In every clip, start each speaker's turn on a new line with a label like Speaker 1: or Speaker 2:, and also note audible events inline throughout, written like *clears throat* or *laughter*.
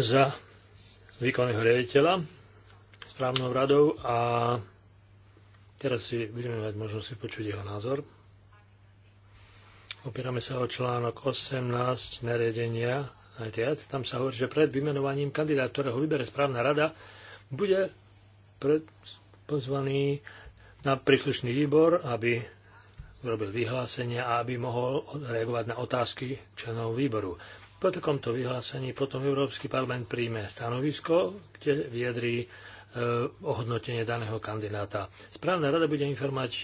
Speaker 1: za výkonného riaditeľa správnou radou a teraz si budeme mať možnosť vypočuť jeho názor. Opierame sa o článok 18 nariadenia ITAT. Tam sa hovorí, že pred vymenovaním kandidáta, ktorého vybere správna rada, bude pred, pozvaný na príslušný výbor, aby robil vyhlásenia a aby mohol reagovať na otázky členov výboru. Po takomto vyhlásení potom Európsky parlament príjme stanovisko, kde vyjadrí e, ohodnotenie daného kandidáta. Správna rada bude informovať e,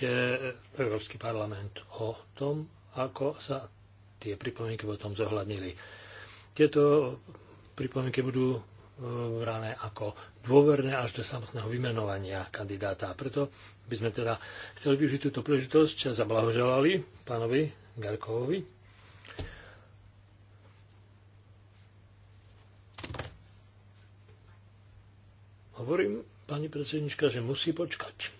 Speaker 1: Európsky parlament o tom, ako sa tie pripomienky potom zohľadnili. Tieto pripomienky budú vrané e, ako dôverné až do samotného vymenovania kandidáta. Preto by sme teda chceli využiť túto príležitosť a zablahoželali pánovi Garkovovi Hovorím, pani predsednička, že musí počkať.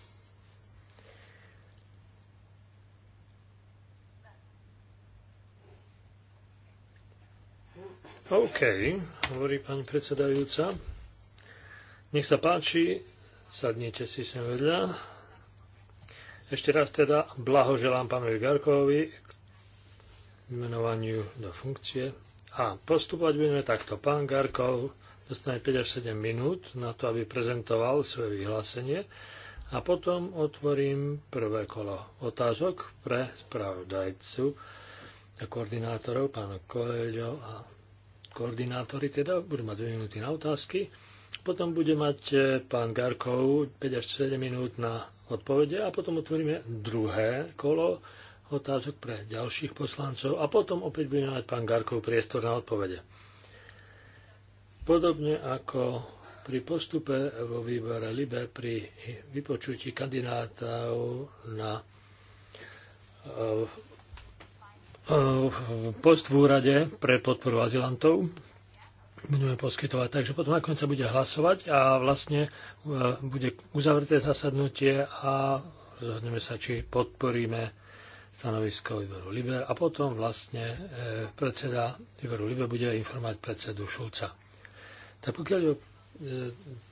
Speaker 1: OK, hovorí pani predsedajúca. Nech sa páči, sadnite si sem vedľa. Ešte raz teda blahoželám pánovi Garkovi k vymenovaniu do funkcie. A postupovať budeme takto. Pán Garkov dostane 5 až 7 minút na to, aby prezentoval svoje vyhlásenie a potom otvorím prvé kolo otázok pre spravodajcu a koordinátorov, pán Koelho a koordinátori teda, budú mať 2 minúty na otázky. Potom bude mať e, pán Garkov 5 až 7 minút na odpovede a potom otvoríme druhé kolo otázok pre ďalších poslancov a potom opäť budeme mať pán Garkov priestor na odpovede. Podobne ako pri postupe vo výbore LIBE pri vypočutí kandidátov na eh, eh, post v úrade pre podporu azilantov budeme poskytovať. Takže potom nakoniec sa bude hlasovať a vlastne eh, bude uzavreté zasadnutie a rozhodneme sa, či podporíme stanovisko výboru Libe a potom vlastne predseda výboru Libe bude informovať predsedu Šulca. Tak pokiaľ je e,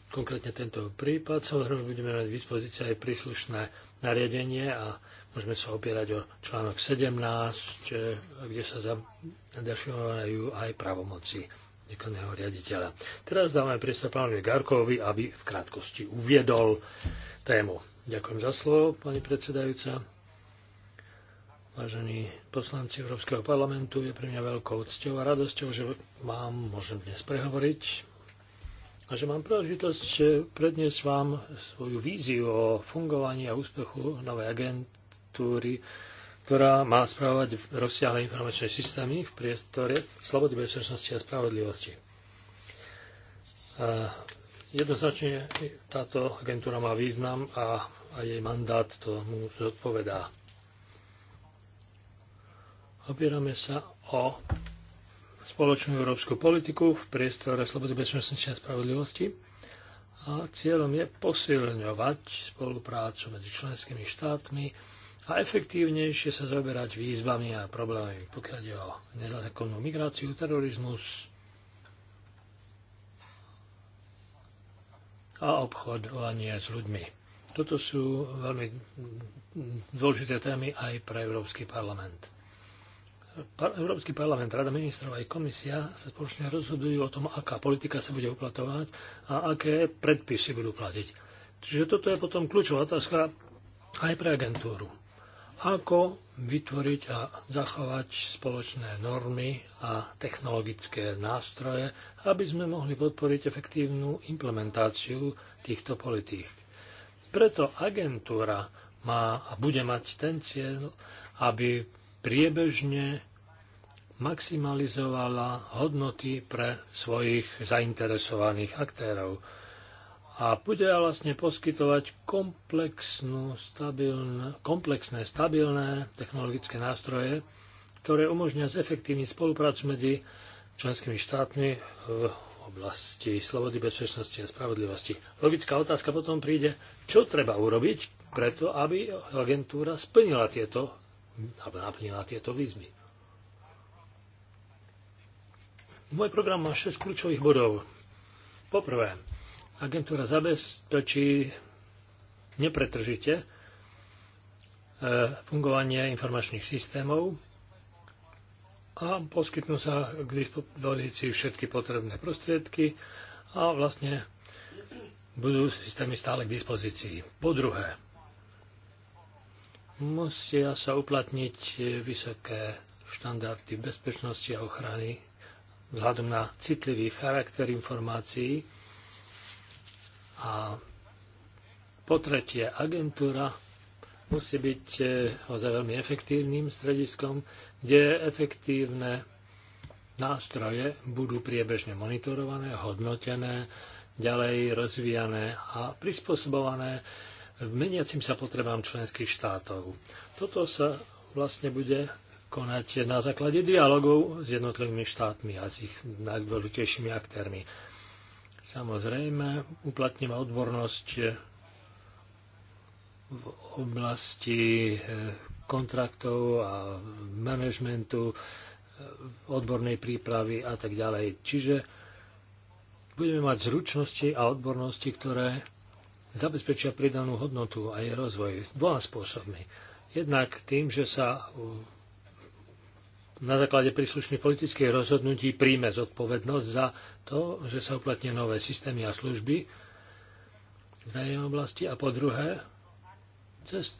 Speaker 1: konkrétne tento prípad, samozrejme budeme mať v dispozícii aj príslušné nariadenie a môžeme sa opierať o článok 17, e, kde sa zadefinujú aj pravomoci výkonného riaditeľa. Teraz dávame priestor pánovi Garkovi, aby v krátkosti uviedol tému. Ďakujem za slovo, pani predsedajúca. Vážení poslanci Európskeho parlamentu, je pre mňa veľkou cťou a radosťou, že vám môžem dnes prehovoriť a že mám príležitosť predniesť vám svoju víziu o fungovaní a úspechu novej agentúry, ktorá má správať rozsiahle informačné systémy v priestore slobody, bezpečnosti a spravodlivosti. jednoznačne táto agentúra má význam a, a jej mandát tomu zodpovedá. Opierame sa o spoločnú európsku politiku v priestore slobody, bezpečnosti a spravodlivosti. A cieľom je posilňovať spoluprácu medzi členskými štátmi a efektívnejšie sa zaoberať výzvami a problémami, pokiaľ ide o nezákonnú migráciu, terorizmus a obchodovanie s ľuďmi. Toto sú veľmi dôležité témy aj pre Európsky parlament. Európsky parlament, Rada ministrov aj komisia sa spoločne rozhodujú o tom, aká politika sa bude uplatovať a aké predpisy budú platiť. Čiže toto je potom kľúčová otázka aj pre agentúru. Ako vytvoriť a zachovať spoločné normy a technologické nástroje, aby sme mohli podporiť efektívnu implementáciu týchto politík. Preto agentúra má a bude mať ten cieľ, aby priebežne maximalizovala hodnoty pre svojich zainteresovaných aktérov a bude vlastne poskytovať komplexnú, stabilné, komplexné, stabilné technologické nástroje, ktoré umožňujú zefektívniť spoluprácu medzi členskými štátmi v oblasti slobody, bezpečnosti a spravodlivosti. Logická otázka potom príde, čo treba urobiť preto, aby agentúra splnila tieto naplnila tieto výzvy. Môj program má 6 kľúčových bodov. Poprvé, agentúra zabezpečí nepretržite e, fungovanie informačných systémov a poskytnú sa k dispozícii všetky potrebné prostriedky a vlastne budú systémy stále k dispozícii. Po druhé, musia sa uplatniť vysoké štandardy bezpečnosti a ochrany vzhľadom na citlivý charakter informácií. A po tretie, agentúra musí byť e, ozaj veľmi efektívnym strediskom, kde efektívne nástroje budú priebežne monitorované, hodnotené, ďalej rozvíjané a prispôsobované v meniacim sa potrebám členských štátov. Toto sa vlastne bude konať na základe dialogov s jednotlivými štátmi a s ich najdôležitejšími aktérmi. Samozrejme, uplatním odbornosť v oblasti eh, kontraktov a manažmentu, eh, odbornej prípravy a tak ďalej. Čiže budeme mať zručnosti a odbornosti, ktoré zabezpečia pridanú hodnotu a jej rozvoj dvoma spôsobmi. Jednak tým, že sa na základe príslušných politických rozhodnutí príjme zodpovednosť za to, že sa uplatnia nové systémy a služby v danej oblasti a po druhé, cez,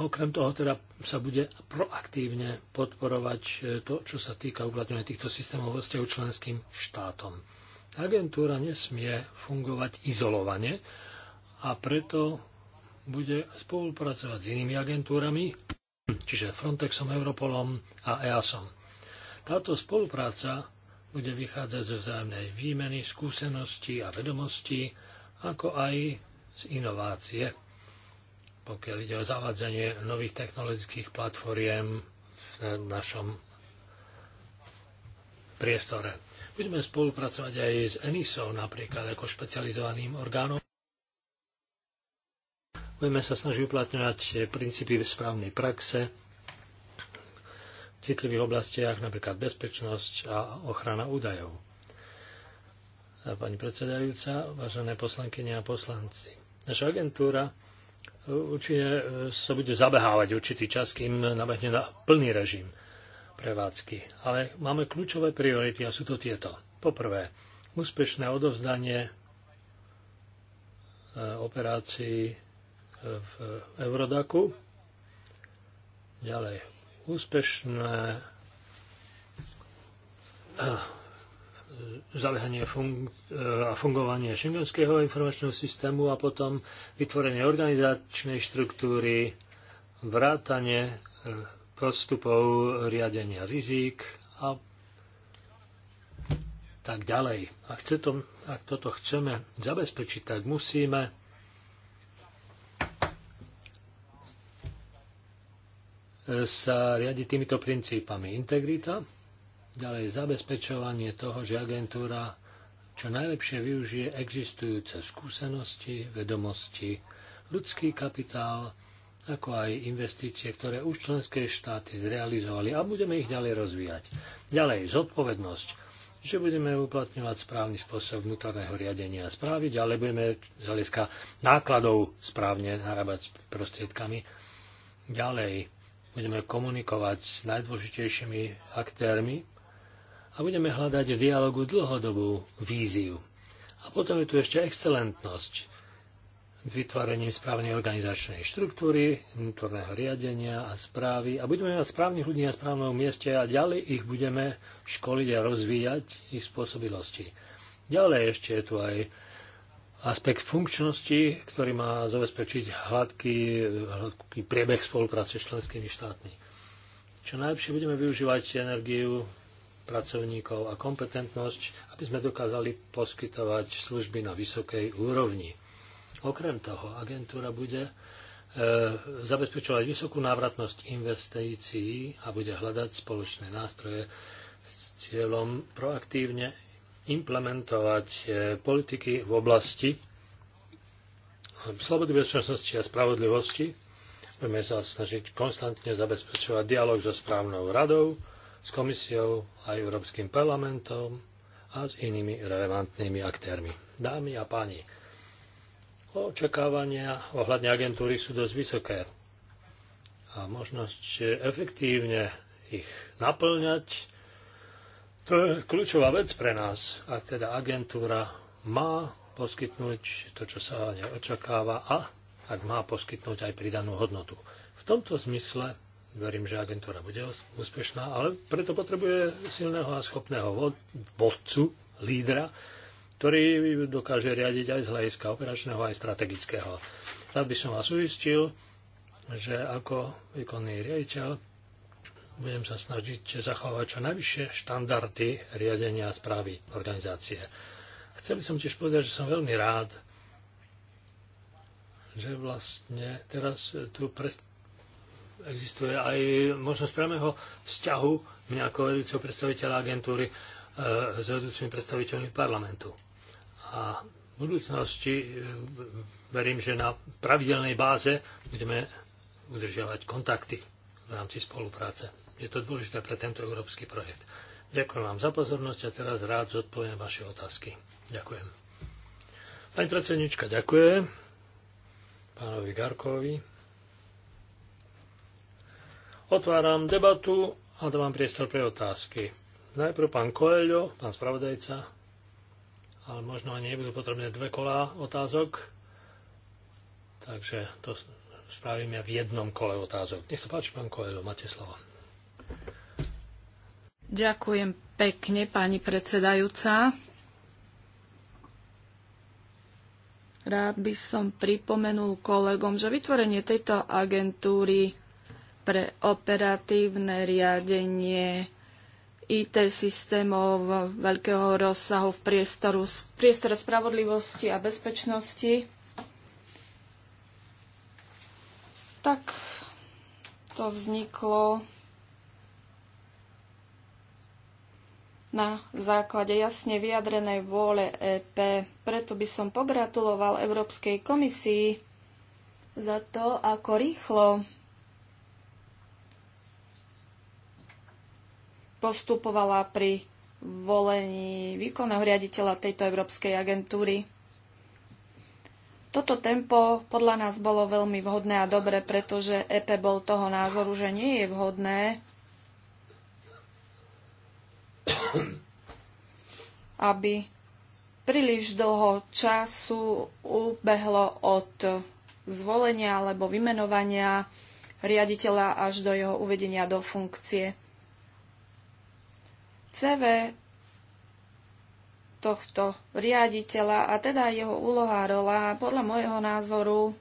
Speaker 1: okrem toho teda sa bude proaktívne podporovať e, to, čo sa týka uplatňovania týchto systémov vo vzťahu členským štátom. Agentúra nesmie fungovať izolovane a preto bude spolupracovať s inými agentúrami, čiže Frontexom, Europolom a EASom. Táto spolupráca bude vychádzať zo vzájomnej výmeny skúseností a vedomostí, ako aj z inovácie, pokiaľ ide o zavádzanie nových technologických platformiem v našom priestore. Budeme spolupracovať aj s ENISO, napríklad ako špecializovaným orgánom. Budeme sa snažiť uplatňovať princípy správnej praxe v citlivých oblastiach, napríklad bezpečnosť a ochrana údajov. A pani predsedajúca, vážené poslankyne a poslanci. Naša agentúra určite sa bude zabehávať určitý čas, kým nabehne na plný režim prevádzky. Ale máme kľúčové priority a sú to tieto. Poprvé, úspešné odovzdanie e, operácií e, v Eurodaku. Ďalej, úspešné e, zalehanie fun- a fungovanie šengenského informačného systému a potom vytvorenie organizačnej štruktúry, vrátanie postupov riadenia rizík a tak ďalej. Ak, chce to, ak toto chceme zabezpečiť, tak musíme sa riadiť týmito princípami. Integrita, ďalej zabezpečovanie toho, že agentúra čo najlepšie využije existujúce skúsenosti, vedomosti, ľudský kapitál ako aj investície, ktoré už členské štáty zrealizovali a budeme ich ďalej rozvíjať. Ďalej, zodpovednosť že budeme uplatňovať správny spôsob vnútorného riadenia a správy, ale budeme z hľadiska nákladov správne narábať s prostriedkami. Ďalej budeme komunikovať s najdôležitejšími aktérmi a budeme hľadať v dialogu dlhodobú víziu. A potom je tu ešte excelentnosť vytvárením správnej organizačnej štruktúry, vnútorného riadenia a správy a budeme mať správnych ľudí na správnom mieste a ďalej ich budeme školiť a rozvíjať ich spôsobilosti. Ďalej ešte je tu aj aspekt funkčnosti, ktorý má zabezpečiť hladký, hladký priebeh spolupráce s členskými štátmi. Čo najlepšie budeme využívať energiu pracovníkov a kompetentnosť, aby sme dokázali poskytovať služby na vysokej úrovni. Okrem toho, agentúra bude e, zabezpečovať vysokú návratnosť investícií a bude hľadať spoločné nástroje s cieľom proaktívne implementovať e, politiky v oblasti slobody, bezpečnosti a spravodlivosti. Budeme sa snažiť konstantne zabezpečovať dialog so správnou radou, s komisiou a Európskym parlamentom a s inými relevantnými aktérmi. Dámy a páni, očakávania ohľadne agentúry sú dosť vysoké. A možnosť efektívne ich naplňať, to je kľúčová vec pre nás. Ak teda agentúra má poskytnúť to, čo sa neočakáva a ak má poskytnúť aj pridanú hodnotu. V tomto zmysle verím, že agentúra bude úspešná, ale preto potrebuje silného a schopného vodcu, lídra, ktorý dokáže riadiť aj z hľadiska operačného, aj strategického. Rád by som vás uistil, že ako výkonný riaditeľ budem sa snažiť zachovať čo najvyššie štandardy riadenia a správy organizácie. Chcel by som tiež povedať, že som veľmi rád, že vlastne teraz tu pre... existuje aj možnosť priamého vzťahu mňa ako vedúceho predstaviteľa agentúry e, s vedúcimi predstaviteľmi parlamentu a v budúcnosti e, verím, že na pravidelnej báze budeme udržiavať kontakty v rámci spolupráce. Je to dôležité pre tento európsky projekt. Ďakujem vám za pozornosť a teraz rád zodpoviem vaše otázky. Ďakujem. Pani predsednička, ďakujem pánovi Garkovi. Otváram debatu a dávam priestor pre otázky. Najprv pán Koelho, pán spravodajca, ale možno ani nebudú potrebné dve kolá otázok, takže to ja v jednom kole otázok. Nech sa páči, pán Koelo, máte slovo.
Speaker 2: Ďakujem pekne, pani predsedajúca. Rád by som pripomenul kolegom, že vytvorenie tejto agentúry pre operatívne riadenie IT systémov veľkého rozsahu v priestoru, priestore spravodlivosti a bezpečnosti, tak to vzniklo na základe jasne vyjadrenej vôle EP. Preto by som pogratuloval Európskej komisii za to, ako rýchlo postupovala pri volení výkonného riaditeľa tejto Európskej agentúry. Toto tempo podľa nás bolo veľmi vhodné a dobré, pretože EP bol toho názoru, že nie je vhodné, *coughs* aby príliš dlho času ubehlo od zvolenia alebo vymenovania riaditeľa až do jeho uvedenia do funkcie. CV tohto riaditeľa a teda jeho úloha a rola podľa môjho názoru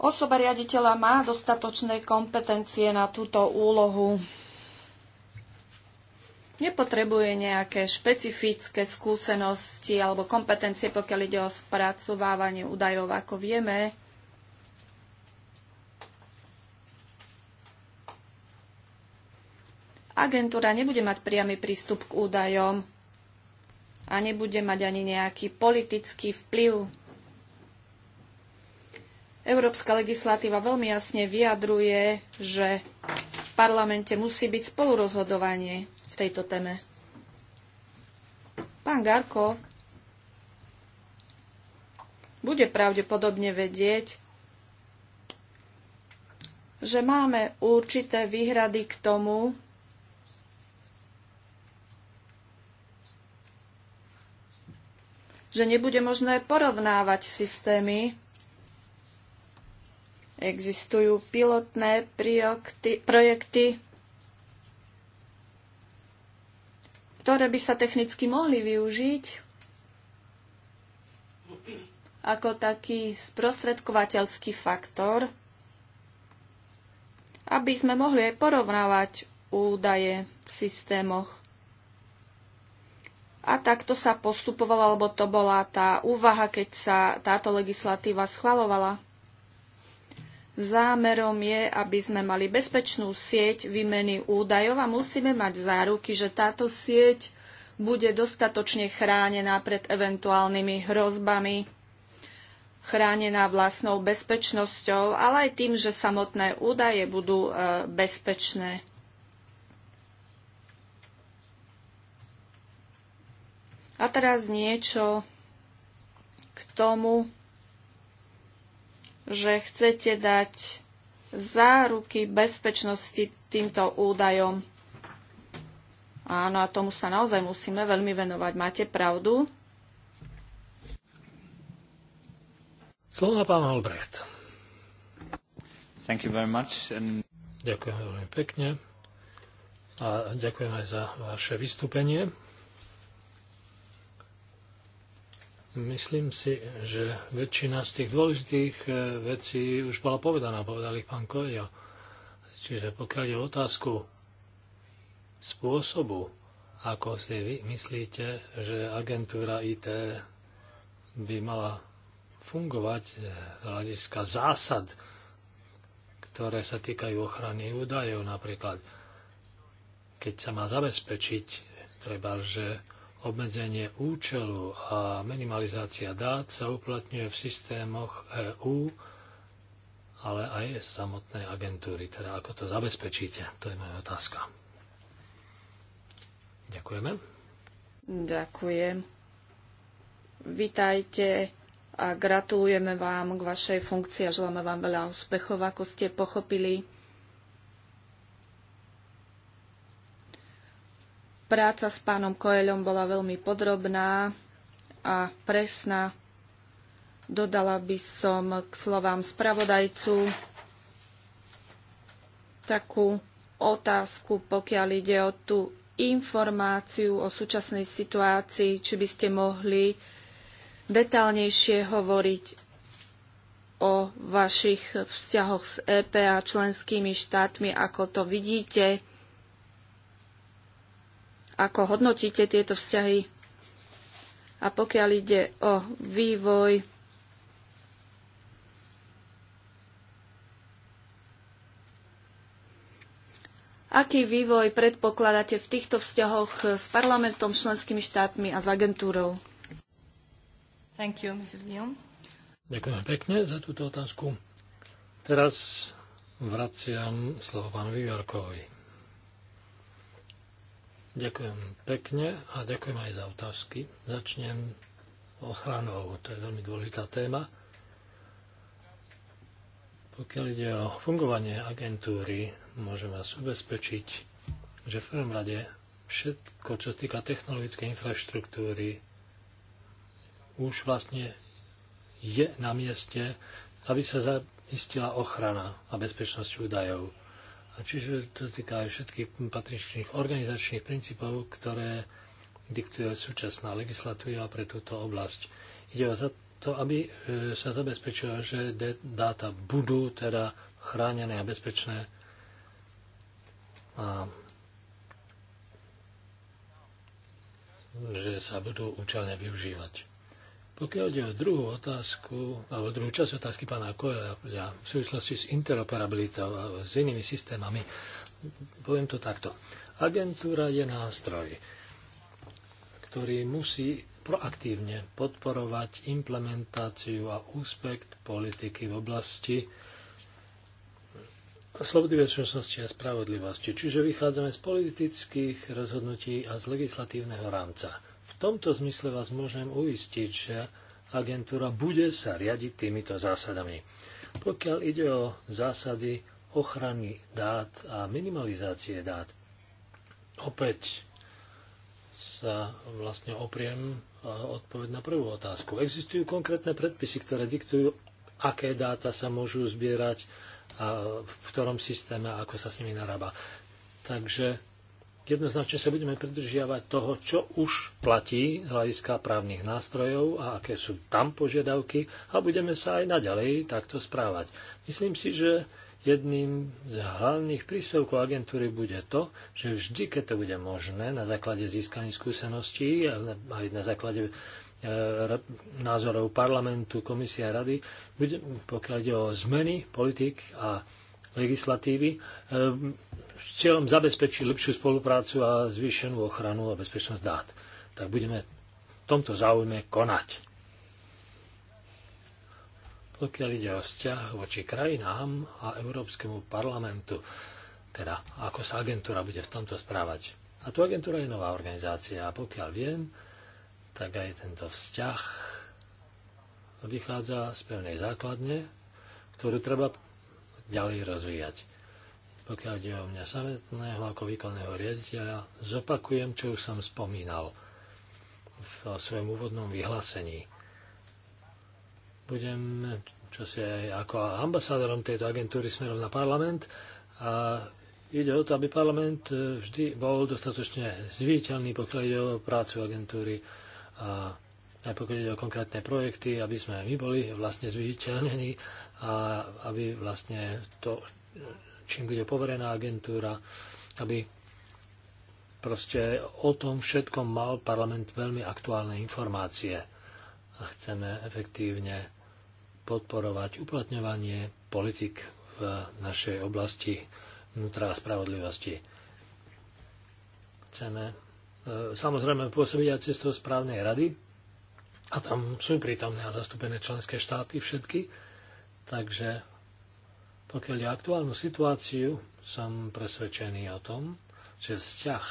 Speaker 2: osoba riaditeľa má dostatočné kompetencie na túto úlohu. Nepotrebuje nejaké špecifické skúsenosti alebo kompetencie, pokiaľ ide o spracovávanie údajov, ako vieme. agentúra nebude mať priamy prístup k údajom a nebude mať ani nejaký politický vplyv. Európska legislatíva veľmi jasne vyjadruje, že v parlamente musí byť spolurozhodovanie v tejto téme. Pán Garko bude pravdepodobne vedieť, že máme určité výhrady k tomu, že nebude možné porovnávať systémy. Existujú pilotné priokty, projekty, ktoré by sa technicky mohli využiť ako taký sprostredkovateľský faktor, aby sme mohli aj porovnávať údaje v systémoch. A takto sa postupovalo, alebo to bola tá úvaha, keď sa táto legislatíva schvalovala. Zámerom je, aby sme mali bezpečnú sieť výmeny údajov a musíme mať záruky, že táto sieť bude dostatočne chránená pred eventuálnymi hrozbami, chránená vlastnou bezpečnosťou, ale aj tým, že samotné údaje budú e, bezpečné. A teraz niečo k tomu, že chcete dať záruky bezpečnosti týmto údajom. Áno, a tomu sa naozaj musíme veľmi venovať. Máte pravdu?
Speaker 1: Slovo pán Albrecht. Thank you very much. And... Ďakujem veľmi pekne a ďakujem aj za vaše vystúpenie. Myslím si, že väčšina z tých dôležitých eh, vecí už bola povedaná, povedal ich pán Kojo. Čiže pokiaľ je otázku spôsobu, ako si vy myslíte, že agentúra IT by mala fungovať eh, z hľadiska zásad, ktoré sa týkajú ochrany údajov napríklad. Keď sa má zabezpečiť, treba, že obmedzenie účelu a minimalizácia dát sa uplatňuje v systémoch EÚ, ale aj samotnej agentúry. Teda ako to zabezpečíte? To je moja otázka. Ďakujeme.
Speaker 2: Ďakujem. Vítajte a gratulujeme vám k vašej funkcii a želáme vám veľa úspechov, ako ste pochopili. Práca s pánom Koelom bola veľmi podrobná a presná. Dodala by som k slovám spravodajcu takú otázku, pokiaľ ide o tú informáciu o súčasnej situácii, či by ste mohli detálnejšie hovoriť o vašich vzťahoch s EP a členskými štátmi, ako to vidíte, ako hodnotíte tieto vzťahy a pokiaľ ide o vývoj Aký vývoj predpokladáte v týchto vzťahoch s parlamentom, členskými štátmi a s agentúrou? Thank you, Mrs.
Speaker 1: Ďakujem pekne za túto otázku. Teraz vraciam slovo pánovi Jarkovi. Ďakujem pekne a ďakujem aj za otázky. Začnem ochranou, to je veľmi dôležitá téma. Pokiaľ ide o fungovanie agentúry, môžem vás ubezpečiť, že v prvom rade všetko, čo týka technologickej infraštruktúry, už vlastne je na mieste, aby sa zaistila ochrana a bezpečnosť údajov. Čiže to týka aj všetkých patričných organizačných princípov, ktoré diktuje súčasná legislatúra pre túto oblasť. Ide o to, aby e, sa zabezpečilo, že dáta budú teda chránené a bezpečné. A že sa budú účelne využívať. Pokiaľ ide o druhú otázku, alebo druhú časť otázky pána Koja v súvislosti s interoperabilitou a s inými systémami, poviem to takto. Agentúra je nástroj, ktorý musí proaktívne podporovať implementáciu a úspech politiky v oblasti slobody bezpečnosti a spravodlivosti. Čiže vychádzame z politických rozhodnutí a z legislatívneho rámca tomto zmysle vás môžem uistiť, že agentúra bude sa riadiť týmito zásadami. Pokiaľ ide o zásady ochrany dát a minimalizácie dát, opäť sa vlastne opriem e, odpoveď na prvú otázku. Existujú konkrétne predpisy, ktoré diktujú, aké dáta sa môžu zbierať, a v ktorom systéme ako sa s nimi narába. Takže jednoznačne sa budeme pridržiavať toho, čo už platí z hľadiska právnych nástrojov a aké sú tam požiadavky a budeme sa aj naďalej takto správať. Myslím si, že jedným z hlavných príspevkov agentúry bude to, že vždy, keď to bude možné, na základe získaných skúseností a aj na základe eh, názorov parlamentu, komisie a rady, pokiaľ ide o zmeny politik a legislatívy, eh, s cieľom zabezpečiť lepšiu spoluprácu a zvýšenú ochranu a bezpečnosť dát. Tak budeme v tomto záujme konať. Pokiaľ ide o vzťah voči krajinám a Európskemu parlamentu, teda ako sa agentúra bude v tomto správať. A tu agentúra je nová organizácia a pokiaľ viem, tak aj tento vzťah vychádza z pevnej základne, ktorú treba ďalej rozvíjať. Pokiaľ ide o mňa samotného ako výkonného riaditeľa, zopakujem, čo už som spomínal v svojom úvodnom vyhlásení. Budem čo si aj ako ambasádorom tejto agentúry smerom na parlament a ide o to, aby parlament e, vždy bol dostatočne zviditeľný, pokiaľ ide o prácu agentúry a aj pokiaľ ide o konkrétne projekty, aby sme my boli vlastne zviditeľnení a aby vlastne to, čím bude poverená agentúra, aby proste o tom všetkom mal parlament veľmi aktuálne informácie. A chceme efektívne podporovať uplatňovanie politik v našej oblasti vnútra a spravodlivosti. Chceme e, samozrejme pôsobiť aj cestou správnej rady a tam sú prítomné a zastúpené členské štáty všetky, takže pokiaľ je aktuálnu situáciu, som presvedčený o tom, že vzťah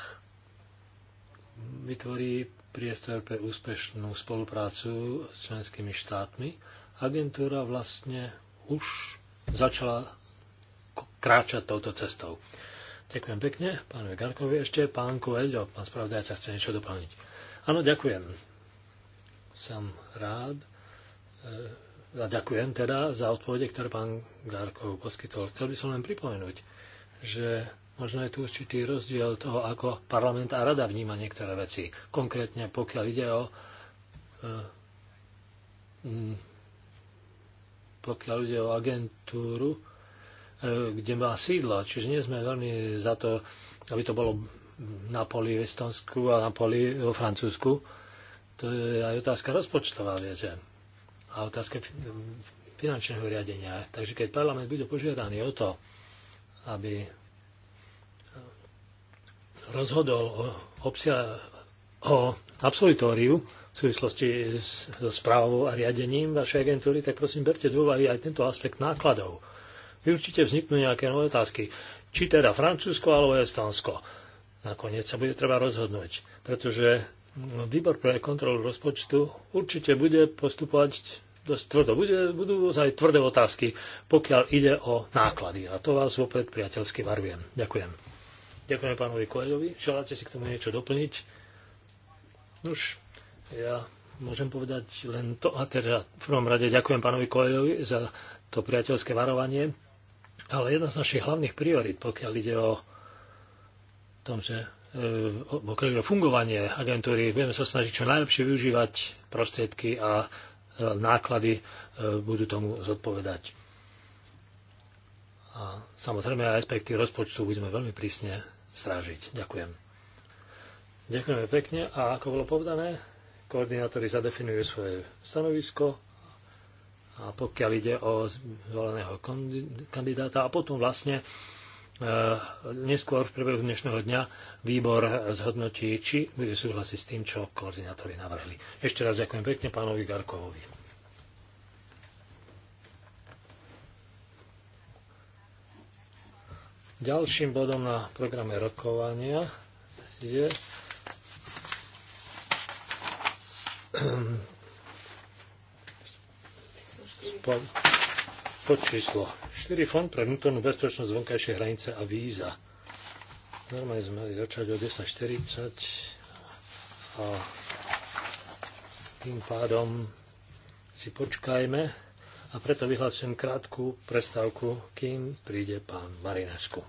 Speaker 1: vytvorí priestor pre úspešnú spoluprácu s členskými štátmi. Agentúra vlastne už začala kráčať touto cestou. Ďakujem pekne, pánovi Garkovi ešte, pán Koveľo, pán spravodajca chce niečo doplniť. Áno, ďakujem. Som rád, e, a ďakujem teda za odpovede, ktoré pán Gárkov poskytol. Chcel by som len pripomenúť, že možno je tu určitý rozdiel toho, ako parlament a rada vníma niektoré veci. Konkrétne pokiaľ ide o e, pokiaľ ide o agentúru, e, kde má sídlo. Čiže nie sme veľmi za to, aby to bolo na poli v Estonsku a na poli vo Francúzsku. To je aj otázka rozpočtová, viete a otázke finančného riadenia. Takže keď parlament bude požiadaný o to, aby rozhodol o, obsia, o absolutóriu v súvislosti so správou a riadením vašej agentúry, tak prosím, berte do úvahy aj tento aspekt nákladov. Vy určite vzniknú nejaké nové otázky. Či teda Francúzsko alebo Estonsko. Nakoniec sa bude treba rozhodnúť, pretože výbor pre kontrolu rozpočtu určite bude postupovať dosť tvrdo. Bude, budú aj tvrdé otázky, pokiaľ ide o náklady. A to vás vopred priateľsky varujem. Ďakujem. Ďakujem pánovi Koejovi. Želáte si k tomu niečo doplniť? Už ja môžem povedať len to, a teda v prvom rade ďakujem pánovi Koejovi za to priateľské varovanie, ale jedna z našich hlavných priorit, pokiaľ ide o tom, že E, okrem fungovanie agentúry, budeme sa snažiť čo najlepšie využívať prostriedky a e, náklady e, budú tomu zodpovedať. A samozrejme aj aspekty rozpočtu budeme veľmi prísne strážiť. Ďakujem. Ďakujeme pekne a ako bolo povedané, koordinátori zadefinujú svoje stanovisko a pokiaľ ide o zvoleného kandidáta a potom vlastne Eh, neskôr v priebehu dnešného dňa výbor zhodnotí, či bude súhlasiť s tým, čo koordinátori navrhli. Ešte raz ďakujem pekne pánovi Garkovovi. Ďalším bodom na programe rokovania je *clears throat* spol- pod číslo 4. Fond pre vnútornú bezpečnosť vonkajšej hranice a víza. Normálne sme mali začať o 10.40 a tým pádom si počkajme a preto vyhlasujem krátku prestávku, kým príde pán Marinesku.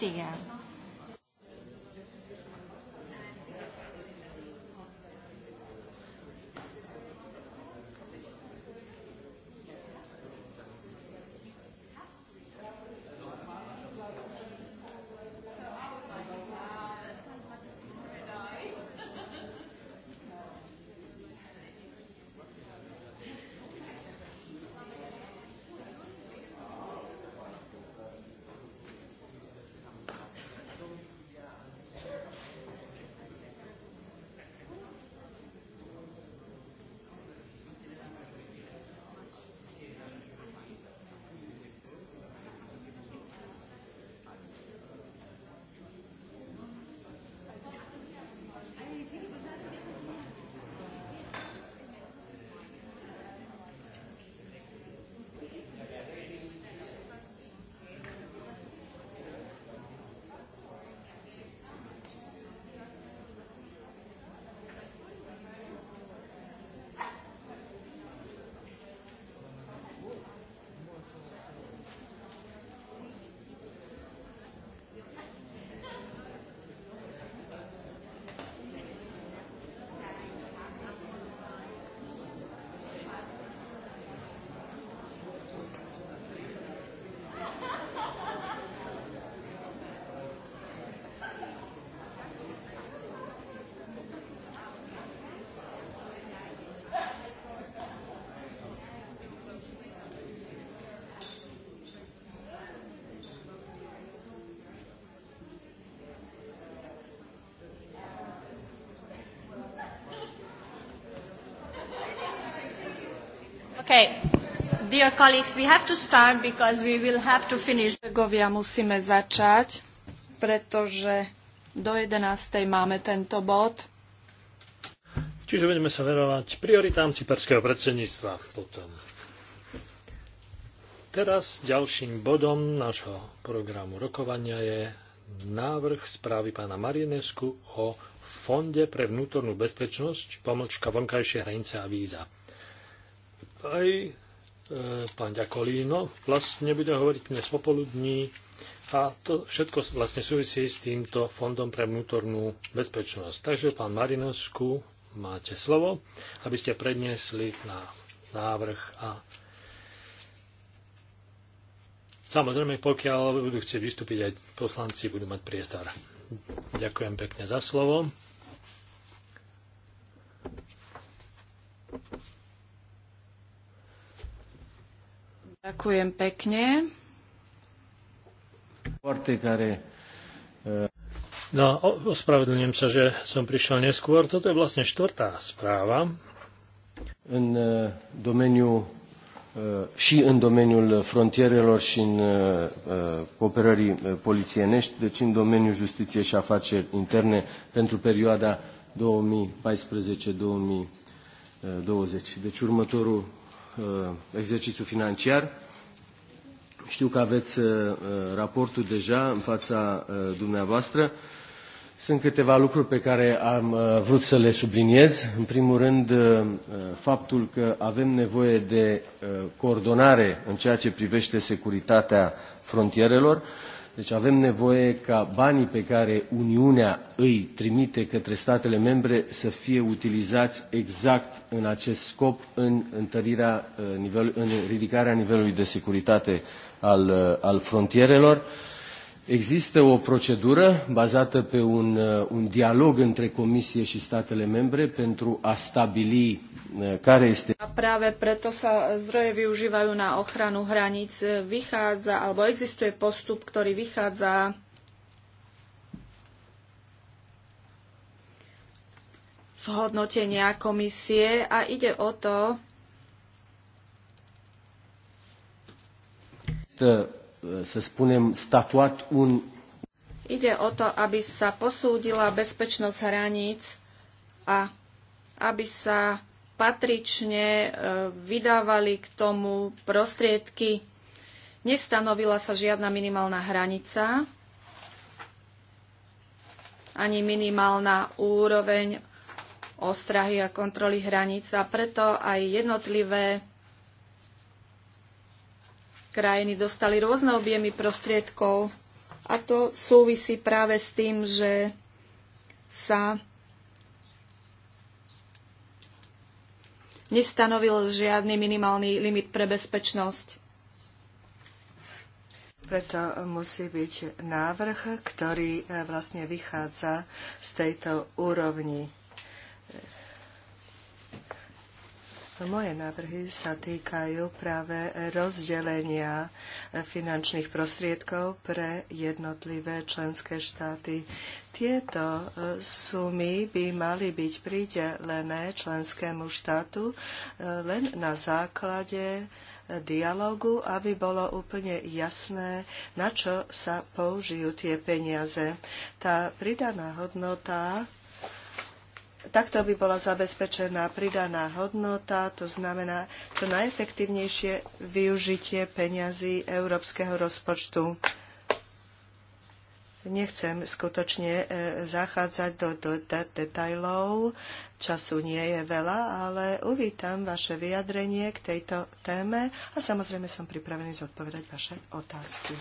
Speaker 3: Fotiga. Okay. Dear
Speaker 2: colleagues, we have to start because we will have to finish. Kolegovia, musíme začať, pretože do 11. máme tento bod.
Speaker 1: Čiže budeme sa verovať prioritám cyperského predsedníctva potom. Teraz ďalším bodom nášho programu rokovania je návrh správy pána Marienesku o Fonde pre vnútornú bezpečnosť, pomočka vonkajšie hranice a víza aj e, pán Ďakolíno vlastne bude hovoriť dnes popoludní a to všetko vlastne súvisí s týmto fondom pre vnútornú bezpečnosť. Takže pán Marinovskú, máte slovo, aby ste predniesli na návrh a Samozrejme, pokiaľ budú chcieť vystúpiť aj poslanci, budú mať priestor. Ďakujem pekne za slovo.
Speaker 2: Ďakujem pekne.
Speaker 3: E,
Speaker 1: no, ospravedlňujem sa, že som prišiel neskôr. Toto je vlastne štvrtá
Speaker 3: správa. În e, domeniul e, și în domeniul frontierelor și în cooperării polițienești, deci în domeniul justiției și afaceri interne pentru perioada 2014-2020. Deci următorul Eh, exercițiu financiar. Știu că aveți eh, eh, raportul deja în fața dumneavoastră. Sunt câteva lucruri pe care am vrut să le subliniez. În primul rând, faptul că avem nevoie de coordonare în ceea ce privește securitatea frontierelor. Deci avem nevoie ca banii pe care Uniunea îi trimite către statele membre să fie utilizați exact în acest scop, în, întărirea, uh, nivel, în ridicarea nivelului de securitate al, uh, al frontierelor. Există o procedură bazată pe un, uh, un dialog între Comisie și statele membre pentru a stabili uh, care este... A
Speaker 2: práve preto sa zdroje využívajú na ochranu hraníc. Vychádza, alebo existuje postup, ktorý vychádza z hodnotenia komisie a ide o to,
Speaker 3: să spunem, statuat un...
Speaker 2: Ide o to, aby sa posúdila bezpečnosť hraníc a aby sa patrične e, vydávali k tomu prostriedky. Nestanovila sa žiadna minimálna hranica, ani minimálna úroveň ostrahy a kontroly hraníc a preto aj jednotlivé Krajiny dostali rôzne objemy prostriedkov a to súvisí práve s tým, že sa nestanovil žiadny minimálny limit pre bezpečnosť.
Speaker 4: Preto musí byť návrh, ktorý eh, vlastne vychádza z tejto úrovni Moje návrhy sa týkajú práve rozdelenia finančných prostriedkov pre jednotlivé členské štáty. Tieto e, sumy by mali byť pridelené členskému štátu e, len na základe e, dialogu, aby bolo úplne jasné, na čo sa použijú tie peniaze. Tá pridaná hodnota Takto by bola zabezpečená pridaná hodnota, to znamená čo najefektívnejšie využitie peňazí európskeho rozpočtu. Nechcem skutočne e, zachádzať do, do, do detajlov, času nie je veľa, ale uvítam vaše vyjadrenie k tejto téme a samozrejme som pripravený zodpovedať vaše otázky.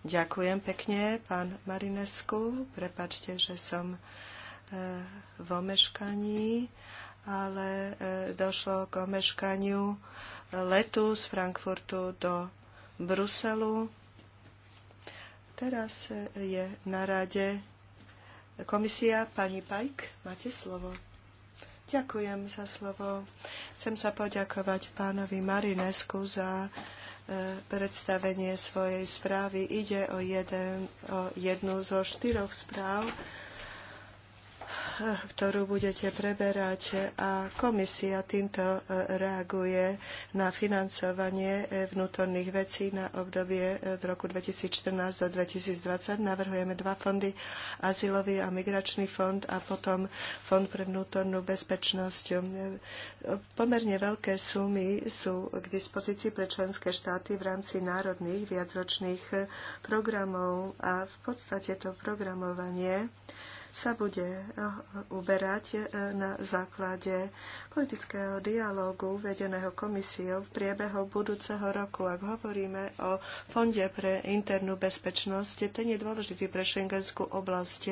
Speaker 4: Ďakujem pekne, pán Marinesku. Prepačte, že som e, v omeškaní, ale e, došlo k omeškaniu letu z Frankfurtu do Bruselu. Teraz e, je na rade komisia. Pani Pajk, máte slovo. Ďakujem za slovo. Chcem sa poďakovať pánovi Marinesku za E, predstavenie svojej správy. Ide o, jeden, o jednu zo štyroch správ, ktorú budete preberať a komisia týmto e, reaguje na financovanie e, vnútorných vecí na obdobie e, v roku 2014 do 2020. Navrhujeme dva fondy, azylový a migračný fond a potom fond pre vnútornú bezpečnosť. Pomerne veľké sumy sú k dispozícii pre členské štáty v rámci národných viacročných programov a v podstate to programovanie sa bude eh, uberať eh, na základe politického dialógu vedeného komisiou v priebehu budúceho roku. Ak hovoríme o Fonde pre internú bezpečnosť, ten je dôležitý pre šengenskú oblasť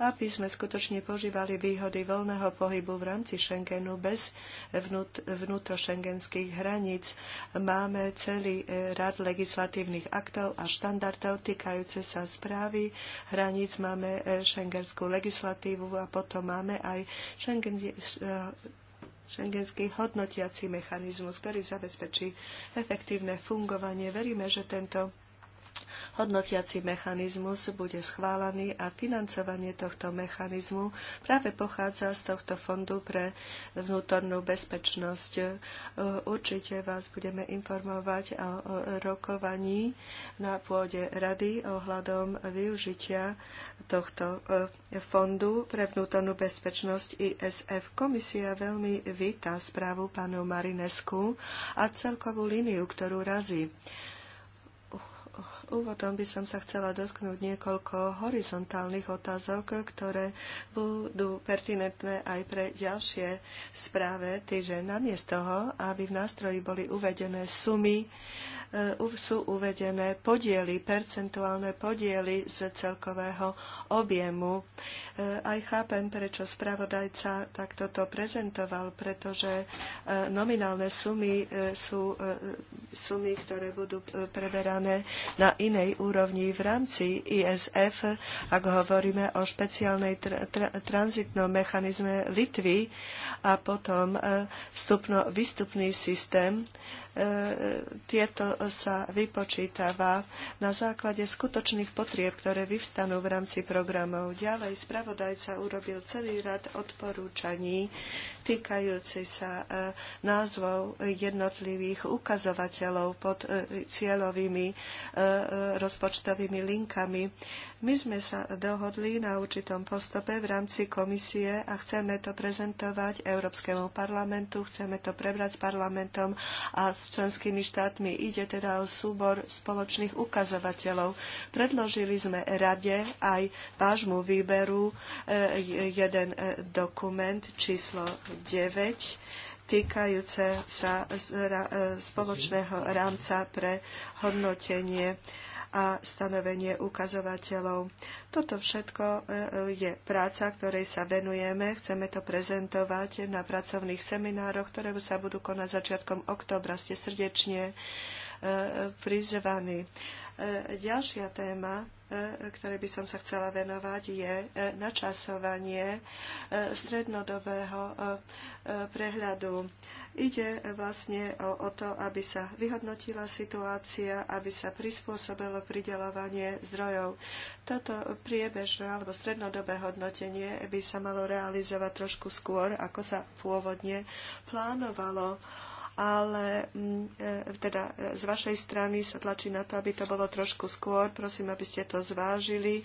Speaker 4: aby sme skutočne požívali výhody voľného pohybu v rámci Schengenu bez vnút, vnútrošengenských hraníc. Máme celý e, rad legislatívnych aktov a štandardov týkajúce sa správy hraníc. Máme e, šengenskú legislatívu a potom máme aj Schengen, e, šengenský hodnotiaci mechanizmus, ktorý zabezpečí efektívne fungovanie. Veríme, že tento Hodnotiaci mechanizmus bude schválený a financovanie tohto mechanizmu práve pochádza z tohto fondu pre vnútornú bezpečnosť. E, určite vás budeme informovať o rokovaní na pôde rady ohľadom využitia tohto e, fondu pre vnútornú bezpečnosť ISF. Komisia veľmi víta správu pánu Marinesku a celkovú líniu, ktorú razí. Úvodom by som sa chcela dotknúť niekoľko horizontálnych otázok, ktoré budú pertinentné aj pre ďalšie správe, týže namiesto toho, aby v nástroji boli uvedené sumy, E, sú uvedené podiely, percentuálne podiely z celkového objemu. E, aj chápem, prečo spravodajca takto to prezentoval, pretože e, nominálne sumy sú sumy, ktoré budú preberané na inej úrovni v rámci ISF, ak hovoríme o špeciálnej tra- tra- tranzitnom mechanizme Litvy a potom vstupno-výstupný systém E, e, tieto sa vypočítava na základe skutočných potrieb, ktoré vyvstanú v rámci programov. Ďalej spravodajca urobil celý rad odporúčaní týkajúci sa e, názvov jednotlivých ukazovateľov pod e, cieľovými e, rozpočtovými linkami. My sme sa dohodli na určitom postope v rámci komisie a chceme to prezentovať Európskemu parlamentu, chceme to prebrať s parlamentom a s členskými štátmi. Ide teda o súbor spoločných ukazovateľov. Predložili sme rade aj vášmu výberu jeden dokument číslo 9 týkajúce sa e, spoločného rámca pre hodnotenie a stanovenie ukazovateľov. Toto všetko e, je práca, ktorej sa venujeme. Chceme to prezentovať na pracovných seminároch, ktoré sa budú konať začiatkom oktobra. Ste srdečne e, prizvaní. Ďalšia téma ktoré by som sa chcela venovať, je e, načasovanie e, strednodobého e, prehľadu. Ide vlastne o, o to, aby sa vyhodnotila situácia, aby sa prispôsobilo pridelovanie zdrojov. Toto priebežné alebo strednodobé hodnotenie by sa malo realizovať trošku skôr, ako sa pôvodne plánovalo ale mm, e, teda e, z vašej strany sa tlačí na to, aby to bolo trošku skôr. Prosím, aby ste to zvážili,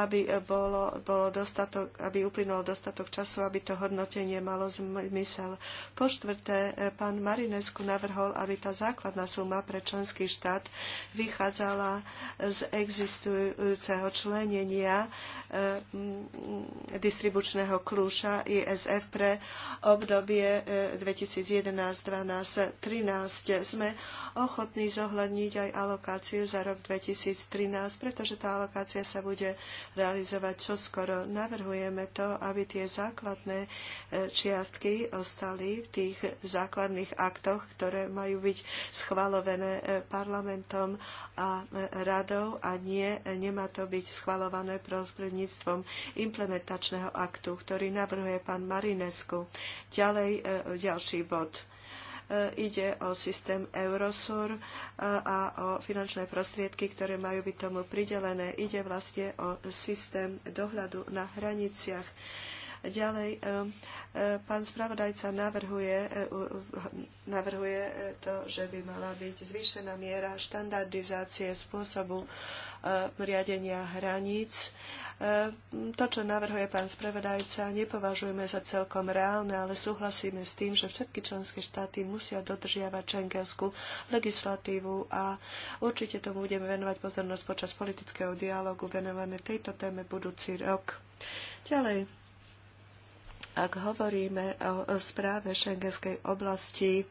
Speaker 4: aby, e, bolo, bolo dostatok, aby uplynulo dostatok času, aby to hodnotenie malo zmysel. Po štvrté, pán Marinesku navrhol, aby tá základná suma pre členský štát vychádzala z existujúceho členenia mm, distribučného kľúša ISF pre obdobie 2011 12 2013. Sme ochotní zohľadniť aj alokácie za rok 2013, pretože tá alokácia sa bude realizovať čoskoro. Navrhujeme to, aby tie základné e, čiastky ostali v tých základných aktoch, ktoré majú byť schvalované e, parlamentom a e, radou a nie, nemá to byť schvalované prostredníctvom implementačného aktu, ktorý navrhuje pán Marinesku. Ďalej ďalší bod E, ide o systém Eurosur e, a o finančné prostriedky, ktoré majú byť tomu pridelené. Ide vlastne o systém dohľadu na hraniciach Ďalej, e, e, pán spravodajca navrhuje, e, navrhuje to, že by mala byť zvýšená miera štandardizácie spôsobu riadenia hraníc. To, čo navrhuje pán spravodajca, nepovažujeme za celkom reálne, ale súhlasíme s tým, že všetky členské štáty musia dodržiavať šengenskú legislatívu a určite tomu budeme venovať pozornosť počas politického dialogu venované tejto téme budúci rok. Ďalej, ak hovoríme o správe šengenskej oblasti, e,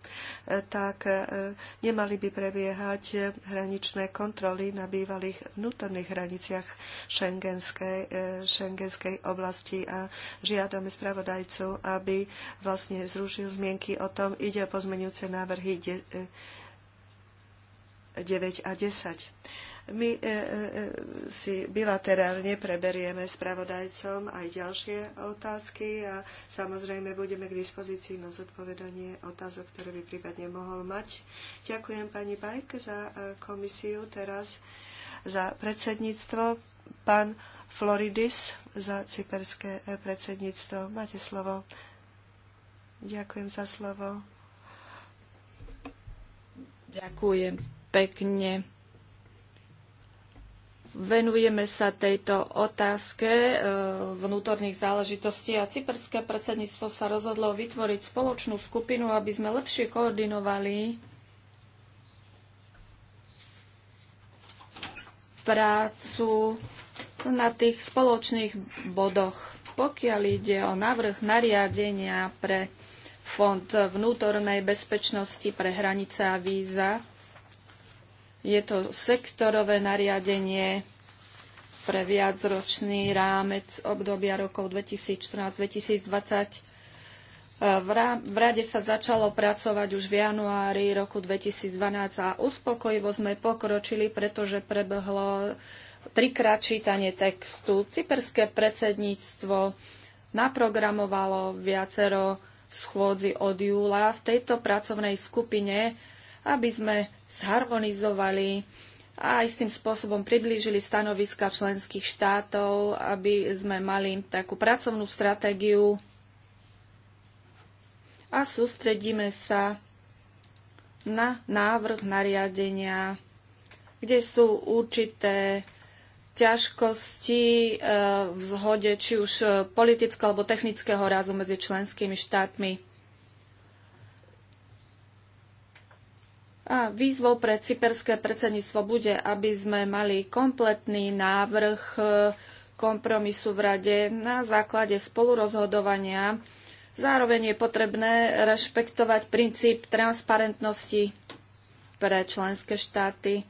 Speaker 4: tak e, nemali by prebiehať hraničné kontroly na bývalých vnútorných hraniciach šengenskej, e, šengenskej oblasti a žiadame spravodajcu, aby vlastne zrušil zmienky o tom, ide o pozmenujúce návrhy 9 a 10 my e, e, e, si bilaterálne preberieme spravodajcom aj ďalšie otázky a samozrejme budeme k dispozícii na zodpovedanie otázok, ktoré by prípadne mohol mať. Ďakujem pani Bajk za komisiu teraz za predsedníctvo. Pán Floridis za cyperské predsedníctvo. Máte slovo. Ďakujem za slovo.
Speaker 2: Ďakujem pekne venujeme sa tejto otázke e, vnútorných záležitostí a cyperské predsedníctvo sa rozhodlo vytvoriť spoločnú skupinu, aby sme lepšie koordinovali prácu na tých spoločných bodoch. Pokiaľ ide o návrh nariadenia pre Fond vnútornej bezpečnosti pre hranice a víza, je to sektorové nariadenie pre viacročný rámec obdobia rokov 2014-2020. E, v rade sa začalo pracovať už v januári roku 2012 a uspokojivo sme pokročili, pretože prebehlo trikrát čítanie textu. Cyperské predsedníctvo naprogramovalo viacero schôdzi od júla v tejto pracovnej skupine, aby sme zharmonizovali a aj s tým spôsobom priblížili stanoviska členských štátov, aby sme mali takú pracovnú stratégiu a sústredíme sa na návrh nariadenia, kde sú určité ťažkosti e, v zhode či už politického alebo technického rázu medzi členskými štátmi. A výzvou pre cyperské predsedníctvo bude, aby sme mali kompletný návrh e, kompromisu v rade na základe spolurozhodovania. Zároveň je potrebné rešpektovať princíp transparentnosti pre členské štáty.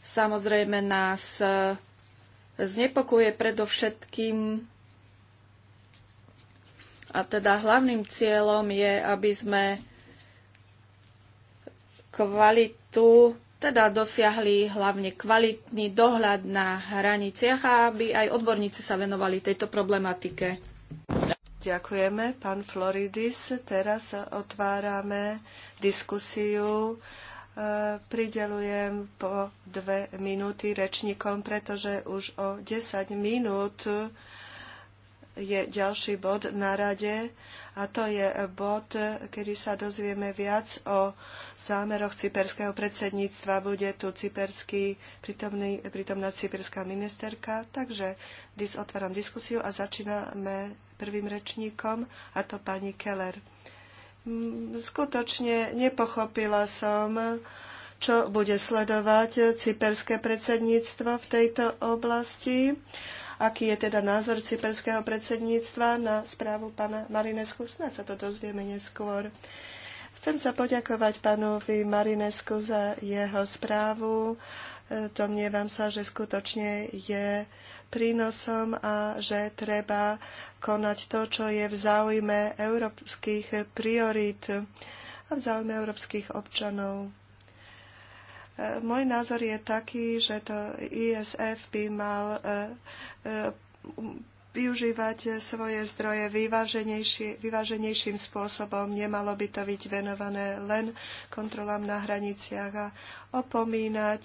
Speaker 2: Samozrejme nás e, znepokuje predovšetkým a teda hlavným cieľom je, aby sme kvalitu, teda dosiahli hlavne kvalitný dohľad na hraniciach a aby aj odborníci sa venovali tejto problematike.
Speaker 4: Ďakujeme, pán Floridis. Teraz otvárame diskusiu e, pridelujem po dve minúty rečníkom, pretože už o 10 minút je ďalší bod na rade a to je bod, kedy sa dozvieme viac o zámeroch cyperského predsedníctva. Bude tu cyperský, prítomný, prítomná cyperská ministerka. Takže dis, otváram diskusiu a začíname prvým rečníkom a to pani Keller. Mm, skutočne nepochopila som, čo bude sledovať cyperské predsedníctvo v tejto oblasti. Aký je teda názor cyperského predsedníctva na správu pána Marinesku? Snad sa to dozvieme neskôr. Chcem sa poďakovať pánovi Marinesku za jeho správu. E, domnievam sa, že skutočne je prínosom a že treba konať to, čo je v záujme európskych priorít a v záujme európskych občanov. E, môj názor je taký, že to ISF by mal e, e, využívať svoje zdroje vyváženejší, vyváženejším spôsobom. Nemalo by to byť venované len kontrolám na hraniciach a opomínať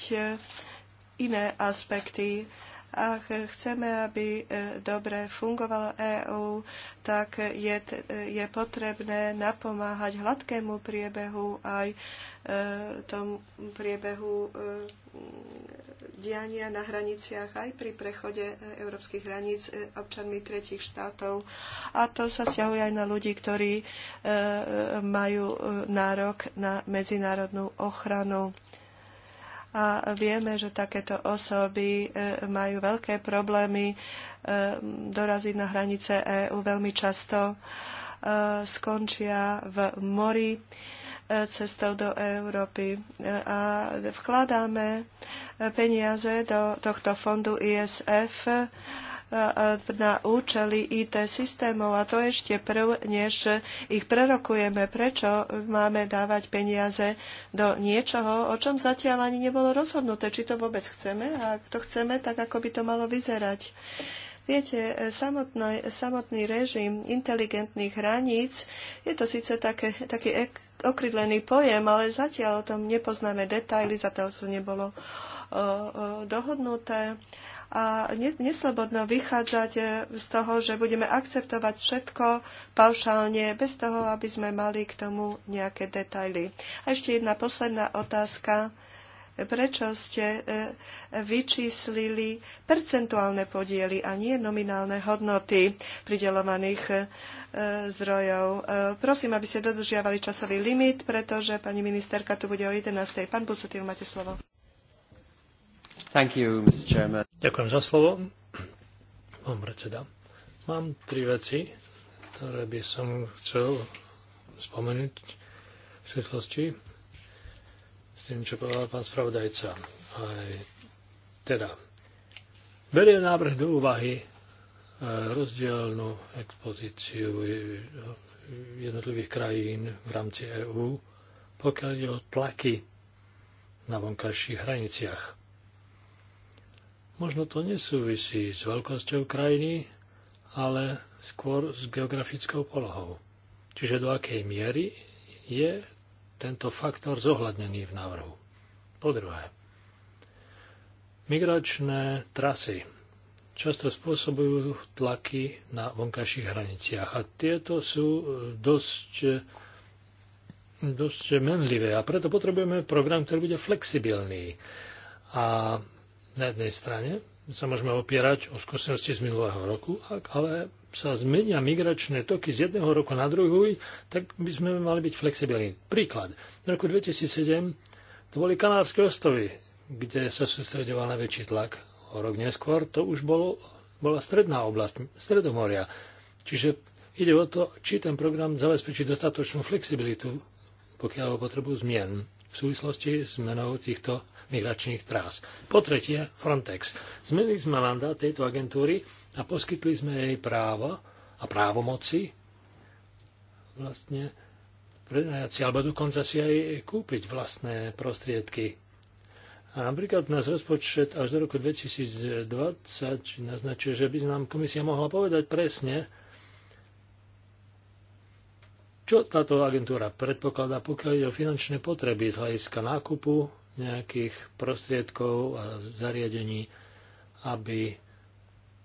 Speaker 4: iné aspekty ak chceme, aby e, dobre fungovalo EÚ, tak je, je potrebné napomáhať hladkému priebehu aj e, tomu priebehu e, diania na hraniciach aj pri prechode európskych hraníc občanmi tretich štátov. A to sa vzťahuje aj na ľudí, ktorí majú nárok na medzinárodnú ochranu a vieme, že takéto osoby e, majú veľké problémy e, doraziť na hranice EÚ veľmi často e, skončia v mori cestou do Európy. A vkladáme peniaze do tohto fondu ISF na účely IT systémov a to ešte prv, než ich prerokujeme, prečo máme dávať peniaze do niečoho, o čom zatiaľ ani nebolo rozhodnuté, či to vôbec chceme a ak to chceme, tak ako by to malo vyzerať. Viete, samotný, samotný režim inteligentných hraníc je to síce také, taký ek, okrydlený pojem, ale zatiaľ o tom nepoznáme detaily, zatiaľ to nebolo o, o, dohodnuté a neslobodno vychádzať e, z toho, že budeme akceptovať všetko paušálne, bez toho, aby sme mali k tomu nejaké detaily. A ešte jedna posledná otázka. Prečo ste e, vyčíslili percentuálne podiely a nie nominálne hodnoty pridelovaných e, zdrojov? Prosím, aby ste dodržiavali časový limit, pretože pani ministerka tu bude o 11. Pán Busutil, máte slovo.
Speaker 3: Thank you,
Speaker 1: Mr. Chairman. Ďakujem za slovo. Pán predseda, mám tri veci, ktoré by som chcel spomenúť v súvislosti s tým, čo povedal pán spravodajca. Aj teda, beriem návrh do úvahy e, rozdielnú expozíciu jednotlivých krajín v rámci EÚ, pokiaľ je o tlaky na vonkajších hraniciach. Možno to nesúvisí s veľkosťou krajiny, ale skôr s geografickou polohou. Čiže do akej miery je tento faktor zohľadnený v návrhu. Po druhé, migračné trasy často spôsobujú tlaky na vonkajších hraniciach a tieto sú dosť, dosť menlivé a preto potrebujeme program, ktorý bude flexibilný a na jednej strane sa môžeme opierať o skúsenosti z minulého roku, ak ale sa zmenia migračné toky z jedného roku na druhý, tak by sme mali byť flexibilní. Príklad. V roku 2007 to boli Kanárske ostrovy, kde sa sústredoval najväčší tlak. O rok neskôr to už bolo, bola stredná oblasť, Stredomoria. Čiže ide o to, či ten program zabezpečí dostatočnú flexibilitu, pokiaľ potrebu zmien v súvislosti s menou týchto migračných trás. Po tretie, Frontex. Zmenili sme mandát tejto agentúry a poskytli sme jej právo a právomoci vlastne prenajať si, alebo dokonca si aj kúpiť vlastné prostriedky. A napríklad nás rozpočet až do roku 2020 naznačuje, že by nám komisia mohla povedať presne, čo táto agentúra predpokladá, pokiaľ ide o finančné potreby z hľadiska nákupu nejakých prostriedkov a zariadení, aby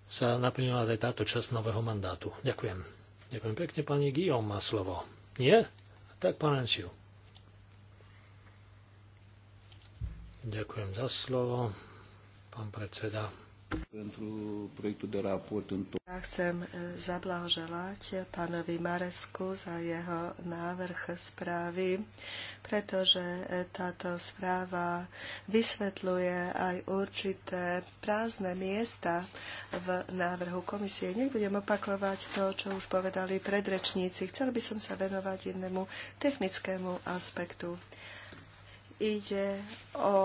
Speaker 1: sa naplnila aj táto časť nového mandátu. Ďakujem. Ďakujem pekne, pani Gijom má slovo. Nie? Tak pán Enciu. Ďakujem za slovo, pán predseda.
Speaker 4: Ja chcem e, zablahoželať pánovi Maresku za jeho návrh správy, pretože e, táto správa vysvetľuje aj určité prázdne miesta v návrhu komisie. Nebudem opakovať to, čo už povedali predrečníci. Chcel by som sa venovať jednému technickému aspektu. Ide o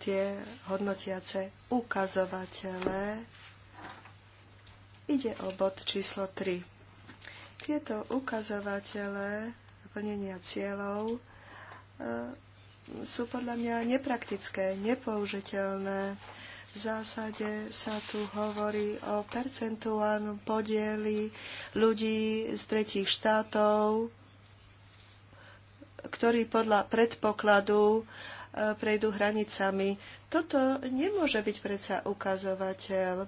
Speaker 4: tie hodnotiace ukazovatele. Ide o bod číslo 3. Tieto ukazovatele plnenia cieľov e, sú podľa mňa nepraktické, nepoužiteľné. V zásade sa tu hovorí o percentuálnom podieli ľudí z tretích štátov, ktorí podľa predpokladu prejdú hranicami. Toto nemôže byť predsa ukazovateľ,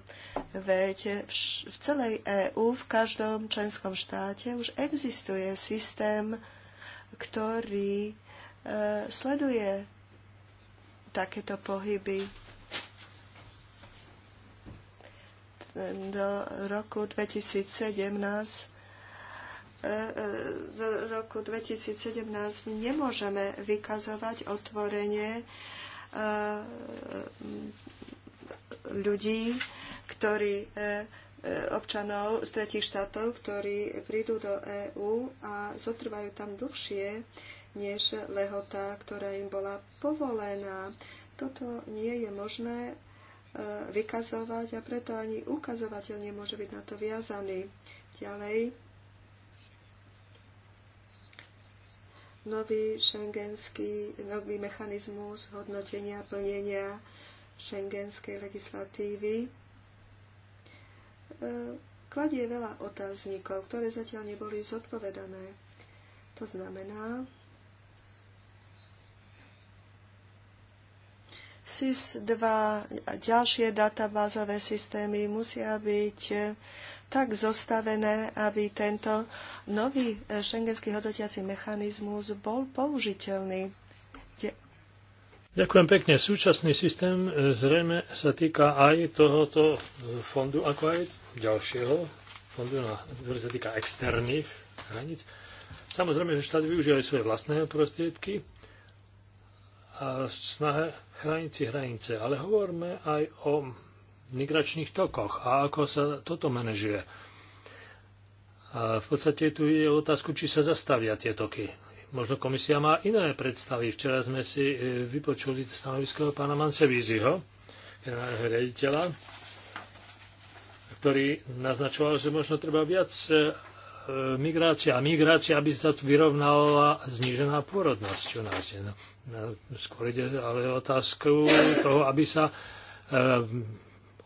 Speaker 4: veď v celej EÚ, v každom členskom štáte už existuje systém, ktorý e, sleduje takéto pohyby. Do roku 2017 v roku 2017 nemôžeme vykazovať otvorenie e, ľudí, ktorí e, e, občanov z tretich štátov, ktorí prídu do EÚ a zotrvajú tam dlhšie než lehota, ktorá im bola povolená. Toto nie je možné vykazovať a preto ani ukazovateľ nemôže byť na to viazaný. Ďalej, nový šengenský, nový mechanizmus hodnotenia a plnenia šengenskej legislatívy e, kladie veľa otáznikov, ktoré zatiaľ neboli zodpovedané. To znamená, SIS-2 a ďalšie databázové systémy musia byť tak zostavené, aby tento nový eh, šengenský hodotiaci mechanizmus bol použiteľný. De
Speaker 1: Ďakujem pekne. Súčasný systém eh, zrejme sa týka aj tohoto eh, fondu, ako aj ďalšieho fondu, no, ktorý sa týka externých hraníc. Samozrejme, že štát využíva aj svoje vlastné prostriedky a snahe chrániť si hranice, ale hovorme aj o migračných tokoch a ako sa toto manažuje. A v podstate tu je otázku, či sa zastavia tie toky. Možno komisia má iné predstavy. Včera sme si e, vypočuli stanovisko pána Mansevíziho, generálneho riaditeľa, ktorý naznačoval, že možno treba viac e, migrácia a migrácia, aby sa tu vyrovnala znížená pôrodnosť u nás. No, skôr ide ale otázku toho, aby sa e,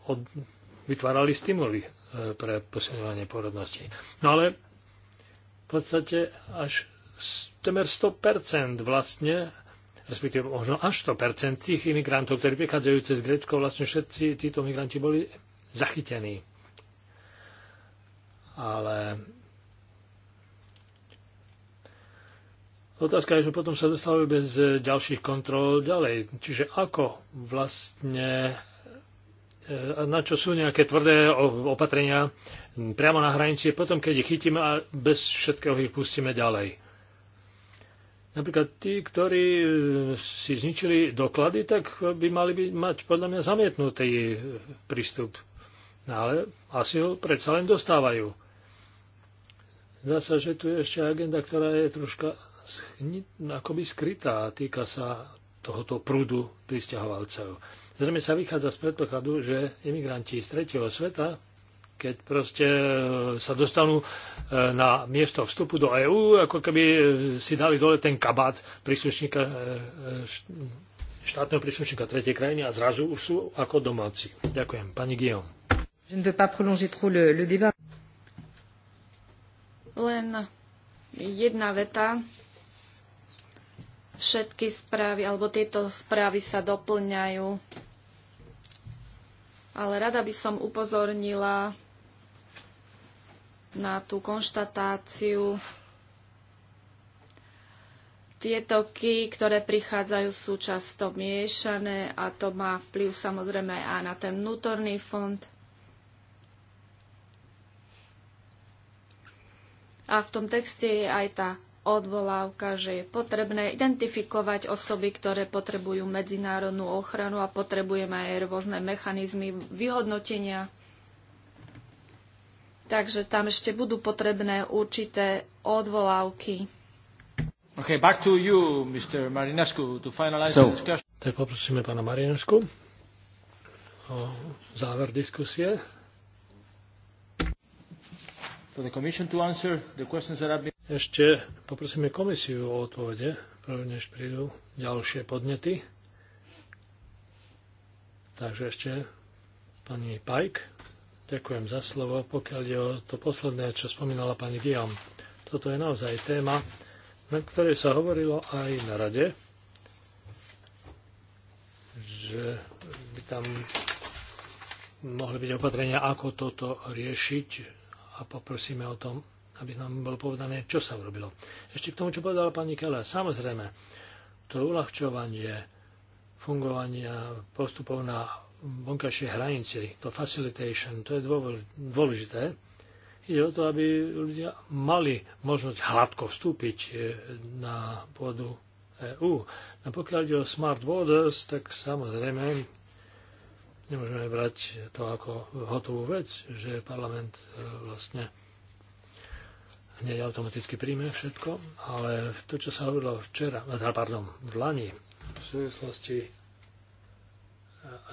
Speaker 1: od, vytvárali stimuly e, pre posilňovanie porodnosti. No ale v podstate až temer 100% vlastne, respektíve možno až 100% tých imigrantov, ktorí prichádzajú cez Grécko, vlastne všetci títo migranti boli zachytení. Ale Otázka je, že potom sa dostávajú bez e, ďalších kontrol ďalej. Čiže ako vlastne na čo sú nejaké tvrdé opatrenia priamo na hranici, potom keď ich chytíme a bez všetkého ich pustíme ďalej. Napríklad tí, ktorí e, si zničili doklady, tak by mali by mať podľa mňa zamietnutý prístup. No ale asi ho predsa len dostávajú. Zdá sa, že tu je ešte agenda, ktorá je troška akoby skrytá a týka sa tohoto prúdu pristahovalcov. Zrejme sa vychádza z predpokladu, že imigranti z tretieho sveta, keď proste e, sa dostanú e, na miesto vstupu do EÚ, ako keby e, si dali dole ten kabát príslušníka štátneho príslušníka tretej krajiny a zrazu už sú ako domáci. Ďakujem. Pani Guillaume. Je ne veux pas prolonger trop le, le débat.
Speaker 2: Len jedna veta. Všetky správy, alebo tieto správy sa doplňajú ale rada by som upozornila na tú konštatáciu. Tie toky, ktoré prichádzajú, sú často miešané a to má vplyv samozrejme aj na ten vnútorný fond. A v tom texte je aj tá odvolávka, že je potrebné identifikovať osoby, ktoré potrebujú medzinárodnú ochranu a potrebujeme aj rôzne mechanizmy vyhodnotenia. Takže tam ešte budú potrebné určité odvolávky.
Speaker 1: Okay, back to you, Mr. Marinescu, to finalize so, the discussion. Tak poprosíme pána Marinescu o záver diskusie. For the Commission to answer the questions that have been... Ešte poprosíme komisiu o odpovede, než prídu ďalšie podnety. Takže ešte pani Pajk. Ďakujem za slovo. Pokiaľ je o to posledné, čo spomínala pani Guillaume, toto je naozaj téma, na ktorej sa hovorilo aj na rade, že by tam mohli byť opatrenia, ako toto riešiť a poprosíme o tom aby nám bolo povedané, čo sa urobilo. Ešte k tomu, čo povedala pani Kele. Samozrejme, to uľahčovanie fungovania postupov na vonkajšej hranici, to facilitation, to je dôležité. Ide o to, aby ľudia mali možnosť hladko vstúpiť e, na pôdu EÚ. A pokiaľ ide o Smart Borders, tak samozrejme nemôžeme brať to ako hotovú vec, že parlament e, vlastne hneď automaticky príjme všetko, ale to, čo sa hovorilo včera, eh, pardon, v Lani v súvislosti eh,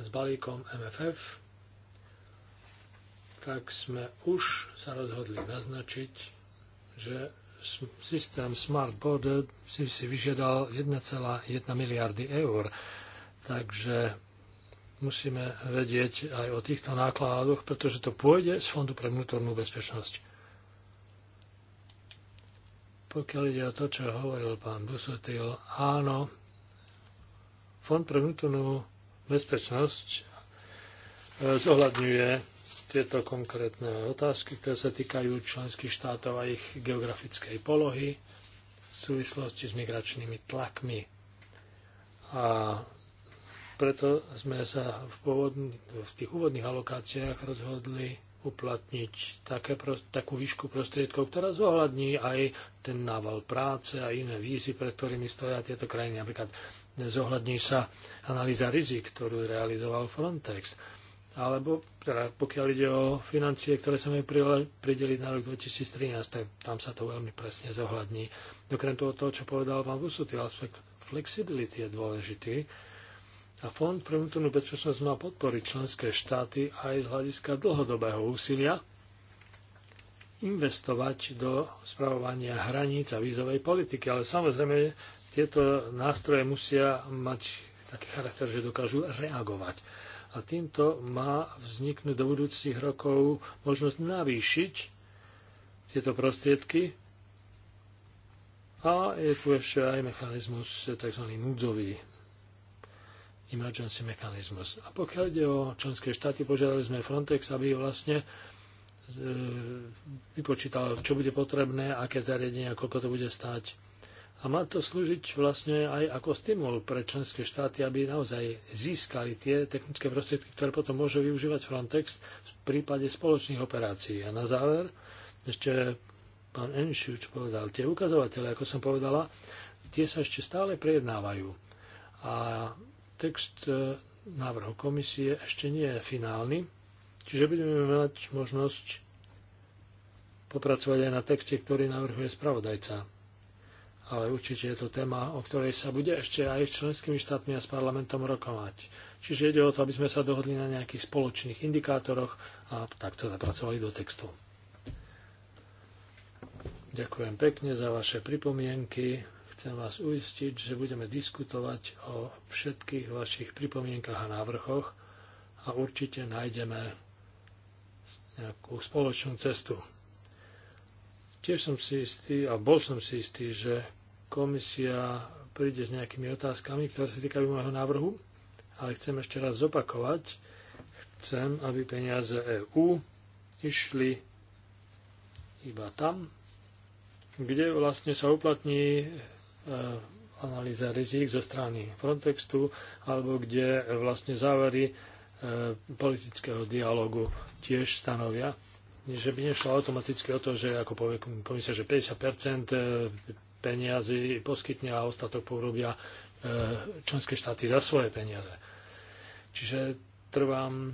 Speaker 1: s balíkom MFF, tak sme už sa rozhodli naznačiť, že systém Smart Border si, si vyžiadal 1,1 miliardy eur. Takže musíme vedieť aj o týchto nákladoch, pretože to pôjde z Fondu pre vnútornú bezpečnosť. Pokiaľ ide o to, čo hovoril pán Busutil, áno, Fond pre vnútornú bezpečnosť e, zohľadňuje tieto konkrétne otázky, ktoré sa týkajú členských štátov a ich geografickej polohy v súvislosti s migračnými tlakmi. A preto sme sa v, pôvodn- v tých úvodných alokáciách rozhodli uplatniť také, takú výšku prostriedkov, ktorá zohľadní aj ten nával práce a iné výzvy, pred ktorými stoja tieto krajiny. Napríklad zohľadní sa analýza rizik, ktorú realizoval Frontex. Alebo teda pokiaľ ide o financie, ktoré sa mi prideliť na rok 2013, tak tam sa to veľmi presne zohľadní. Dokrem toho, čo povedal pán Busutil, aspekt flexibility je dôležitý a Fond pre vnútornú bezpečnosť má podporiť členské štáty aj z hľadiska dlhodobého úsilia investovať do spravovania hraníc a vízovej politiky. Ale samozrejme, tieto nástroje musia mať taký charakter, že dokážu reagovať. A týmto má vzniknúť do budúcich rokov možnosť navýšiť tieto prostriedky a je tu ešte aj mechanizmus tzv. núdzový emergency mechanizmus. A pokiaľ ide o členské štáty, požiadali sme Frontex, aby vlastne e, vypočítal, čo bude potrebné, aké zariadenia, koľko to bude stáť. A má to slúžiť vlastne aj ako stimul pre členské štáty, aby naozaj získali tie technické prostriedky, ktoré potom môže využívať Frontex v prípade spoločných operácií. A na záver, ešte pán Enšiuč povedal, tie ukazovatele, ako som povedala, tie sa ešte stále prejednávajú. A text e, návrhu komisie ešte nie je finálny, čiže budeme mať možnosť popracovať aj na texte, ktorý navrhuje spravodajca. Ale určite je to téma, o ktorej sa bude ešte aj s členskými štátmi a s parlamentom rokovať. Čiže ide o to, aby sme sa dohodli na nejakých spoločných indikátoroch a takto zapracovali do textu. Ďakujem pekne za vaše pripomienky, Chcem vás uistiť, že budeme diskutovať o všetkých vašich pripomienkach a návrhoch a určite nájdeme nejakú spoločnú cestu. Tiež som si istý, a bol som si istý, že komisia príde s nejakými otázkami, ktoré sa týkajú môjho návrhu, ale chcem ešte raz zopakovať, chcem, aby peniaze EÚ išli iba tam, kde vlastne sa uplatní Eh, analýza rizik zo strany Frontextu, alebo kde vlastne závery eh, politického dialogu tiež stanovia, že by nešlo automaticky o to, že ako povie komisia, že 50 eh, peniazy poskytne a ostatok porobia členské štáty za svoje peniaze. Čiže trvám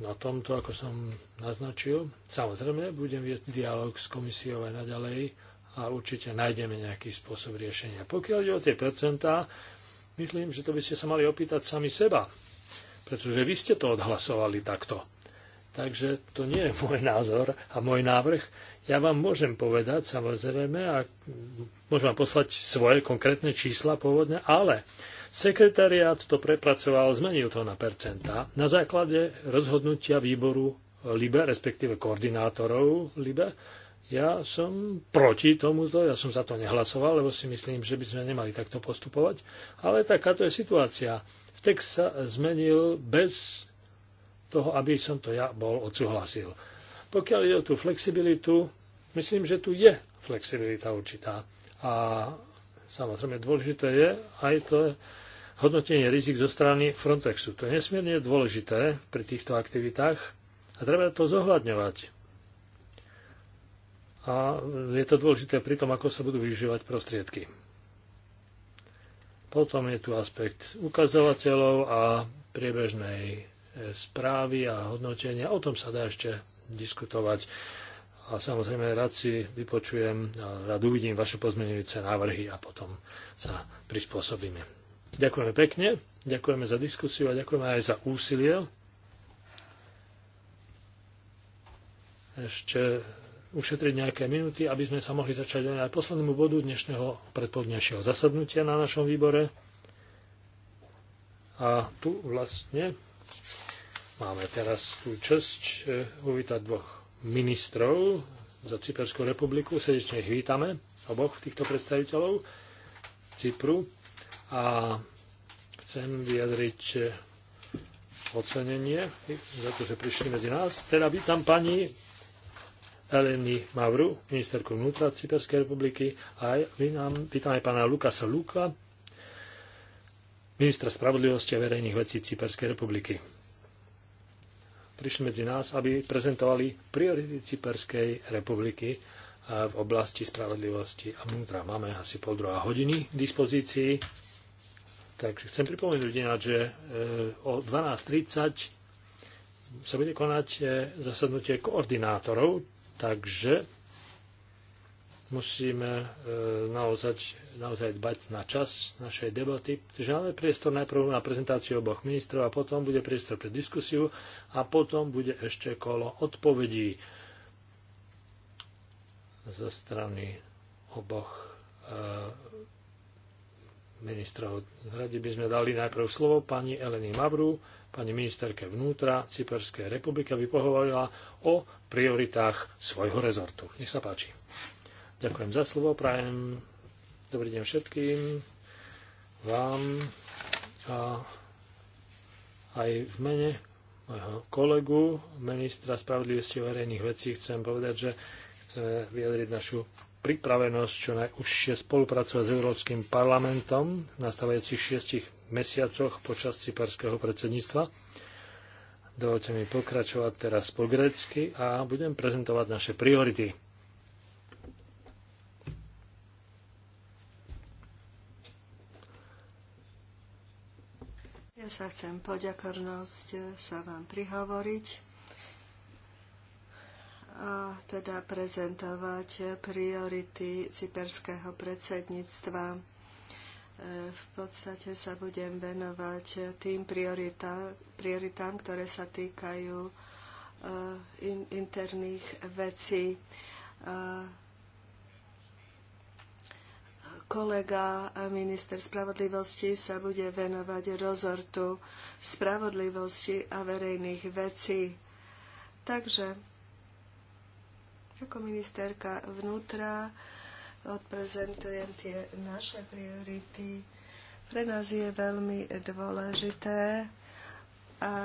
Speaker 1: na tomto, ako som naznačil. Samozrejme, budem viesť dialog s komisiou aj naďalej a určite nájdeme nejaký spôsob riešenia. Pokiaľ ide o tie percentá, myslím, že to by ste sa mali opýtať sami seba, pretože vy ste to odhlasovali takto. Takže to nie je môj názor a môj návrh. Ja vám môžem povedať, samozrejme, a môžem vám poslať svoje konkrétne čísla pôvodne, ale sekretariát to prepracoval, zmenil to na percentá na základe rozhodnutia výboru LIBE, respektíve koordinátorov LIBE, ja som proti tomuto, ja som za to nehlasoval, lebo si myslím, že by sme nemali takto postupovať, ale takáto je situácia. V text sa zmenil bez toho, aby som to ja bol odsúhlasil. Pokiaľ ide o tú flexibilitu, myslím, že tu je flexibilita určitá. A samozrejme dôležité je aj to hodnotenie rizik zo strany Frontexu. To je nesmierne dôležité pri týchto aktivitách a treba to zohľadňovať a je to dôležité pri tom, ako sa budú využívať prostriedky. Potom je tu aspekt ukazovateľov a priebežnej e, správy a hodnotenia. O tom sa dá ešte diskutovať. A samozrejme, rád si vypočujem, a rád uvidím vaše pozmenujúce návrhy a potom sa prispôsobíme. Ďakujeme pekne, ďakujeme za diskusiu a ďakujeme aj za úsilie. Ešte ušetriť nejaké minúty, aby sme sa mohli začať aj poslednému bodu dnešného predpoludnejšieho zasadnutia na našom výbore. A tu vlastne máme teraz tú časť e, uvítať dvoch ministrov za Cyperskú republiku. Srdečne ich vítame, oboch týchto predstaviteľov Cypru. A chcem vyjadriť e, ocenenie za to, že prišli medzi nás. Teda vítam pani Eleny Mavru, ministerku vnútra Cyperskej republiky, a aj vynám, aj pána Lukasa Luka, ministra spravodlivosti a verejných vecí Cyperskej republiky. Prišli medzi nás, aby prezentovali priority Cyperskej republiky v oblasti spravodlivosti a vnútra. Máme asi pol druhá hodiny k dispozícii, takže chcem pripomenúť že e, o 12.30 sa bude konať e, zasadnutie koordinátorov Takže musíme e, naozaj, naozaj dbať na čas našej debaty. Takže máme priestor najprv na prezentáciu oboch ministrov a potom bude priestor pre diskusiu a potom bude ešte kolo odpovedí zo strany oboch e, Ministra Radi by sme dali najprv slovo pani Eleni Mavru, pani ministerke vnútra Cyperskej republiky, aby pohovorila o prioritách svojho rezortu. Nech sa páči. Ďakujem za slovo, prajem dobrý deň všetkým vám a aj v mene môjho kolegu, ministra spravodlivosti o verejných vecí, chcem povedať, že chceme vyjadriť našu pripravenosť čo najúžšie spolupracovať s Európskym parlamentom v nastavujúcich šiestich mesiacoch počas cyperského predsedníctva. Dovolte mi pokračovať teraz po grecky a budem prezentovať naše priority.
Speaker 4: Ja sa chcem poďakornosť eh, sa vám prihovoriť a teda prezentovať priority cyperského predsedníctva. E, v podstate sa budem venovať tým prioritám, prioritám ktoré sa týkajú e, interných vecí. E, kolega a minister spravodlivosti sa bude venovať rozortu spravodlivosti a verejných vecí. Takže ako ministerka vnútra odprezentujem tie naše priority. Pre nás je veľmi dôležité a, a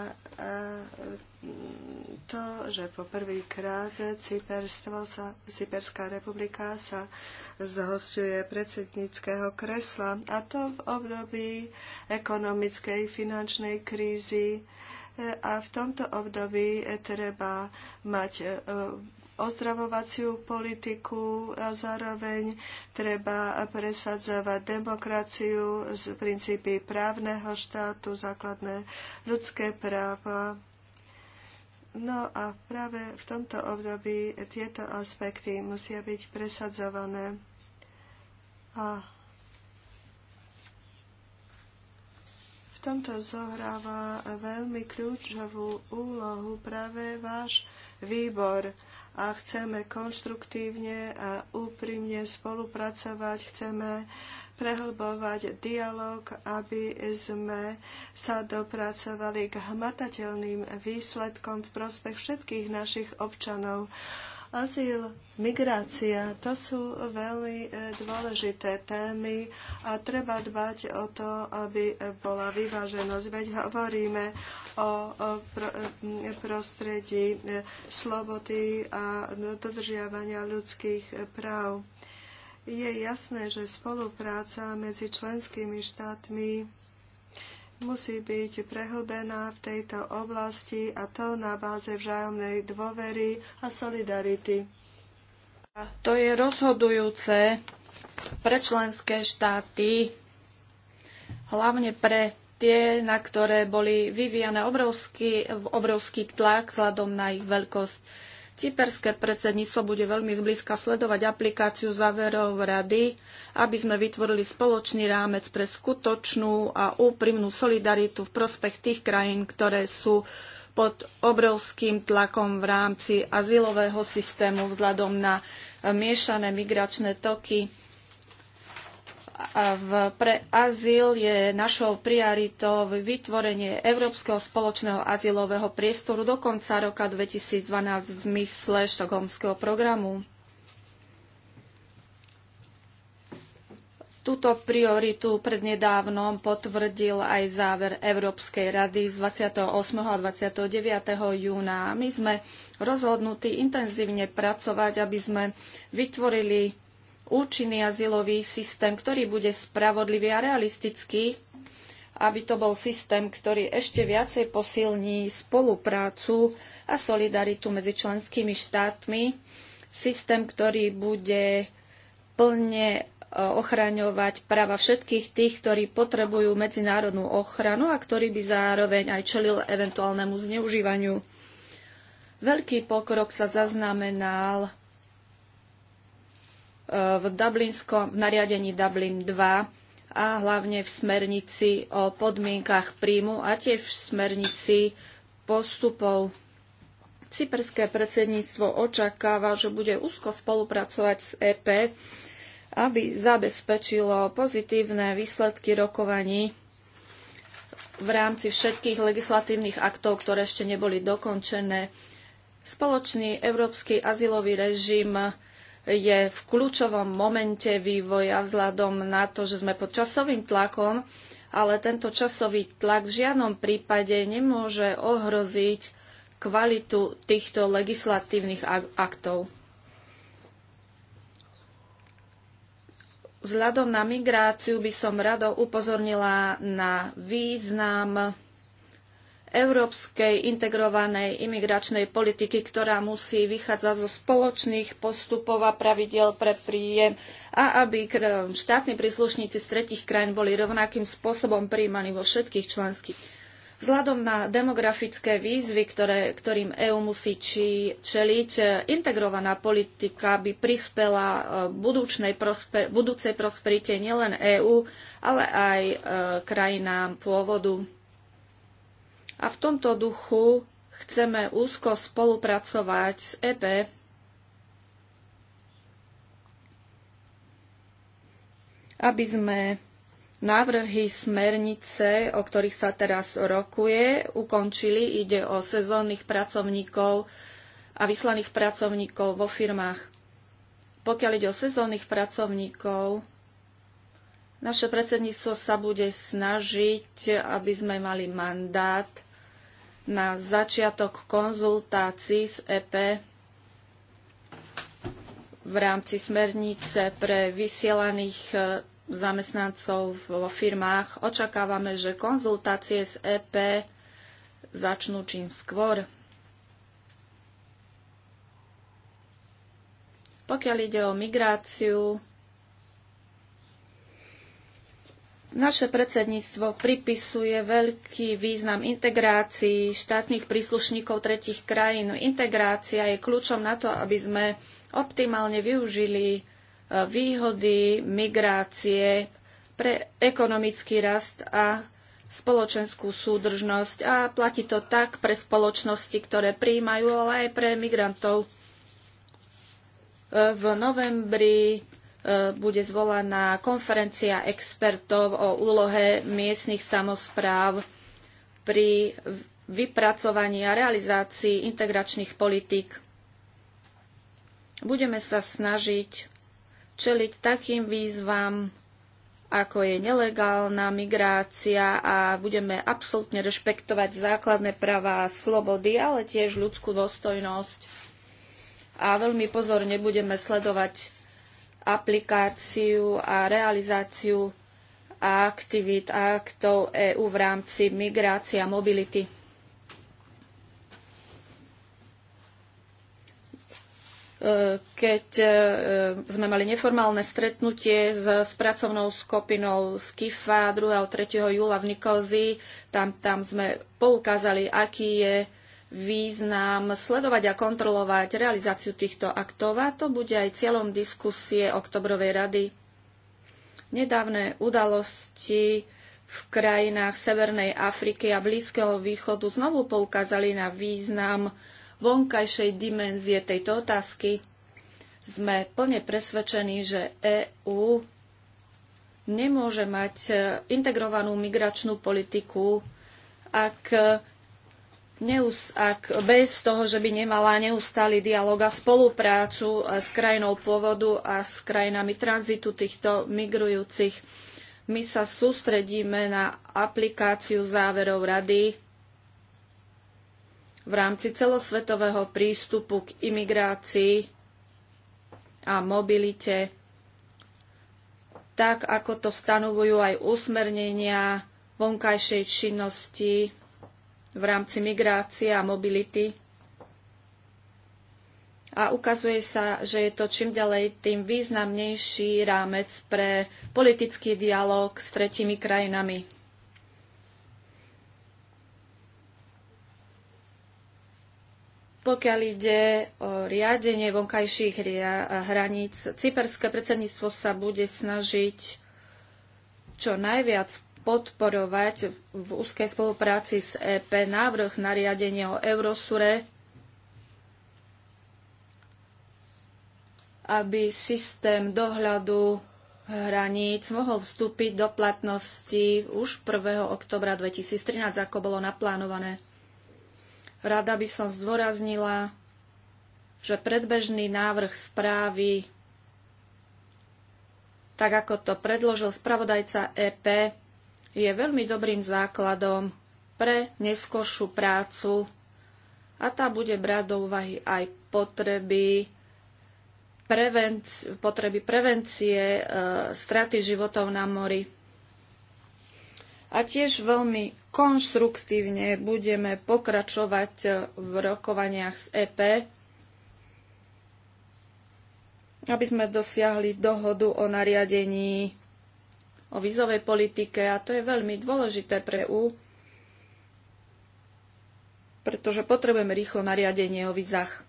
Speaker 4: to, že po prvýkrát Cyperská republika sa zhostuje predsedníckého kresla a to v období ekonomickej finančnej krízy e, a v tomto období treba mať e, ozdravovaciu politiku a zároveň treba presadzovať demokraciu, z princípy právneho štátu, základné ľudské práva. No a práve v tomto období tieto aspekty musia byť presadzované. A v tomto zohráva veľmi kľúčovú úlohu práve váš výbor a chceme konštruktívne a úprimne spolupracovať, chceme prehlbovať dialog, aby sme sa dopracovali k hmatateľným výsledkom v prospech všetkých našich občanov. Azyl, migrácia, to sú veľmi e, dôležité témy a treba dbať o to, aby bola vyváženosť. Veď hovoríme o, e, prostredí e, slobody a dodržiavania ľudských práv. Je jasné, že spolupráca medzi členskými štátmi musí byť prehlbená v tejto oblasti a to na báze vzájomnej dôvery a solidarity. A to je
Speaker 2: rozhodujúce pre členské štáty, hlavne pre tie, na ktoré boli vyvíjane obrovský, obrovský tlak vzhľadom na ich veľkosť. Cyperské predsedníctvo bude veľmi zblízka sledovať aplikáciu záverov rady, aby sme vytvorili spoločný rámec pre skutočnú a úprimnú solidaritu v prospech tých krajín, ktoré sú pod obrovským tlakom v rámci azylového systému vzhľadom na miešané migračné toky v, pre azyl je našou prioritou vytvorenie Európskeho spoločného azylového priestoru do konca roka 2012 v zmysle štokholmského programu. Túto prioritu prednedávnom potvrdil aj záver Európskej rady z 28. a 29. júna. My sme rozhodnutí intenzívne pracovať, aby sme vytvorili účinný azylový systém, ktorý bude spravodlivý a realistický, aby to bol systém, ktorý ešte viacej posilní spoluprácu a solidaritu medzi členskými štátmi, systém, ktorý bude plne e, ochraňovať práva všetkých tých, ktorí potrebujú medzinárodnú ochranu a ktorý by zároveň aj čelil eventuálnemu zneužívaniu. Veľký pokrok sa zaznamenal v Dublinskom v nariadení Dublin 2 a hlavne v smernici o podmienkach príjmu a tiež v smernici postupov. Cyperské predsedníctvo očakáva, že bude úzko spolupracovať s EP, aby zabezpečilo pozitívne výsledky rokovaní v rámci všetkých legislatívnych aktov, ktoré ešte neboli dokončené. Spoločný európsky azylový režim je v kľúčovom momente vývoja vzhľadom na to, že sme pod časovým tlakom, ale tento časový tlak v žiadnom prípade nemôže ohroziť kvalitu týchto legislatívnych aktov. Vzhľadom na migráciu by som rado upozornila na význam európskej integrovanej imigračnej politiky, ktorá musí vychádzať zo spoločných postupov a pravidel pre príjem a aby štátni príslušníci z tretich krajín boli rovnakým spôsobom príjmaní vo všetkých členských. Vzhľadom na demografické výzvy, ktoré, ktorým EÚ musí či, čeliť, integrovaná politika by prispela e, budúcej prosperite nielen EÚ, ale aj e, krajinám pôvodu. A v tomto duchu chceme úzko spolupracovať s EP, aby sme návrhy smernice, o ktorých sa teraz rokuje, ukončili. Ide o sezónnych pracovníkov a vyslaných pracovníkov vo firmách. Pokiaľ ide o sezónnych pracovníkov, naše predsedníctvo sa bude snažiť, aby sme mali mandát na začiatok konzultácií z EP v rámci smernice pre vysielaných e, zamestnancov vo firmách. Očakávame, že konzultácie s EP začnú čím skôr. Pokiaľ ide o migráciu, Naše predsedníctvo pripisuje veľký význam integrácii štátnych príslušníkov tretich krajín. Integrácia je kľúčom na to, aby sme optimálne využili e, výhody migrácie pre ekonomický rast a spoločenskú súdržnosť. A platí to tak pre spoločnosti, ktoré príjmajú, ale aj pre migrantov. E, v novembri E, bude zvolaná konferencia expertov o úlohe miestnych samozpráv pri vypracovaní a realizácii integračných politík. Budeme sa snažiť čeliť takým výzvam, ako je nelegálna migrácia a budeme absolútne rešpektovať základné práva a slobody, ale tiež ľudskú dôstojnosť. A veľmi pozorne budeme sledovať aplikáciu a realizáciu aktivít a aktov EÚ v rámci migrácie a mobility. E, keď e, sme mali neformálne stretnutie s, s pracovnou skupinou KIFA 2. a 3. júla v Nikozii, tam, tam sme poukázali, aký je význam sledovať a kontrolovať realizáciu týchto aktov a to bude aj cieľom diskusie Oktobrovej rady. Nedávne udalosti v krajinách Severnej Afriky a Blízkeho východu znovu poukázali na význam vonkajšej dimenzie tejto otázky. Sme plne presvedčení, že EÚ nemôže mať integrovanú migračnú politiku, ak neus- ak, bez toho, že by nemala neustály dialog a spoluprácu eh, s krajinou pôvodu a s krajinami tranzitu týchto migrujúcich. My sa sústredíme na aplikáciu záverov rady v rámci celosvetového prístupu k imigrácii a mobilite, tak ako to stanovujú aj usmernenia vonkajšej činnosti v rámci migrácie a mobility. A ukazuje sa, že je to čím ďalej tým významnejší rámec pre politický dialog s tretimi krajinami. Pokiaľ ide o riadenie vonkajších hraníc, cyperské predsedníctvo sa bude snažiť čo najviac podporovať v úzkej spolupráci s EP návrh nariadenia o Eurosure, aby systém dohľadu hraníc mohol vstúpiť do platnosti už 1. oktobra 2013, ako bolo naplánované. Rada by som zdôraznila, že predbežný návrh správy, tak ako to predložil spravodajca EP, je veľmi dobrým základom pre neskôršiu prácu a tá bude brať do úvahy aj potreby, prevenc- potreby prevencie e, straty životov na mori. A tiež veľmi konštruktívne budeme pokračovať v rokovaniach s EP, aby sme dosiahli dohodu o nariadení o vízovej politike a to je veľmi dôležité pre EU, pretože potrebujeme rýchlo nariadenie o vízach.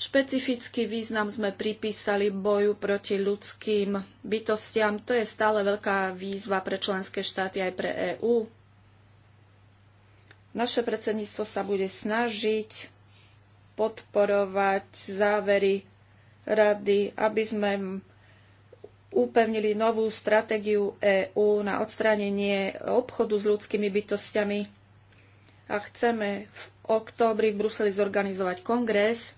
Speaker 2: Špecifický význam sme pripísali boju proti ľudským bytostiam. To je stále veľká výzva pre členské štáty aj pre EÚ. Naše predsedníctvo sa bude snažiť podporovať závery rady, aby sme upevnili novú stratégiu EÚ na odstránenie obchodu s ľudskými bytostiami a chceme v októbri v Bruseli zorganizovať kongres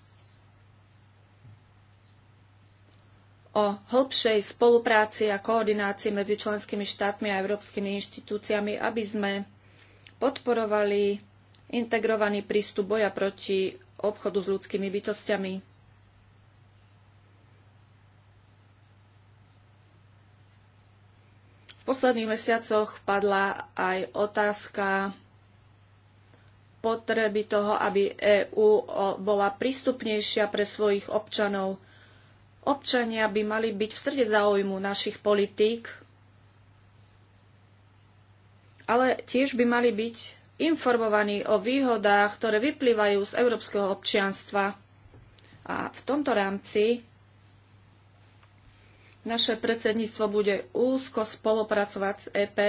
Speaker 2: o hĺbšej spolupráci a koordinácii medzi členskými štátmi a európskymi inštitúciami, aby sme podporovali integrovaný prístup boja proti obchodu s ľudskými bytostiami. V posledných mesiacoch padla aj otázka potreby toho, aby EÚ bola prístupnejšia pre svojich občanov. Občania by mali byť v strede záujmu našich politík, ale tiež by mali byť informovaní o výhodách, ktoré vyplývajú z európskeho občianstva. A v tomto rámci naše predsedníctvo bude úzko spolupracovať s EP,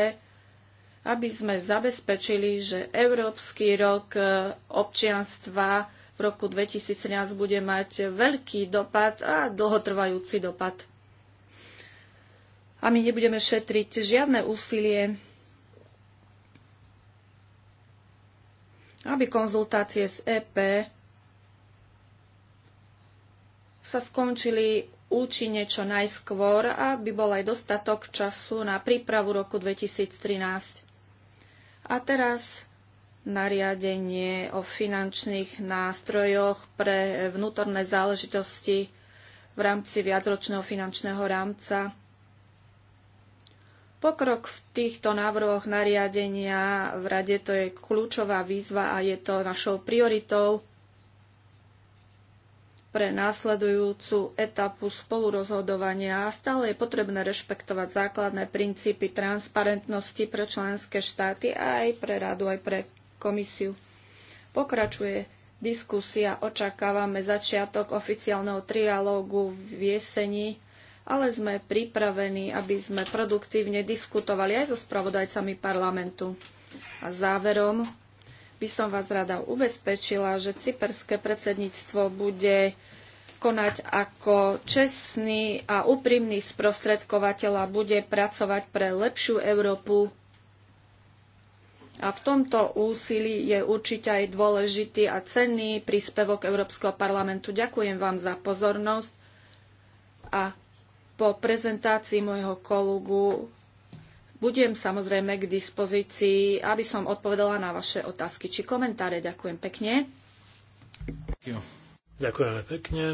Speaker 2: aby sme zabezpečili, že Európsky rok e, občianstva v roku 2013 bude mať veľký dopad a dlhotrvajúci dopad. A my nebudeme šetriť žiadne úsilie, aby konzultácie s EP sa skončili účinne čo najskôr, aby bol aj dostatok času na prípravu roku 2013. A teraz nariadenie o finančných nástrojoch pre vnútorné záležitosti v rámci viacročného finančného rámca. Pokrok v týchto návrhoch nariadenia v rade to je kľúčová výzva a je to našou prioritou pre následujúcu etapu spolurozhodovania a stále je potrebné rešpektovať základné princípy transparentnosti pre členské štáty a aj pre radu, aj pre komisiu. Pokračuje diskusia, očakávame začiatok oficiálneho trialógu v jeseni, ale sme pripravení, aby sme produktívne diskutovali aj so spravodajcami parlamentu. A záverom by som vás rada ubezpečila, že cyperské predsedníctvo bude konať ako čestný a úprimný sprostredkovateľ a bude pracovať pre lepšiu Európu. A v tomto úsilí je určite aj dôležitý a cenný príspevok Európskeho parlamentu. Ďakujem vám za pozornosť a po prezentácii môjho kolegu budem samozrejme k dispozícii, aby som odpovedala na vaše otázky či komentáre. Ďakujem pekne.
Speaker 1: Ďakujeme pekne.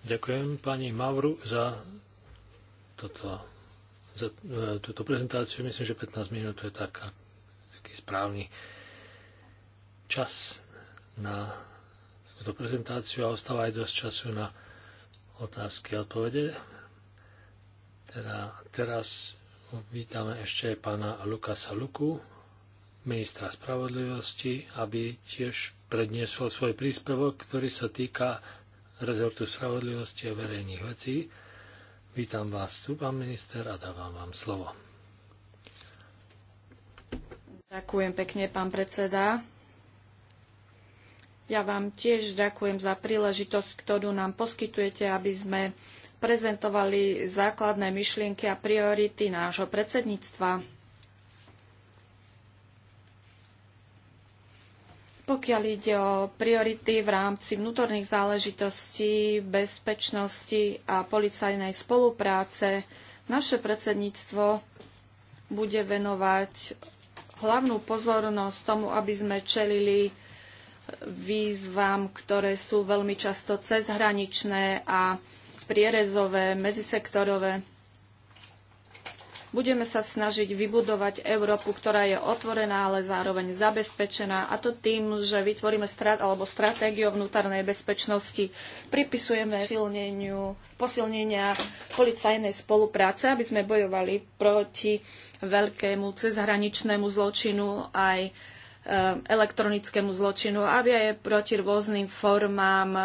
Speaker 1: Ďakujem pani Mavru za toto, za túto prezentáciu. Myslím, že 15 minút je taká, taký správny čas na túto prezentáciu a ostáva aj dosť času na otázky a odpovede. Teda teraz vítame ešte pána Lukasa Luku, ministra spravodlivosti, aby tiež predniesol svoj príspevok, ktorý sa týka rezortu spravodlivosti a verejných vecí. Vítam vás tu, pán minister, a dávam vám slovo.
Speaker 2: Ďakujem pekne, pán predseda. Ja vám tiež ďakujem za príležitosť, ktorú nám poskytujete, aby sme prezentovali základné myšlienky a priority nášho predsedníctva. Pokiaľ ide o priority v rámci vnútorných záležitostí, bezpečnosti a policajnej spolupráce, naše predsedníctvo bude venovať hlavnú pozornosť tomu, aby sme čelili výzvam, ktoré sú veľmi často cezhraničné a prierezové, medzisektorové. Budeme sa snažiť vybudovať Európu, ktorá je otvorená, ale zároveň zabezpečená, a to tým, že vytvoríme strat, alebo stratégiu vnútornej bezpečnosti, pripisujeme silneniu, posilnenia policajnej spolupráce, aby sme bojovali proti veľkému cezhraničnému zločinu aj Eh, elektronickému zločinu, aby aj proti rôznym formám eh,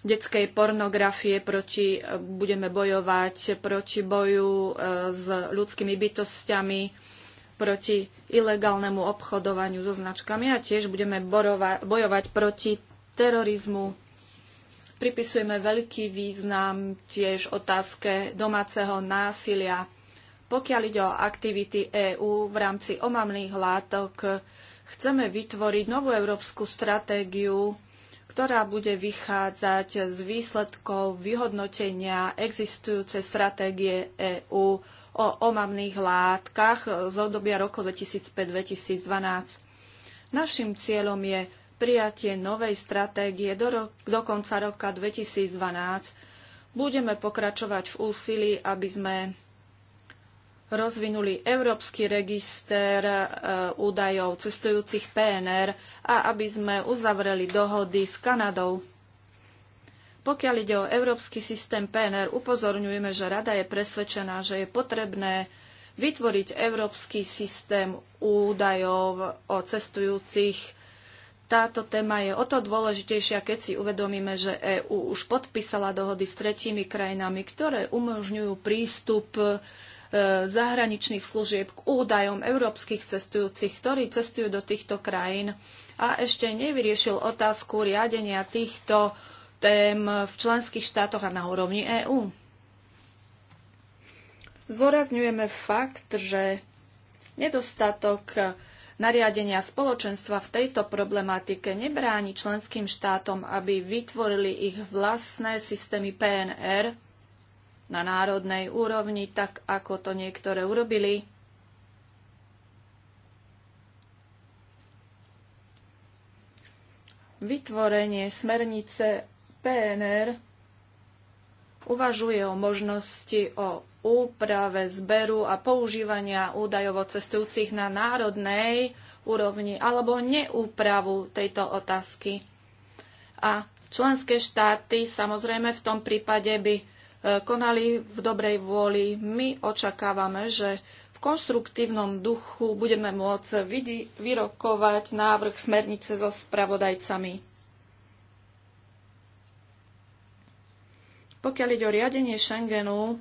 Speaker 2: detskej pornografie, proti, eh, budeme bojovať proti boju s ľudskými bytostiami, proti ilegálnemu obchodovaniu so značkami a tiež budeme bojovať proti terorizmu. Pripisujeme veľký význam tiež otázke domáceho násilia. Pokiaľ ide o aktivity EÚ v rámci omamných látok, Chceme vytvoriť novú európsku stratégiu, ktorá bude vychádzať z výsledkov vyhodnotenia existujúcej stratégie EÚ o omamných látkach z obdobia roku 2005-2012. Našim cieľom je prijatie novej stratégie do, ro- do konca roka 2012. Budeme pokračovať v úsilí, aby sme rozvinuli Európsky register e, údajov cestujúcich PNR a aby sme uzavreli dohody s Kanadou. Pokiaľ ide o Európsky systém PNR, upozorňujeme, že Rada je presvedčená, že je potrebné vytvoriť Európsky systém údajov o cestujúcich. Táto téma je o to dôležitejšia, keď si uvedomíme, že EÚ už podpísala dohody s tretími krajinami, ktoré umožňujú prístup zahraničných služieb k údajom európskych cestujúcich, ktorí cestujú do týchto krajín a ešte nevyriešil otázku riadenia týchto tém v členských štátoch a na úrovni EÚ. Zdôrazňujeme fakt, že nedostatok nariadenia spoločenstva v tejto problematike nebráni členským štátom, aby vytvorili ich vlastné systémy PNR na národnej úrovni, tak ako to niektoré urobili. Vytvorenie smernice PNR uvažuje o možnosti o úprave zberu a používania údajov o cestujúcich na národnej úrovni alebo neúpravu tejto otázky. A členské štáty samozrejme v tom prípade by E, konali v dobrej vôli. My očakávame, že v konštruktívnom duchu budeme môcť vyrokovať návrh smernice so spravodajcami. Pokiaľ ide o riadenie Schengenu,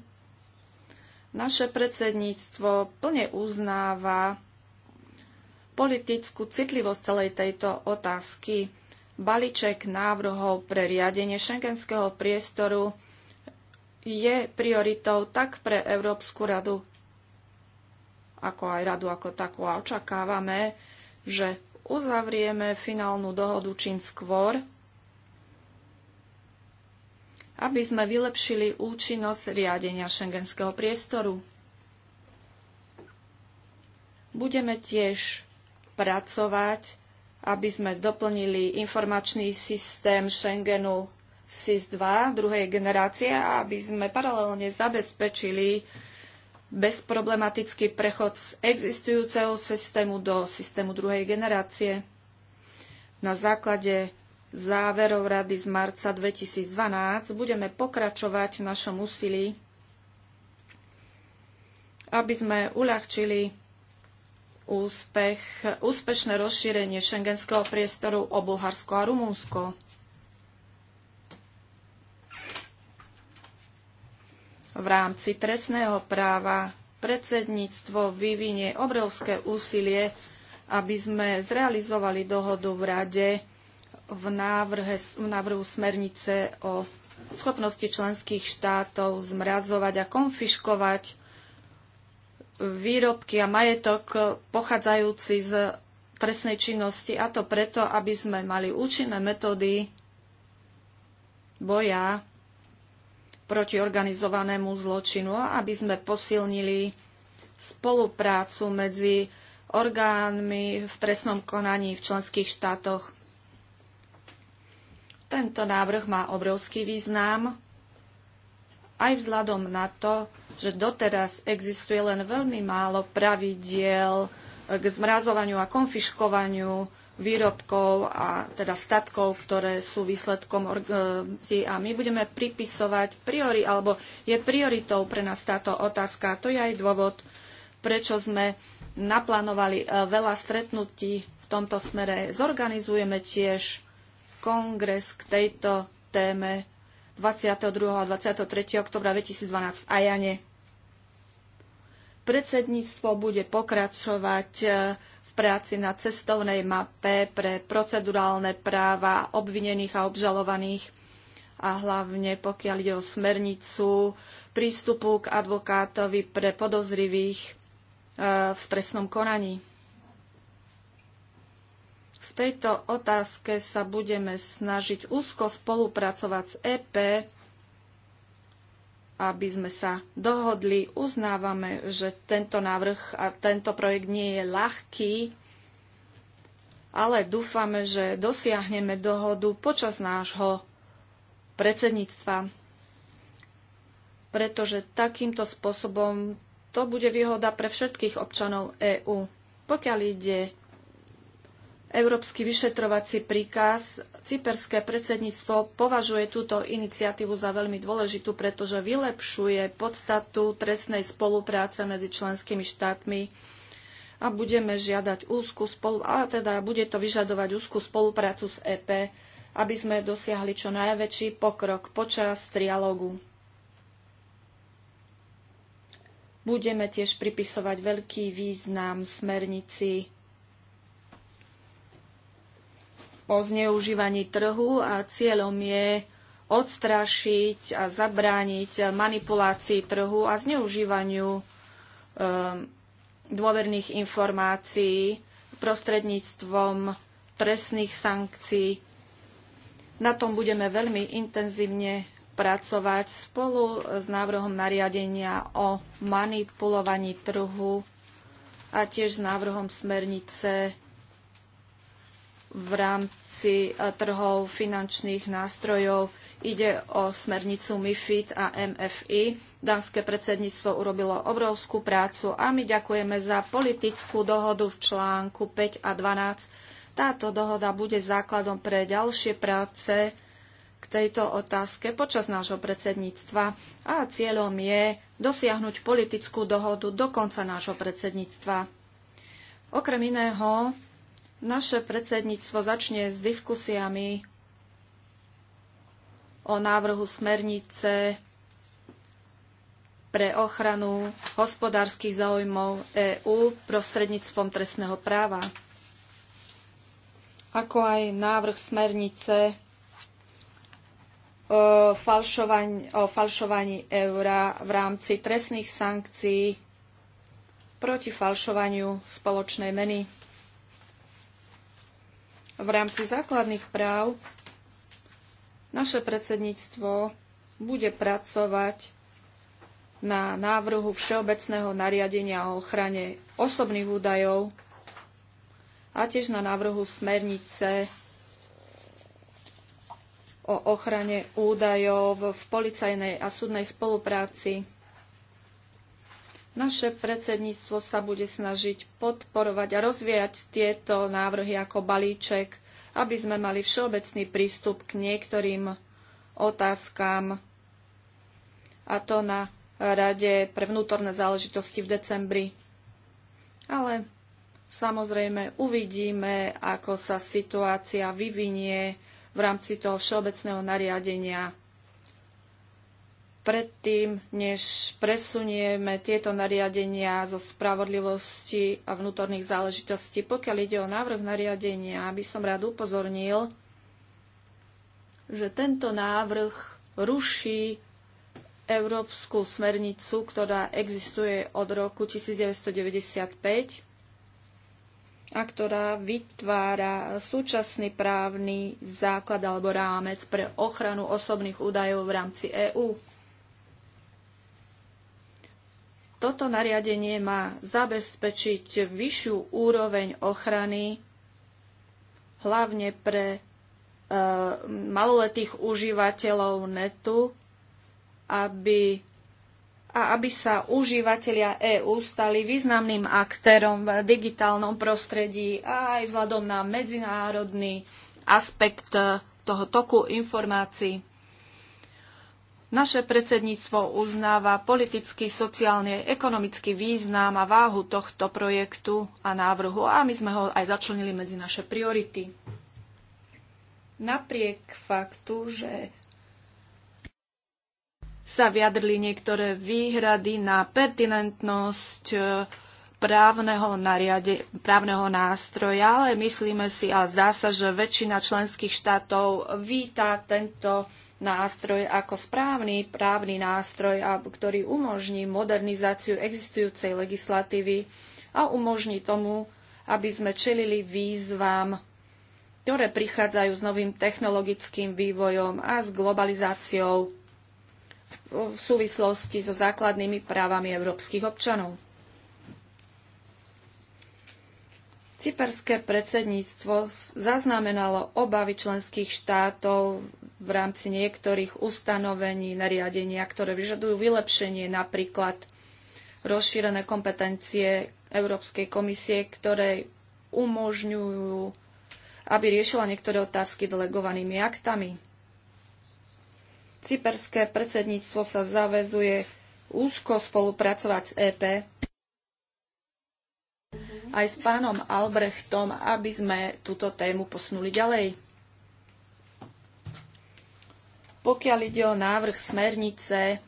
Speaker 2: naše predsedníctvo plne uznáva politickú citlivosť celej tejto otázky. Balíček návrhov pre riadenie šengenského priestoru je prioritou tak pre Európsku radu, ako aj radu ako takú. A očakávame, že uzavrieme finálnu dohodu čím skôr, aby sme vylepšili účinnosť riadenia šengenského priestoru. Budeme tiež pracovať, aby sme doplnili informačný systém Schengenu SIS-2 druhej generácie, aby sme paralelne zabezpečili bezproblematický prechod z existujúceho systému do systému druhej generácie. Na základe záverov Rady z marca 2012 budeme pokračovať v našom úsilí, aby sme uľahčili úspech, úspešné rozšírenie šengenského priestoru o Bulharsko a Rumúnsko. v rámci trestného práva predsedníctvo vyvinie obrovské úsilie, aby sme zrealizovali dohodu v Rade v, návrhe, v návrhu smernice o schopnosti členských štátov zmrazovať a konfiškovať výrobky a majetok pochádzajúci z trestnej činnosti a to preto, aby sme mali účinné metódy boja proti organizovanému zločinu a aby sme posilnili spoluprácu medzi orgánmi v trestnom konaní v členských štátoch. Tento návrh má obrovský význam aj vzhľadom na to, že doteraz existuje len veľmi málo pravidiel k zmrazovaniu a konfiškovaniu výrobkov a teda statkov, ktoré sú výsledkom organizácií e, a my budeme pripisovať priori, alebo je prioritou pre nás táto otázka. To je aj dôvod, prečo sme naplánovali e, veľa stretnutí v tomto smere. Zorganizujeme tiež kongres k tejto téme 22. a 23. oktobra 2012 v Ajane. Predsedníctvo bude pokračovať e, práci na cestovnej mape pre procedurálne práva obvinených a obžalovaných a hlavne pokiaľ ide o smernicu prístupu k advokátovi pre podozrivých e, v trestnom konaní. V tejto otázke sa budeme snažiť úzko spolupracovať s EP aby sme sa dohodli. Uznávame, že tento návrh a tento projekt nie je ľahký, ale dúfame, že dosiahneme dohodu počas nášho predsedníctva, pretože takýmto spôsobom to bude výhoda pre všetkých občanov EÚ. Pokiaľ ide Európsky vyšetrovací príkaz. Cyperské predsedníctvo považuje túto iniciatívu za veľmi dôležitú, pretože vylepšuje podstatu trestnej spolupráce medzi členskými štátmi a budeme žiadať úzku spolu, a teda bude to vyžadovať úzku spoluprácu s EP, aby sme dosiahli čo najväčší pokrok počas trialógu. Budeme tiež pripisovať veľký význam smernici o zneužívaní trhu a cieľom je odstrašiť a zabrániť manipulácii trhu a zneužívaniu um, dôverných informácií prostredníctvom presných sankcií. Na tom budeme veľmi intenzívne pracovať spolu s návrhom nariadenia o manipulovaní trhu a tiež s návrhom smernice v rámci e, trhov finančných nástrojov. Ide o smernicu MIFID a MFI. Dánske predsedníctvo urobilo obrovskú prácu a my ďakujeme za politickú dohodu v článku 5 a 12. Táto dohoda bude základom pre ďalšie práce k tejto otázke počas nášho predsedníctva a cieľom je dosiahnuť politickú dohodu do konca nášho predsedníctva. Okrem iného, naše predsedníctvo začne s diskusiami o návrhu smernice pre ochranu hospodárskych záujmov EÚ prostredníctvom trestného práva, ako aj návrh smernice o falšovaní, o falšovaní eura v rámci trestných sankcií proti falšovaniu spoločnej meny v rámci základných práv naše predsedníctvo bude pracovať na návrhu Všeobecného nariadenia o ochrane osobných údajov a tiež na návrhu smernice o ochrane údajov v policajnej a súdnej spolupráci. Naše predsedníctvo sa bude snažiť podporovať a rozvíjať tieto návrhy ako balíček, aby sme mali všeobecný prístup k niektorým otázkam, a to na Rade pre vnútorné záležitosti v decembri. Ale samozrejme uvidíme, ako sa situácia vyvinie v rámci toho všeobecného nariadenia predtým, než presunieme tieto nariadenia zo spravodlivosti a vnútorných záležitostí. Pokiaľ ide o návrh nariadenia, by som rád upozornil, že tento návrh ruší európsku smernicu, ktorá existuje od roku 1995 a ktorá vytvára súčasný právny základ alebo rámec pre ochranu osobných údajov v rámci EÚ. Toto nariadenie má zabezpečiť vyššiu úroveň ochrany hlavne pre e, maloletých užívateľov netu, aby, a aby sa užívateľia EÚ stali významným aktérom v digitálnom prostredí a aj vzhľadom na medzinárodný aspekt toho toku informácií. Naše predsedníctvo uznáva politický, sociálny, ekonomický význam a váhu tohto projektu a návrhu a my sme ho aj začlenili medzi naše priority. Napriek faktu, že sa vyjadrili niektoré výhrady na pertinentnosť eh, právneho, nariade, právneho nástroja, ale myslíme si a zdá sa, že väčšina členských štátov víta tento nástroj ako správny právny nástroj, ktorý umožní modernizáciu existujúcej legislatívy a umožní tomu, aby sme čelili výzvam, ktoré prichádzajú s novým technologickým vývojom a s globalizáciou v súvislosti so základnými právami európskych občanov. Cyperské predsedníctvo zaznamenalo obavy členských štátov v rámci niektorých ustanovení nariadenia, ktoré vyžadujú vylepšenie napríklad rozšírené kompetencie Európskej komisie, ktoré umožňujú, aby riešila niektoré otázky delegovanými aktami. Cyperské predsedníctvo sa zavezuje úzko spolupracovať s EP aj s pánom Albrechtom, aby sme túto tému posunuli ďalej. Pokiaľ ide o návrh smernice,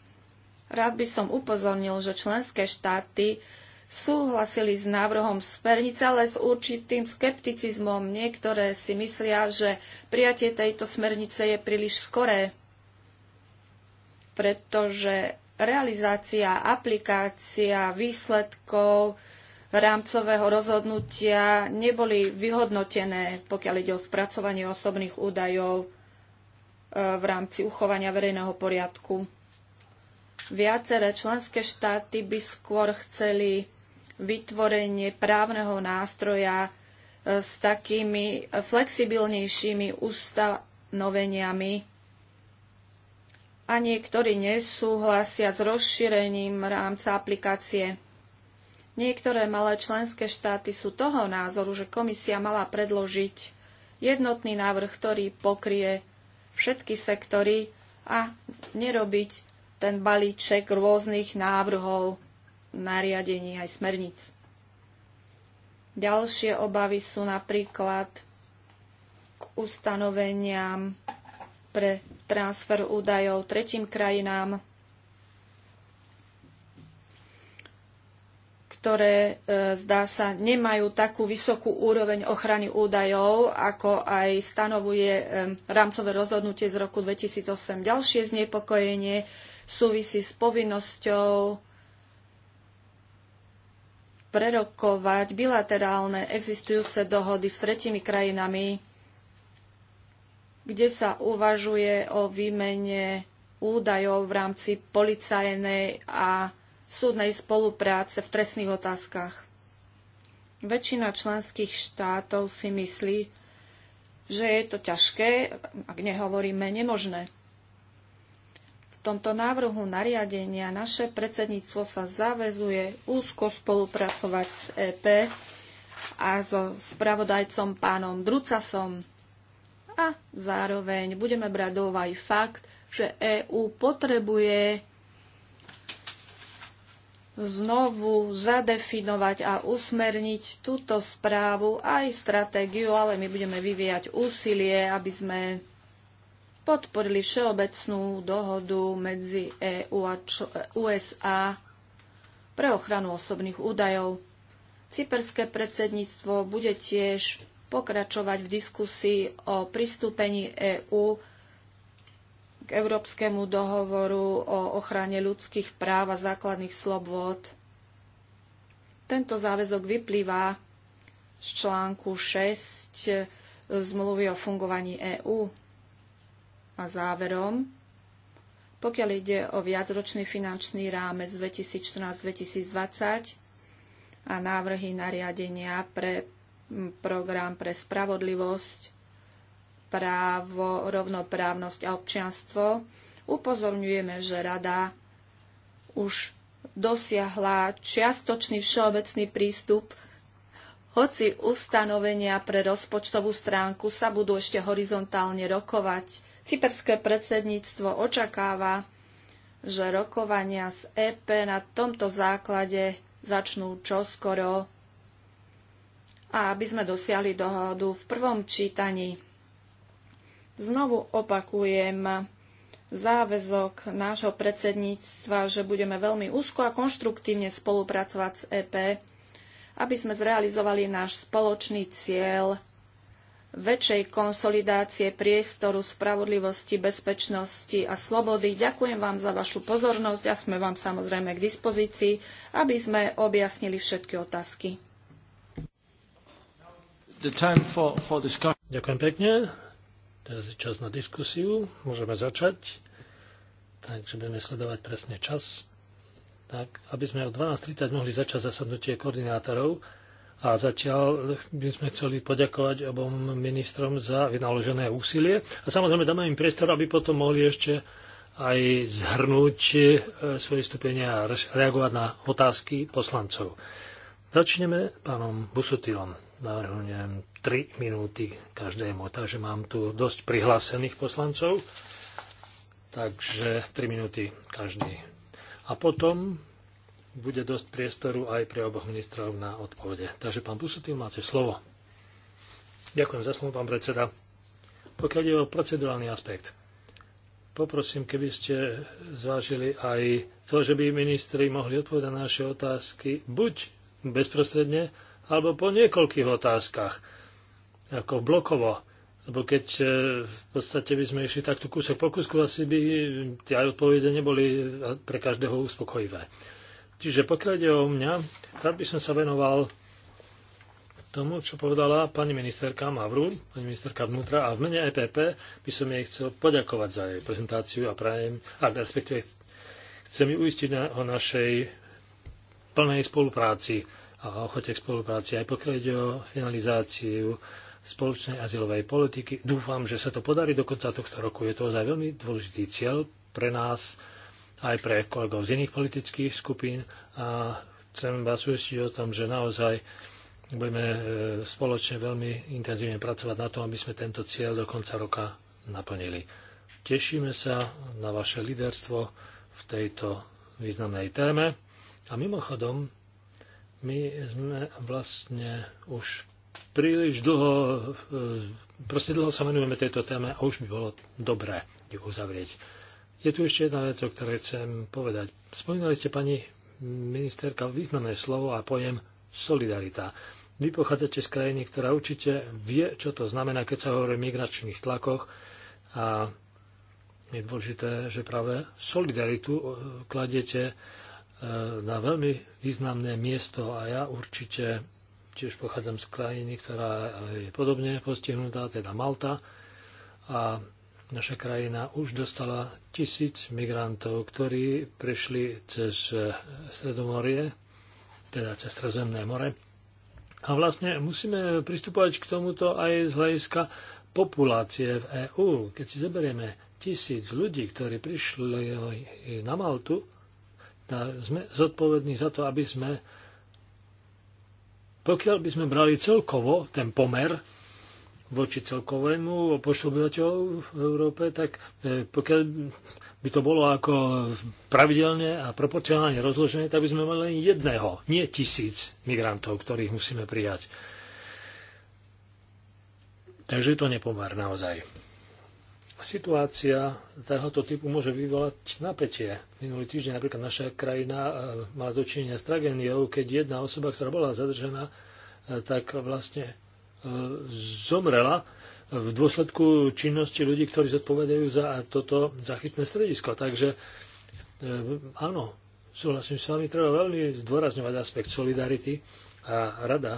Speaker 2: rád by som upozornil, že členské štáty súhlasili s návrhom smernice, ale s určitým skepticizmom. Niektoré si myslia, že prijatie tejto smernice je príliš skoré, pretože realizácia, aplikácia výsledkov rámcového rozhodnutia neboli vyhodnotené, pokiaľ ide o spracovanie osobných údajov e, v rámci uchovania verejného poriadku. Viaceré členské štáty by skôr chceli vytvorenie právneho nástroja e, s takými flexibilnejšími ustanoveniami a niektorí nesúhlasia s rozšírením rámca aplikácie Niektoré malé členské štáty sú toho názoru, že komisia mala predložiť jednotný návrh, ktorý pokrie všetky sektory a nerobiť ten balíček rôznych návrhov, nariadení aj smerníc. Ďalšie obavy sú napríklad k ustanoveniam pre transfer údajov tretím krajinám, ktoré e, zdá sa nemajú takú vysokú úroveň ochrany údajov, ako aj stanovuje e, rámcové rozhodnutie z roku 2008. Ďalšie znepokojenie súvisí s povinnosťou prerokovať bilaterálne existujúce dohody s tretimi krajinami, kde sa uvažuje o výmene údajov v rámci policajnej a súdnej spolupráce v trestných otázkach. Väčšina členských štátov si myslí, že je to ťažké, ak nehovoríme nemožné. V tomto návrhu nariadenia naše predsedníctvo sa zavezuje úzko spolupracovať s EP a so spravodajcom pánom Drucasom. A zároveň budeme brať do fakt, že EÚ potrebuje znovu zadefinovať a usmerniť túto správu aj stratégiu, ale my budeme vyvíjať úsilie, aby sme podporili všeobecnú dohodu medzi EU a USA pre ochranu osobných údajov. Cyperské predsedníctvo bude tiež pokračovať v diskusii o pristúpení EÚ k Európskemu dohovoru o ochrane ľudských práv a základných slobôd. Tento záväzok vyplýva z článku 6 zmluvy o fungovaní EÚ. A záverom, pokiaľ ide o viacročný finančný rámec 2014-2020 a návrhy nariadenia pre program pre spravodlivosť, právo, rovnoprávnosť a občianstvo, upozorňujeme, že rada už dosiahla čiastočný všeobecný prístup, hoci ustanovenia pre rozpočtovú stránku sa budú ešte horizontálne rokovať. Cyperské predsedníctvo očakáva, že rokovania z EP na tomto základe začnú čoskoro a aby sme dosiahli dohodu v prvom čítaní. Znovu opakujem záväzok nášho predsedníctva, že budeme veľmi úzko a konštruktívne spolupracovať s EP, aby sme zrealizovali náš spoločný cieľ väčšej konsolidácie priestoru spravodlivosti, bezpečnosti a slobody. Ďakujem vám za vašu pozornosť a sme vám samozrejme k dispozícii, aby sme objasnili všetky otázky.
Speaker 1: For, for Ďakujem pekne. Teraz je čas na diskusiu. Môžeme začať. Takže budeme sledovať presne čas. Tak, aby sme o 12.30 mohli začať zasadnutie koordinátorov. A zatiaľ by sme chceli poďakovať obom ministrom za vynaložené úsilie. A samozrejme dáme im priestor, aby potom mohli ešte aj zhrnúť e, svoje stupenia a reagovať na otázky poslancov. Začneme pánom Busutilom navrhujem 3 minúty každému, takže mám tu dosť prihlásených poslancov, takže 3 minúty každý. A potom bude dosť priestoru aj pre oboch ministrov na odpovede. Takže pán Pusutil, máte slovo. Ďakujem za slovo, pán predseda. Pokiaľ je o procedurálny aspekt, poprosím, keby ste zvážili aj to, že by ministri mohli odpovedať na naše otázky buď bezprostredne, alebo po niekoľkých otázkach, ako blokovo. Lebo keď e, v podstate by sme išli takto kúsok po kúsku, asi by tie odpovede neboli pre každého uspokojivé. Čiže pokiaľ ide o mňa, rád by som sa venoval tomu, čo povedala pani ministerka Mavru, pani ministerka vnútra a v mene EPP by som jej chcel poďakovať za jej prezentáciu a prajem, a respektíve chcem ju uistiť o našej plnej spolupráci a ochote k spolupráci. Aj pokiaľ ide o finalizáciu spoločnej azylovej politiky, dúfam, že sa to podarí do konca tohto roku. Je to ozaj veľmi dôležitý cieľ pre nás, aj pre kolegov z iných politických skupín a chcem vás uistiť o tom, že naozaj budeme e, spoločne veľmi intenzívne pracovať na tom, aby sme tento cieľ do konca roka naplnili. Tešíme sa na vaše líderstvo v tejto významnej téme. A mimochodom, my sme vlastne už príliš dlho, e, proste dlho sa venujeme tejto téme a už by bolo dobré ju uzavrieť. Je tu ešte jedna vec, o ktorej chcem povedať. Spomínali ste, pani ministerka, významné slovo a pojem solidarita. Vy pochádzate z krajiny, ktorá určite vie, čo to znamená, keď sa hovorí o migračných tlakoch a je dôležité, že práve solidaritu e, kladiete E, na veľmi významné miesto a ja určite tiež pochádzam z krajiny, ktorá je podobne postihnutá, teda Malta. A naša krajina už dostala tisíc migrantov, ktorí prešli cez e, Stredomorie, teda cez Stredozemné more. A vlastne musíme pristupovať k tomuto aj z hľadiska populácie v EÚ. Keď si zoberieme tisíc ľudí, ktorí prišli na Maltu, sme zodpovední za to, aby sme, pokiaľ by sme brali celkovo ten pomer voči celkovému počtu obyvateľov v Európe, tak e, pokiaľ by to bolo ako pravidelne a proporcionálne rozložené, tak by sme mali len jedného, nie tisíc migrantov, ktorých musíme prijať. Takže je to nepomer naozaj. Situácia tohoto typu môže vyvolať napätie. Minulý týždeň napríklad naša krajina e, mala dočinenia s tragédiou, keď jedna osoba, ktorá bola zadržená, e, tak vlastne e, zomrela v dôsledku činnosti ľudí, ktorí zodpovedajú za toto zachytné stredisko. Takže áno, súhlasím s vami, treba veľmi zdôrazňovať aspekt solidarity a rada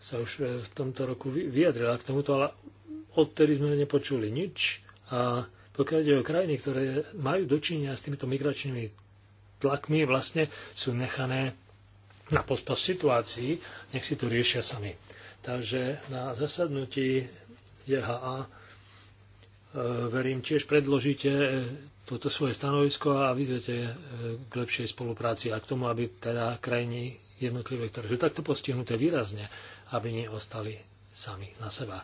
Speaker 1: sa už v tomto roku vyjadrila k tomuto, ale odtedy sme nepočuli nič a pokiaľ ide o krajiny, ktoré majú dočinenia s týmito migračnými tlakmi, vlastne sú nechané na pospas situácii, nech si to riešia sami. Takže na zasadnutí JHA e, verím tiež predložíte e, toto svoje stanovisko a vyzvete e, k lepšej spolupráci a k tomu, aby teda krajiny jednotlivé, ktoré sú takto postihnuté výrazne, aby neostali sami na seba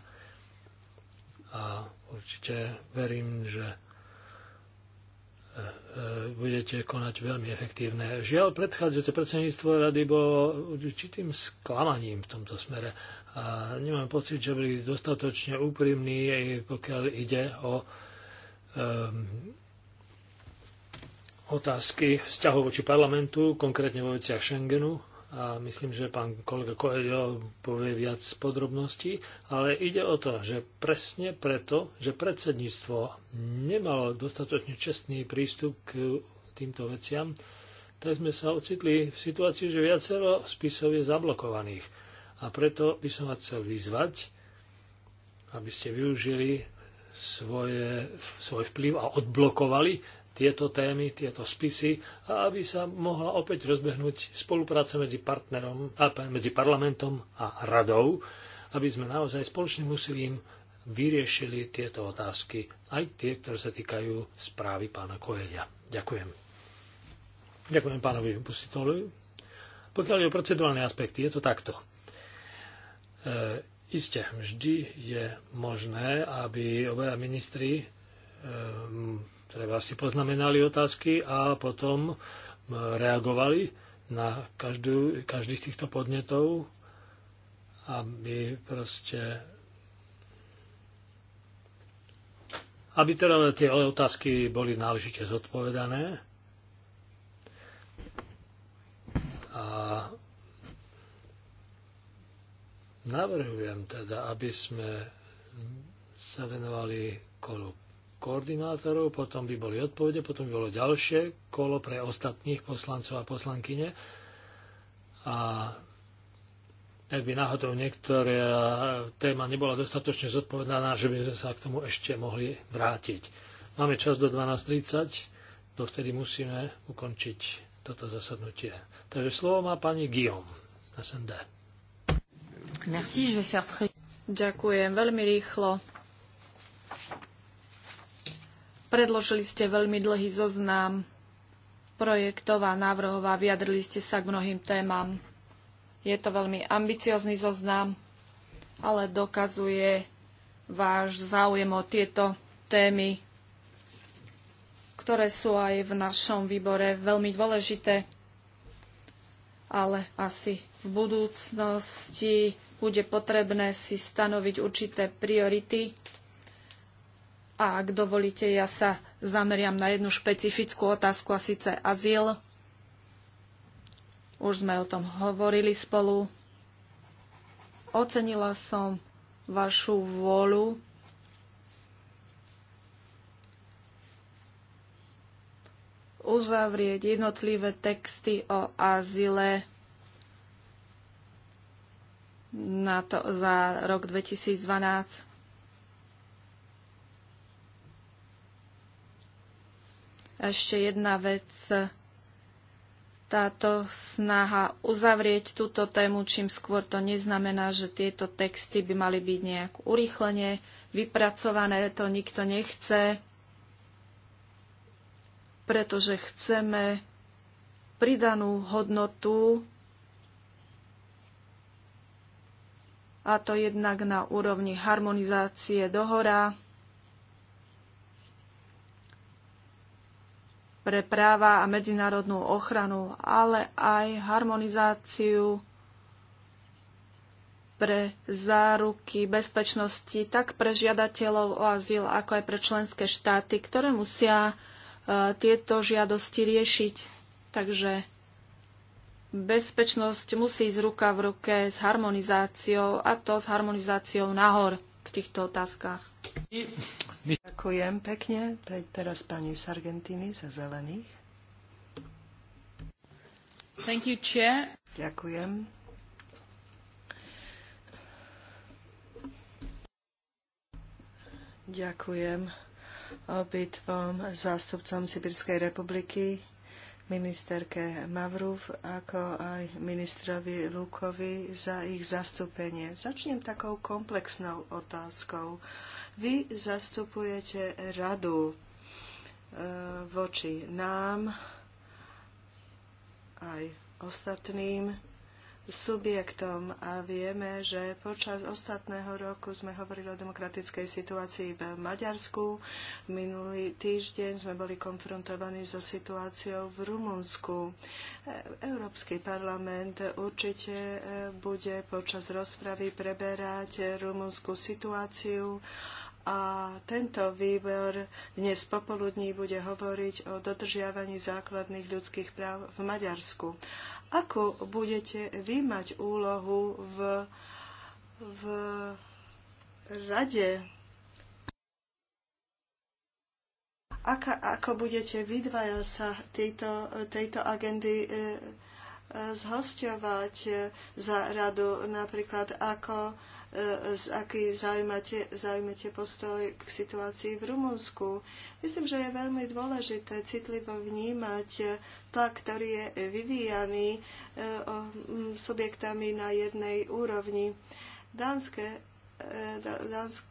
Speaker 1: a určite verím, že e, e, budete konať veľmi efektívne. Žiaľ, predchádzajúce predsedníctvo rady bolo určitým sklamaním v tomto smere. A nemám pocit, že boli dostatočne úprimní, pokiaľ ide o um, otázky vzťahov voči parlamentu, konkrétne vo veciach Schengenu a myslím, že pán kolega Koelho povie viac podrobností, ale ide o to, že presne preto, že predsedníctvo nemalo dostatočne čestný prístup k týmto veciam, tak sme sa ocitli v situácii, že viacero spisov je zablokovaných. A preto by som vás chcel vyzvať, aby ste využili svoje, svoj vplyv a odblokovali tieto témy, tieto spisy a aby sa mohla opäť rozbehnúť spolupráca medzi partnerom, a medzi parlamentom a radou, aby sme naozaj spoločným úsilím vyriešili tieto otázky, aj tie, ktoré sa týkajú správy pána Koelia. Ďakujem. Ďakujem pánovi Busitolovi. Pokiaľ je o procedurálne aspekty, je to takto. E, iste, vždy je možné, aby obaja ministri e, treba si poznamenali otázky a potom e, reagovali na každú, každý z týchto podnetov, aby proste aby teda tie otázky boli náležite zodpovedané. A navrhujem teda, aby sme sa venovali kolu koordinátorov, potom by boli odpovede, potom by bolo ďalšie kolo pre ostatných poslancov a poslankyne. A ak by náhodou niektorá téma nebola dostatočne zodpovedaná, že by sme sa k tomu ešte mohli vrátiť. Máme čas do 12.30, do vtedy musíme ukončiť toto zasadnutie. Takže slovo má pani Guillaume, SND. Merci,
Speaker 2: je vais faire très... Ďakujem, veľmi rýchlo. Predložili ste veľmi dlhý zoznam projektov a návrhov a vyjadrili ste sa k mnohým témam. Je to veľmi ambiciózny zoznam, ale dokazuje váš záujem o tieto témy, ktoré sú aj v našom výbore veľmi dôležité, ale asi v budúcnosti bude potrebné si stanoviť určité priority a ak dovolíte, ja sa zameriam na jednu špecifickú otázku, a síce azyl. Už sme o tom hovorili spolu. Ocenila som vašu vôľu uzavrieť jednotlivé texty o azyle na to, za rok 2012 Ešte jedna vec. Táto snaha uzavrieť túto tému čím skôr to neznamená, že tieto texty by mali byť nejak urýchlene vypracované. To nikto nechce, pretože chceme pridanú hodnotu a to jednak na úrovni harmonizácie dohora pre práva a medzinárodnú ochranu, ale aj harmonizáciu pre záruky bezpečnosti tak pre žiadateľov o azyl, ako aj pre členské štáty, ktoré musia e, tieto žiadosti riešiť. Takže bezpečnosť musí ísť ruka v ruke s harmonizáciou a to s harmonizáciou nahor v týchto otázkach.
Speaker 4: Ďakujem pekne. Teraz pani Sargentini za zelených.
Speaker 2: Thank you, chair.
Speaker 4: Ďakujem. Ďakujem obitvom zástupcom Sibirskej republiky, ministerke Mavrov, ako aj ministrovi Lukovi za ich zastúpenie. Začnem takou komplexnou otázkou. Uh, vy zastupujete radu e, voči nám aj ostatným subjektom a vieme, že počas ostatného roku sme hovorili o demokratickej situácii v Maďarsku. Minulý týždeň sme boli konfrontovaní so situáciou v Rumunsku. E, Európsky parlament určite e, bude počas rozpravy preberať rumunskú situáciu a tento výbor dnes popoludní bude hovoriť o dodržiavaní základných ľudských práv v Maďarsku. Ako budete vy mať úlohu v, v rade? Aka, ako budete vy dvaja sa tejto, tejto agendy e, e, zhosťovať e, za radu, napríklad ako E, aký zaujímate, zaujímate postoj k situácii v Rumunsku. Myslím, že je veľmi dôležité citlivo vnímať tlak, ktorý je vyvíjaný e, subjektami na jednej úrovni. Dánske, e, dánske,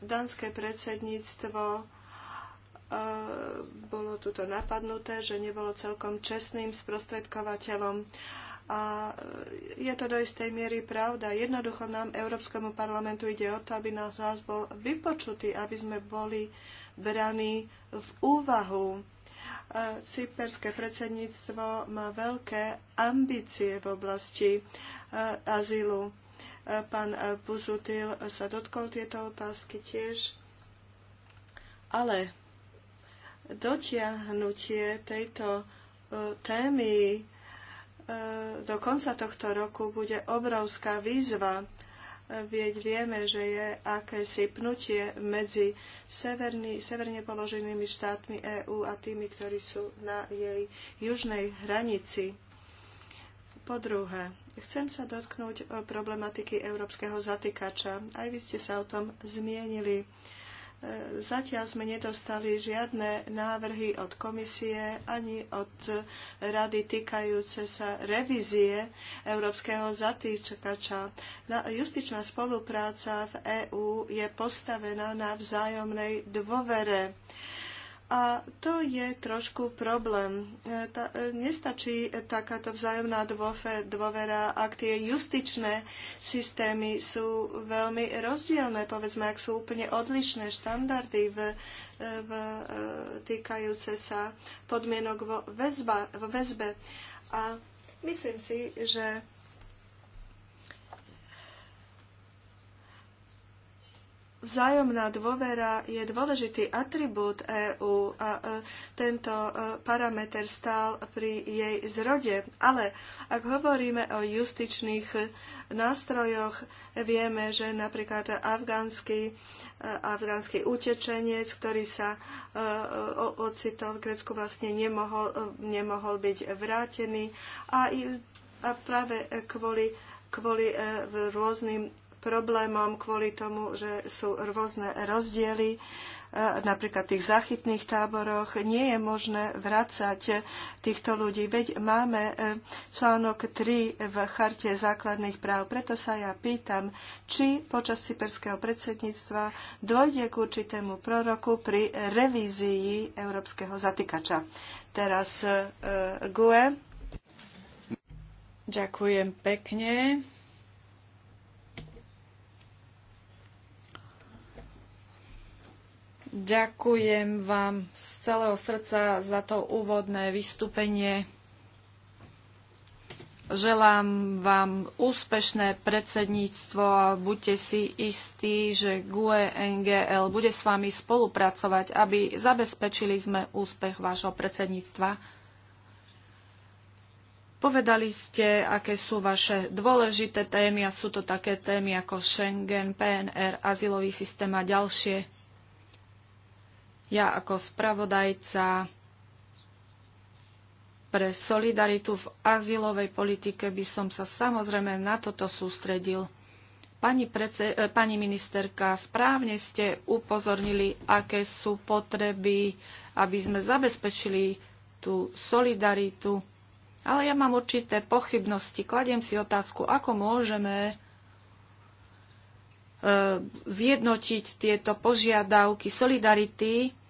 Speaker 4: dánske predsedníctvo bolo tuto napadnuté, že nebolo celkom čestným sprostredkovateľom. A je to do istej miery pravda. Jednoducho nám, Európskemu parlamentu, ide o to, aby nás nás bol vypočutý, aby sme boli braní v úvahu. E, cyperské predsedníctvo má veľké ambície v oblasti e, azylu. E, pán Buzutil sa dotkol tieto otázky tiež. Ale dotiahnutie tejto témy E, do konca tohto roku bude obrovská výzva. E, vieť vieme, že je akési pnutie medzi severný, severne položenými štátmi EÚ a tými, ktorí sú na jej južnej hranici. Po druhé, chcem sa dotknúť problematiky európskeho zatýkača. Aj vy ste sa o tom zmienili. Uh, Zatiaľ sme nedostali žiadne návrhy od komisie ani od rady týkajúce sa revízie európskeho zatýčkača. Justičná spolupráca v EÚ je postavená na vzájomnej dôvere. A to je trošku problém. E, tá, e, nestačí takáto vzájomná dôvera, ak tie justičné systémy sú veľmi rozdielne, povedzme, ak sú úplne odlišné štandardy v, e, v, týkajúce sa podmienok vo, väzba, v väzbe. A myslím si, že Vzájomná dôvera je dôležitý atribút EÚ a e, tento e, parameter stál pri jej zrode. Ale ak hovoríme o justičných e, nástrojoch, vieme, že napríklad afgánsky, afgánsky utečenec, ktorý sa ocitol v Grecku, vlastne nemohol, nemohol byť vrátený a, a práve kvôli kvôli rôznym problémom kvôli tomu, že sú rôzne rozdiely e, napríklad v tých záchytných táboroch, nie je možné vrácať týchto ľudí. Veď máme e, článok 3 v Charte základných práv. Preto sa ja pýtam, či počas cyperského predsedníctva dojde k určitému proroku pri revízii európskeho zatýkača. Teraz e, GUE. Ďakujem
Speaker 2: pekne. Ďakujem vám z celého srdca za to úvodné vystúpenie. Želám vám úspešné predsedníctvo a buďte si istí, že GUE NGL bude s vami spolupracovať, aby zabezpečili sme úspech vášho predsedníctva. Povedali ste, aké sú vaše dôležité témy a sú to také témy ako Schengen, PNR, azylový systém a ďalšie. Ja ako spravodajca pre solidaritu v azylovej politike by som sa samozrejme na toto sústredil. Pani, prece, eh, pani ministerka, správne ste upozornili, aké sú potreby, aby sme zabezpečili tú solidaritu. Ale ja mám určité pochybnosti. Kladiem si otázku, ako môžeme eh, zjednotiť tieto požiadavky solidarity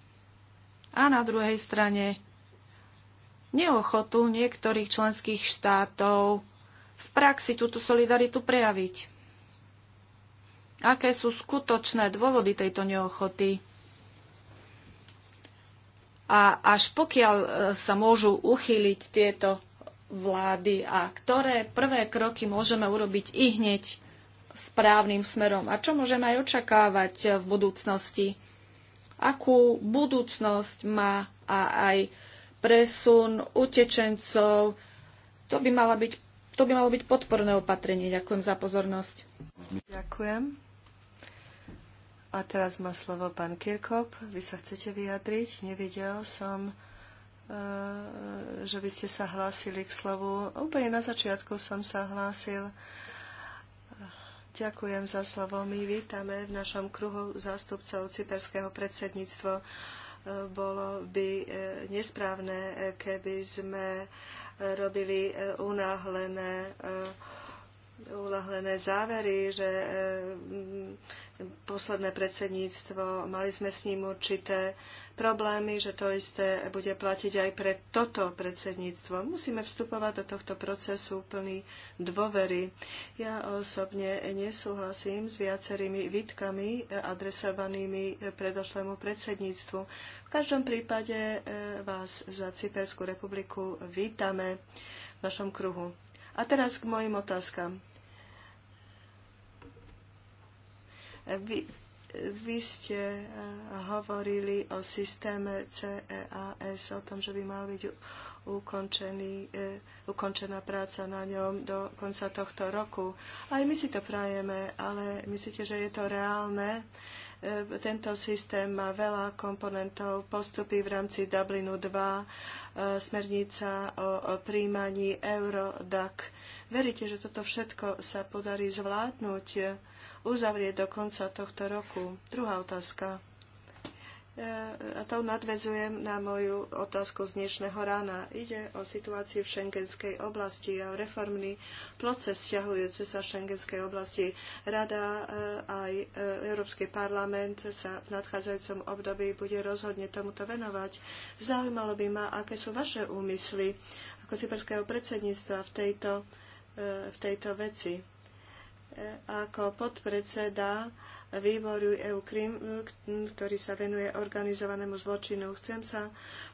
Speaker 2: a na druhej strane neochotu niektorých členských štátov v praxi túto solidaritu prejaviť. Aké sú skutočné dôvody tejto neochoty? A až pokiaľ e, sa môžu uchýliť tieto vlády a ktoré prvé kroky môžeme urobiť i hneď správnym smerom a čo môžeme aj očakávať v budúcnosti akú budúcnosť má a aj presun utečencov. To by, mala byť, to by malo byť podporné opatrenie. Ďakujem za pozornosť. Ďakujem. A teraz
Speaker 4: má slovo pán Kirkop. Vy sa chcete vyjadriť? Nevidel som e, že by ste sa hlásili k slovu. Úplne na začiatku som sa hlásil Ďakujem za slovo. My vítame v našom kruhu zástupcov cyperského predsedníctva. E, bolo by e, nesprávne, e, keby sme robili unáhlené uľahlené závery, že eh, posledné predsedníctvo, mali sme s ním určité problémy, že to isté bude platiť aj pre toto predsedníctvo. Musíme vstupovať do tohto procesu plný dôvery. Ja osobne nesúhlasím s viacerými výtkami eh, adresovanými eh, predošlému predsedníctvu. V každom prípade vás za Cyperskú republiku vítame v našom kruhu. A teraz k mojim otázkam. Vy, vy ste eh, hovorili o systéme CEAS, o tom, že by mal byť ukončený, eh, ukončená práca na ňom do konca tohto roku. Aj my si to prajeme, ale myslíte, že je to reálne? E, tento systém má veľa komponentov, postupy v rámci Dublinu 2, e, smernica o príjmaní Eurodac. Veríte, že toto všetko sa podarí zvládnuť, e, uzavrieť do konca tohto roku? Druhá otázka a to nadvezujem na moju otázku z dnešného rána. Ide o situáciu v šengenskej oblasti a reformný proces vzťahujúce sa v šengenskej oblasti. Rada eh, aj eh, Európsky parlament sa v nadchádzajúcom období bude rozhodne tomuto venovať. Zaujímalo by ma, aké sú vaše úmysly ako cyperského predsedníctva v tejto, eh, v tejto veci. Ako podpredseda výboru EU Krim, ktorý sa venuje organizovanému zločinu. Chcem sa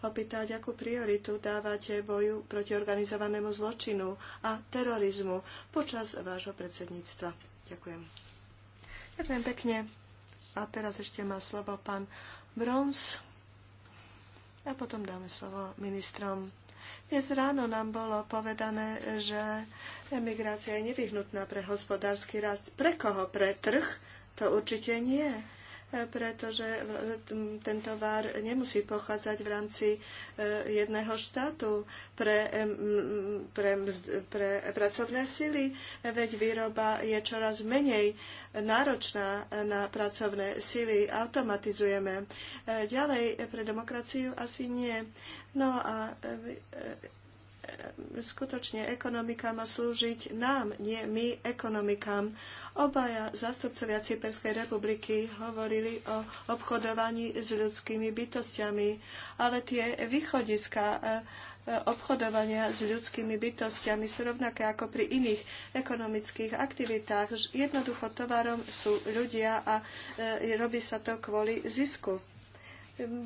Speaker 4: opýtať, akú prioritu dávate boju proti organizovanému zločinu a terorizmu počas vášho predsedníctva. Ďakujem. Ďakujem pekne. A teraz ešte má slovo pán Brons. A potom dáme slovo ministrom. Dnes ráno nám bolo povedané, že emigrácia je nevyhnutná pre hospodársky rast. Pre koho? Pre trh? To určite nie e, pretože tento var nemusí pochádzať v rámci e, jedného štátu pre, pre, pre pracovné sily, veď výroba je čoraz menej náročná na pracovné sily. Automatizujeme. E, ďalej pre demokraciu asi nie. No a skutočne ekonomika má slúžiť nám, nie my ekonomikám. Obaja zástupcovia Cyperskej republiky hovorili o obchodovaní s ľudskými bytostiami, ale tie východiska e, e, obchodovania s ľudskými bytostiami sú rovnaké ako pri iných ekonomických aktivitách. Jednoducho tovarom sú ľudia a e, robí sa to kvôli zisku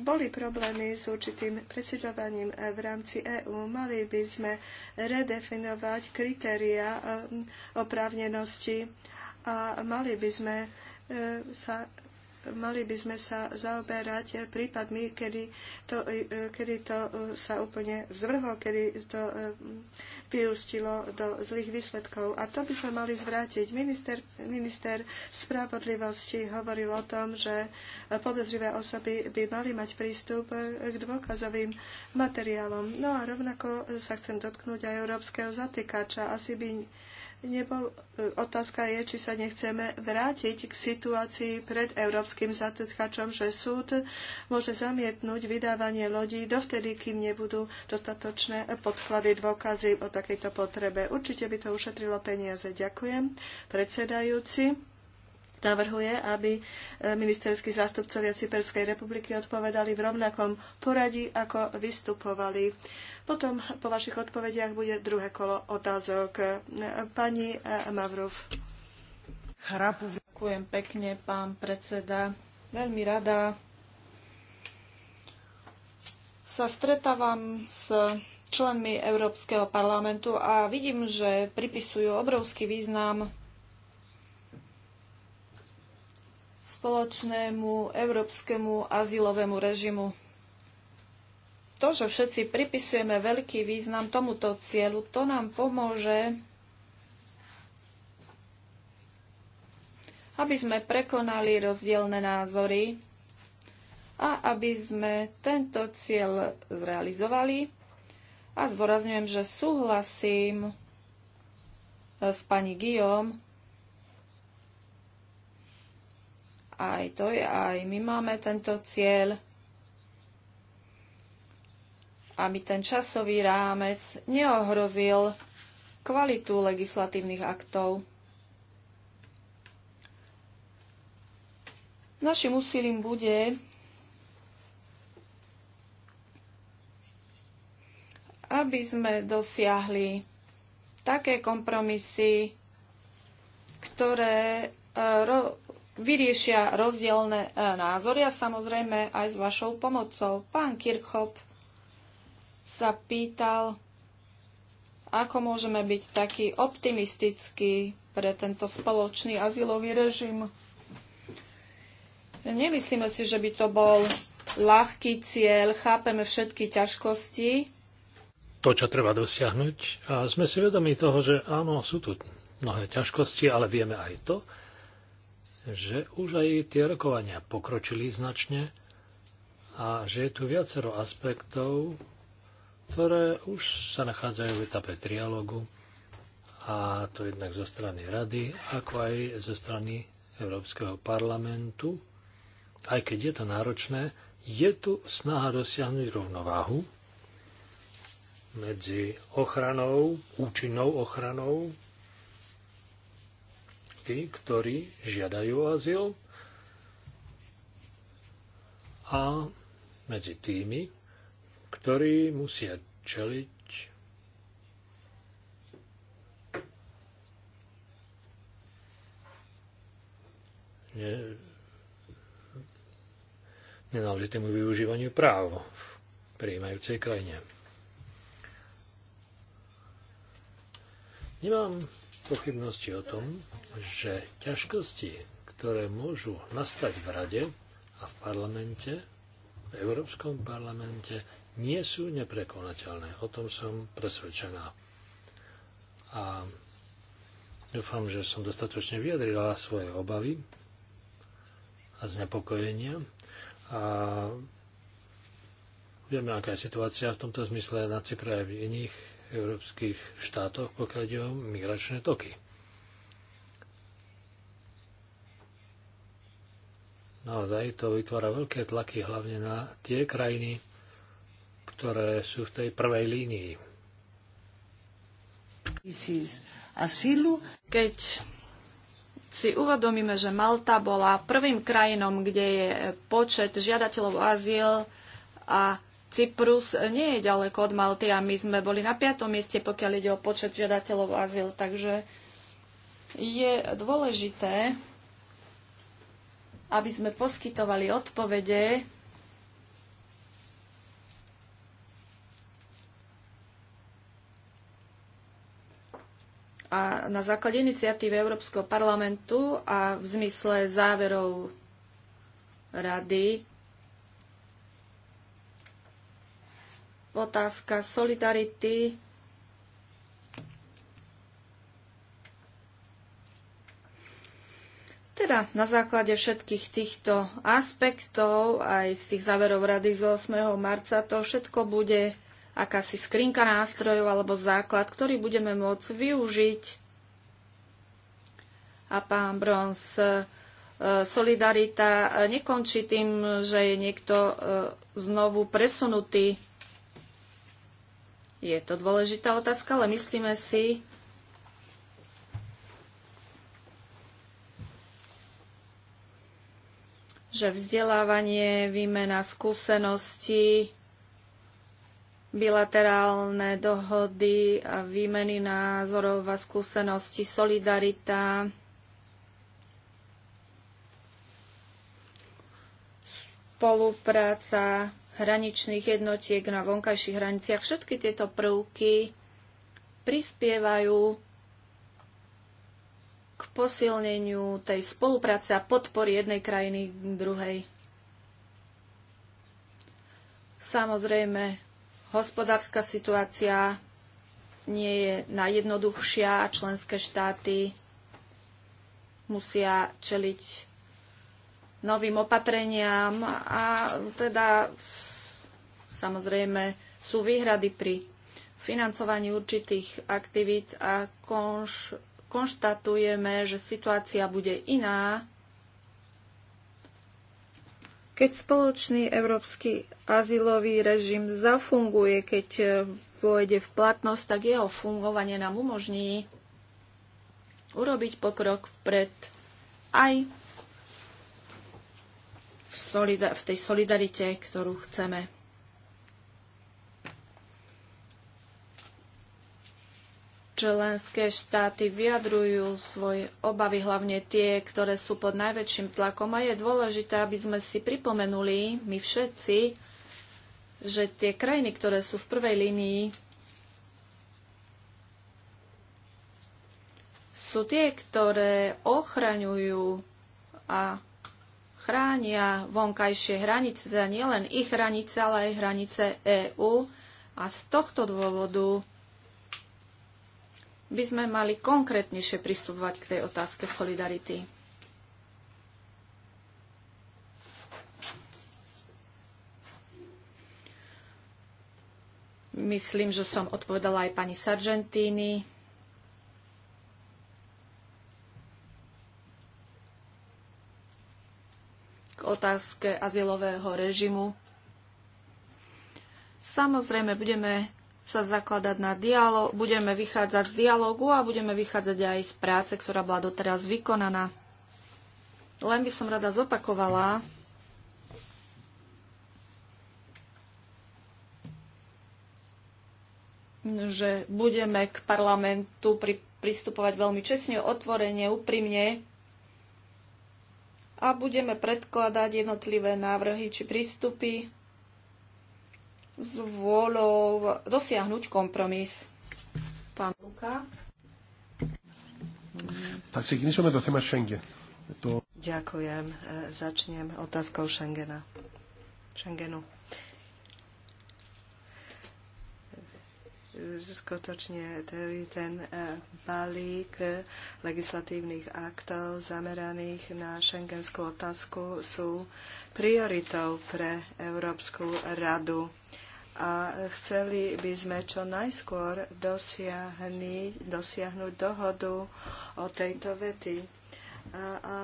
Speaker 4: boli problémy s určitým presidľovaním v rámci EÚ. Mali by sme redefinovať kritéria um, oprávnenosti a mali by sme e, sa mali by sme sa zaoberať prípadmi, kedy to, e, kedy to e, sa úplne vzvrhlo, kedy to e, vyústilo do zlých výsledkov. A to by sme mali zvrátiť. Minister, minister spravodlivosti hovoril o tom, že podozrivé osoby by mali mať prístup k dôkazovým materiálom. No a rovnako sa chcem dotknúť aj európskeho zatýkača. Asi by nebol, e, otázka je, či sa nechceme vrátiť k situácii pred európskym zatýkačom, že súd môže zamietnúť vydávanie lodí dovtedy, kým nebudú dostatočné podklady, dôkazy o takejto potrebe. Určite by to ušetrilo peniaze. Ďakujem. Predsedajúci. Navrhuje, aby e, ministerskí zástupcovia Cyperskej republiky odpovedali v rovnakom poradí, ako vystupovali. Potom po vašich odpovediach bude druhé kolo otázok. Pani e,
Speaker 2: Mavrov. Ďakujem pekne, pán predseda. Veľmi rada sa stretávam s členmi Európskeho parlamentu a vidím, že pripisujú obrovský význam spoločnému európskemu azylovému režimu. To, že všetci pripisujeme veľký význam tomuto cieľu, to nám pomôže, aby sme prekonali rozdielne názory a aby sme tento cieľ zrealizovali. A zvorazňujem, že súhlasím s pani Guillaume, Aj to je, aj my máme tento cieľ. Aby ten časový rámec neohrozil kvalitu legislatívnych aktov. Našim úsilím bude aby sme dosiahli také kompromisy, ktoré e, vyriešia rozdielne e, názory a samozrejme aj s vašou pomocou. Pán Kirchhoff sa pýtal, ako môžeme byť taký optimistický pre tento spoločný azylový režim. Nemyslíme si, že by to bol ľahký cieľ, chápeme všetky ťažkosti.
Speaker 1: To, čo treba dosiahnuť. A sme si vedomi toho, že áno, sú tu mnohé ťažkosti, ale vieme aj to, že už aj tie rokovania pokročili značne a že je tu viacero aspektov, ktoré už sa nachádzajú v etape trialógu a to jednak zo strany Rady, ako aj zo strany Európskeho parlamentu. Aj keď je to náročné, je tu snaha dosiahnuť rovnováhu medzi ochranou, účinnou ochranou tí, ktorí žiadajú o azyl a medzi tými, ktorí musia čeliť ne, nenáležitému využívaniu práv v prijímajúcej krajine. Nemám pochybnosti o tom, že ťažkosti, ktoré môžu nastať v Rade a v parlamente, v Európskom parlamente, nie sú neprekonateľné. O tom som presvedčená. A dúfam, že som dostatočne vyjadrila svoje obavy a znepokojenia. A vieme, aká je situácia v tomto zmysle na Cypre a v iných európskych štátoch, pokiaľ ide o migračné toky. Naozaj to vytvára veľké tlaky hlavne na tie krajiny, ktoré sú v tej prvej línii. Keď
Speaker 2: si uvedomíme, že Malta bola prvým krajinom, kde je počet žiadateľov o azyl a Cyprus nie je ďaleko od Malty a my sme boli na piatom mieste, pokiaľ ide o počet žiadateľov o azyl. Takže je dôležité, aby sme poskytovali odpovede a na základe iniciatívy Európskeho parlamentu a v zmysle záverov rady Otázka solidarity. Teda na základe všetkých týchto aspektov, aj z tých záverov rady z 8. marca, to všetko bude akási skrinka nástrojov alebo základ, ktorý budeme môcť využiť. A pán Brons, e, solidarita nekončí tým, že je niekto e, znovu presunutý je to dôležitá otázka, ale myslíme si, že vzdelávanie, výmena skúseností, bilaterálne dohody a výmeny názorov a skúseností, solidarita, spolupráca hraničných jednotiek na vonkajších hraniciach. Všetky tieto prvky prispievajú k posilneniu tej spolupráce a podpory jednej krajiny druhej. Samozrejme, hospodárska situácia nie je najjednoduchšia a členské štáty musia čeliť novým opatreniam a teda samozrejme sú výhrady pri financovaní určitých aktivít a konš, konštatujeme, že situácia bude iná, keď spoločný európsky azylový režim zafunguje, keď eh, vôjde v platnosť, tak jeho fungovanie nám umožní urobiť pokrok vpred aj v, tej solidarite, ktorú chceme. Členské štáty vyjadrujú svoje obavy, hlavne tie, ktoré sú pod najväčším tlakom a je dôležité, aby sme si pripomenuli, my všetci, že tie krajiny, ktoré sú v prvej línii, sú tie, ktoré ochraňujú a chránia vonkajšie hranice, teda nielen ich hranice, ale aj hranice EÚ. A z tohto dôvodu by sme mali konkrétnejšie pristupovať k tej otázke solidarity. Myslím, že som odpovedala aj pani Sargentini. otázke azylového režimu. Samozrejme, budeme sa zakladať na dialog, budeme vychádzať z dialogu a budeme vychádzať aj z práce, ktorá bola doteraz vykonaná. Len by som rada zopakovala, že budeme k parlamentu pri, pristupovať veľmi čestne, otvorene, úprimne a budeme predkladať jednotlivé návrhy či prístupy s vôľou dosiahnuť kompromis. Pán Luka.
Speaker 1: Tak si knižujeme do téma Schengen. To...
Speaker 4: Ďakujem. E, začnem otázkou Schengena. Schengenu. skutočne ten e, balík legislatívnych aktov zameraných na šengenskú otázku sú prioritou pre Európsku radu. A chceli by sme čo najskôr dosiahnuť dohodu o tejto vety. A, a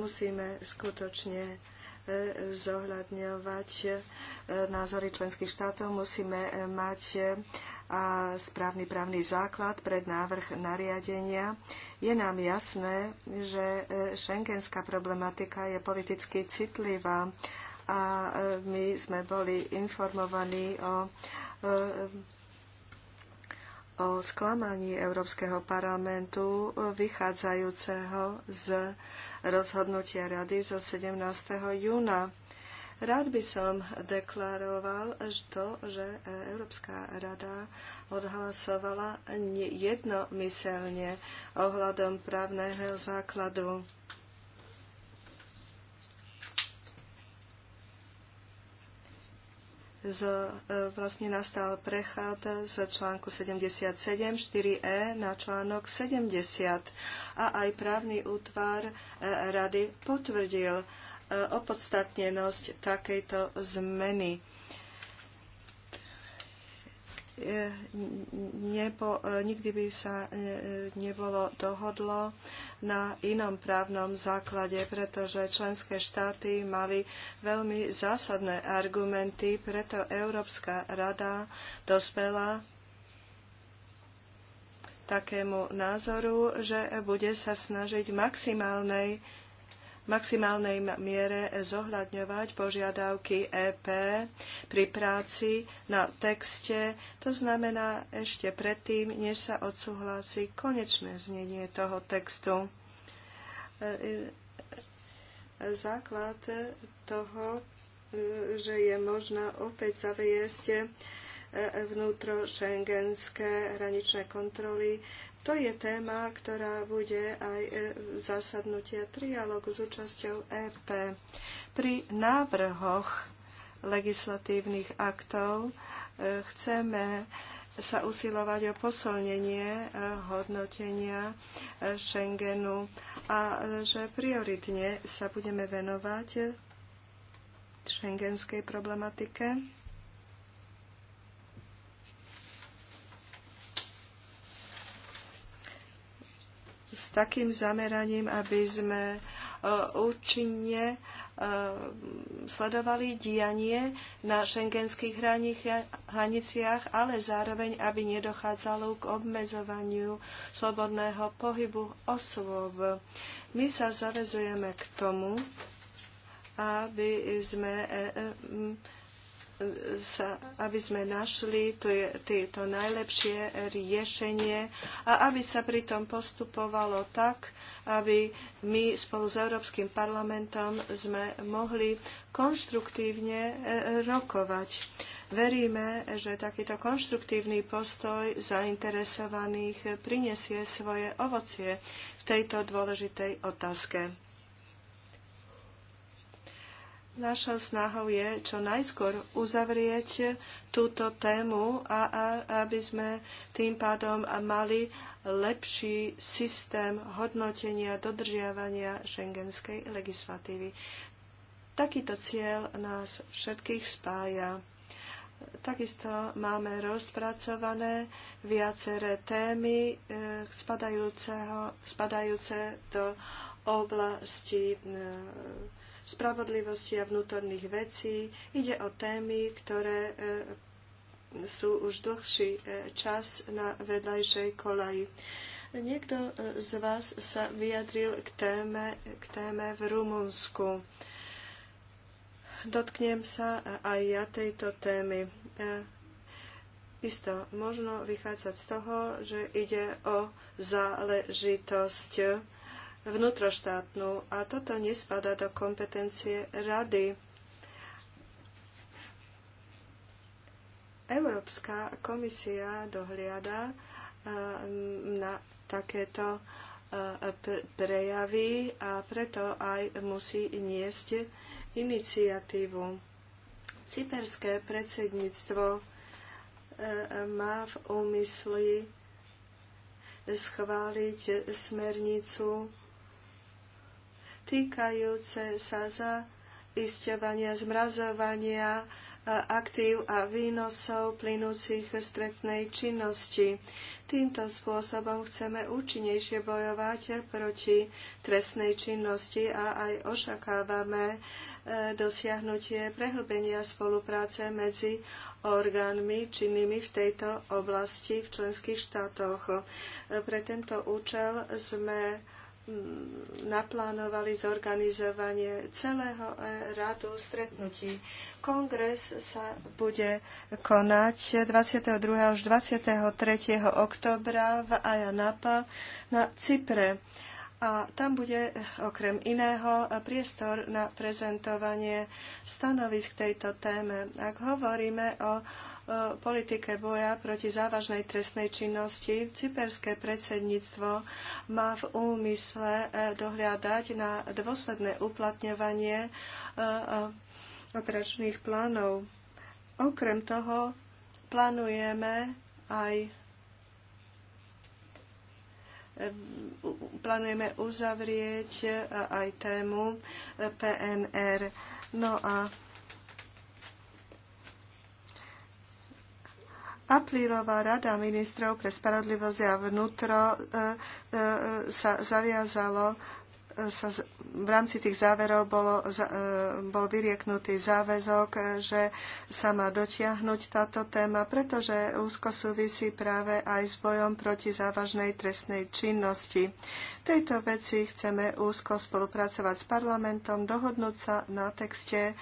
Speaker 4: musíme skutočne zohľadňovať e, názory členských štátov. Musíme e, mať e, správny právny základ pred návrh nariadenia. Je nám jasné, že šengenská problematika je politicky citlivá a my sme boli informovaní o o sklamaní Európskeho parlamentu vychádzajúceho z rozhodnutia rady zo 17. júna. Rád by som deklaroval to, že Európska rada odhlasovala jednomyselne ohľadom právneho základu z, e, vlastne nastal prechod z článku 77 4e na článok 70 a aj právny útvar e, rady potvrdil e, opodstatnenosť takejto zmeny nepo, nikdy by sa e, nebolo dohodlo na inom právnom základe, pretože členské štáty mali veľmi zásadné argumenty, preto Európska rada dospela takému názoru, že bude sa snažiť maximálnej maximálnej miere zohľadňovať požiadavky EP pri práci na texte. To znamená ešte predtým, než sa odsúhlasí konečné znenie toho textu. E, e, základ toho, e, že je možná opäť zaviesť vnútro šengenské hraničné kontroly to je téma, ktorá bude aj e, zasadnutia trialógu s účasťou EP. Pri návrhoch legislatívnych aktov e, chceme sa usilovať o posolnenie e, hodnotenia Schengenu a že prioritne sa budeme venovať šengenskej problematike s takým zameraním, aby sme e, účinne e, sledovali dianie na šengenských hraniciach, ale zároveň, aby nedochádzalo k obmezovaniu slobodného pohybu osôb. My sa zavezujeme k tomu, aby sme e, sa, aby sme našli to, je, to, je to najlepšie riešenie a aby sa pritom postupovalo tak, aby my spolu s Európskym parlamentom sme mohli konštruktívne e, rokovať. Veríme, že takýto konštruktívny postoj zainteresovaných prinesie svoje ovocie v tejto dôležitej otázke. Našou snahou je čo najskôr uzavrieť túto tému a, a aby sme tým pádom mali lepší systém hodnotenia dodržiavania šengenskej legislatívy. Takýto cieľ nás všetkých spája. Takisto máme rozpracované viaceré témy e, spadajúce do oblasti e, spravodlivosti a vnútorných vecí. Ide o témy, ktoré e, sú už dlhší e, čas na vedľajšej kolaji. Niekto e, z vás sa vyjadril k téme, k téme v Rumunsku. Dotknem sa aj ja tejto témy. Isto, možno vychádzať z toho, že ide o záležitosť vnútroštátnu a toto nespada do kompetencie rady. Európska komisia dohliada eh, na takéto eh, prejavy a preto aj musí niesť iniciatívu. Cyperské predsedníctvo eh, má v úmysli schváliť smernicu týkajúce sa isťovania, zmrazovania e, aktív a výnosov plynúcich z trestnej činnosti. Týmto spôsobom chceme účinnejšie bojovať proti trestnej činnosti a aj ošakávame e, dosiahnutie prehlbenia spolupráce medzi orgánmi činnými v tejto oblasti v členských štátoch. E, pre tento účel sme Mm, naplánovali zorganizovanie celého e, radu stretnutí. Kongres sa bude konať 22. až 23. oktobra v Ayanapa na Cypre. A tam bude e, okrem iného e, priestor na prezentovanie stanovisk tejto téme. Ak hovoríme o Eh, politike boja proti závažnej trestnej činnosti cyperské predsedníctvo má v úmysle eh, dohľadať na dôsledné uplatňovanie eh, operačných plánov. Okrem toho plánujeme aj plánujeme uzavrieť aj tému PNR. No a Aprílová rada ministrov pre spravodlivosť a vnútro e, e, e, sa zaviazalo, sa v rámci tých záverov bolo, bol vyrieknutý záväzok, že sa má dotiahnuť táto téma, pretože úzko súvisí práve aj s bojom proti závažnej trestnej činnosti. V tejto veci chceme úzko spolupracovať s parlamentom, dohodnúť sa na texte,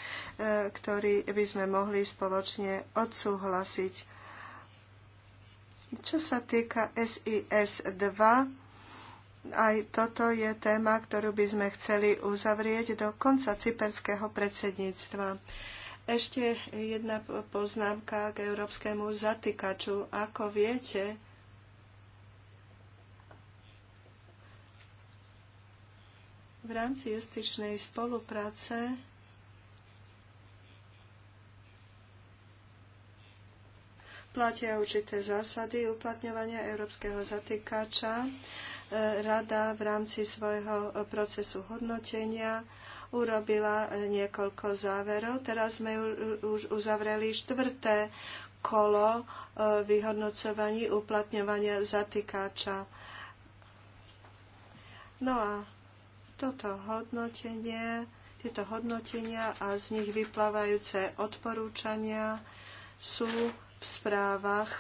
Speaker 4: ktorý by sme mohli spoločne odsúhlasiť čo sa týka SIS-2, aj toto je téma, ktorú by sme chceli uzavrieť do konca cyperského predsedníctva. Ešte jedna poznámka k európskemu zatýkaču. Ako viete, v rámci justičnej spolupráce platia určité zásady uplatňovania európskeho zatýkača. E, Rada v rámci svojho procesu hodnotenia urobila e, niekoľko záverov. Teraz sme už uzavreli štvrté kolo e, vyhodnocovaní uplatňovania zatýkača. No a toto hodnotenie, tieto hodnotenia a z nich vyplávajúce odporúčania sú v správach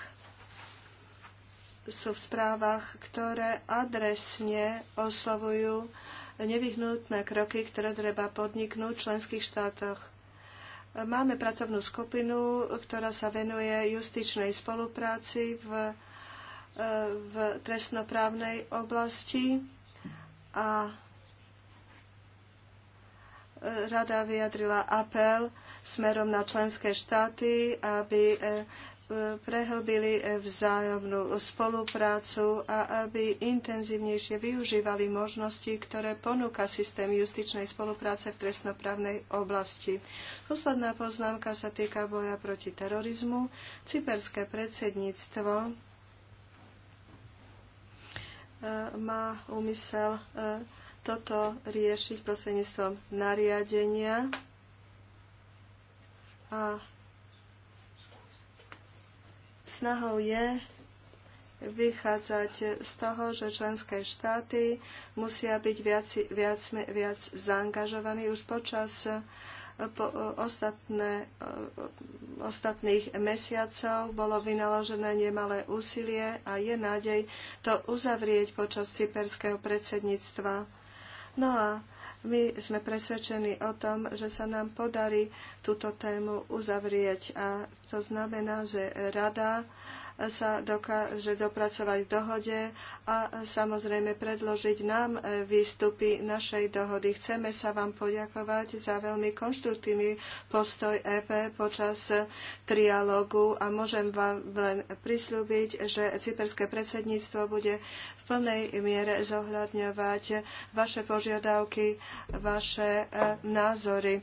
Speaker 4: sú v správach, ktoré adresne oslovujú nevyhnutné kroky, ktoré treba podniknúť v členských štátoch. Máme pracovnú skupinu, ktorá sa venuje justičnej spolupráci v, v trestnoprávnej oblasti a rada vyjadrila apel smerom na členské štáty, aby prehlbili vzájomnú spoluprácu a aby intenzívnejšie využívali možnosti, ktoré ponúka systém justičnej spolupráce v trestnoprávnej oblasti. Posledná poznámka sa týka boja proti terorizmu. Cyperské predsedníctvo e, má úmysel e, toto riešiť prostredníctvom nariadenia a Snahou je vychádzať z toho, že členské štáty musia byť viac, viac, viac zaangažovaní už počas eh, po eh, ostatné, eh, ostatných mesiacov bolo vynaložené nemalé úsilie a je nádej to uzavrieť počas cyperského predsedníctva. No a my sme presvedčení o tom, že sa nám podarí túto tému uzavrieť a to znamená, že rada sa dokáže dopracovať k dohode a samozrejme predložiť nám e, výstupy našej dohody. Chceme sa vám poďakovať za veľmi konštruktívny postoj EP počas trialógu a môžem vám len prislúbiť, že cyperské predsedníctvo bude v plnej miere zohľadňovať vaše požiadavky, vaše e, názory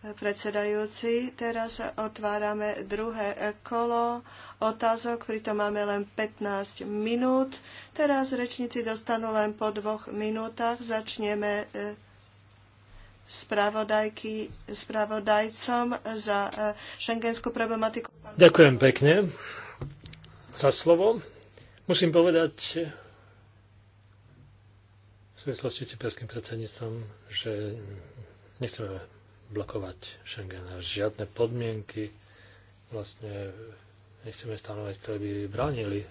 Speaker 4: predsedajúci. Teraz otvárame druhé e, kolo otázok, pritom máme len 15 minút. Teraz rečníci dostanú len po dvoch minútach. Začneme e, spravodajky, spravodajcom za e, šengenskú problematiku.
Speaker 1: Ďakujem pekne za slovo. Musím povedať v súvislosti s cyperským predsedníctvom, že nechceme blokovať a Žiadne podmienky vlastne nechceme stanovať, ktoré by bránili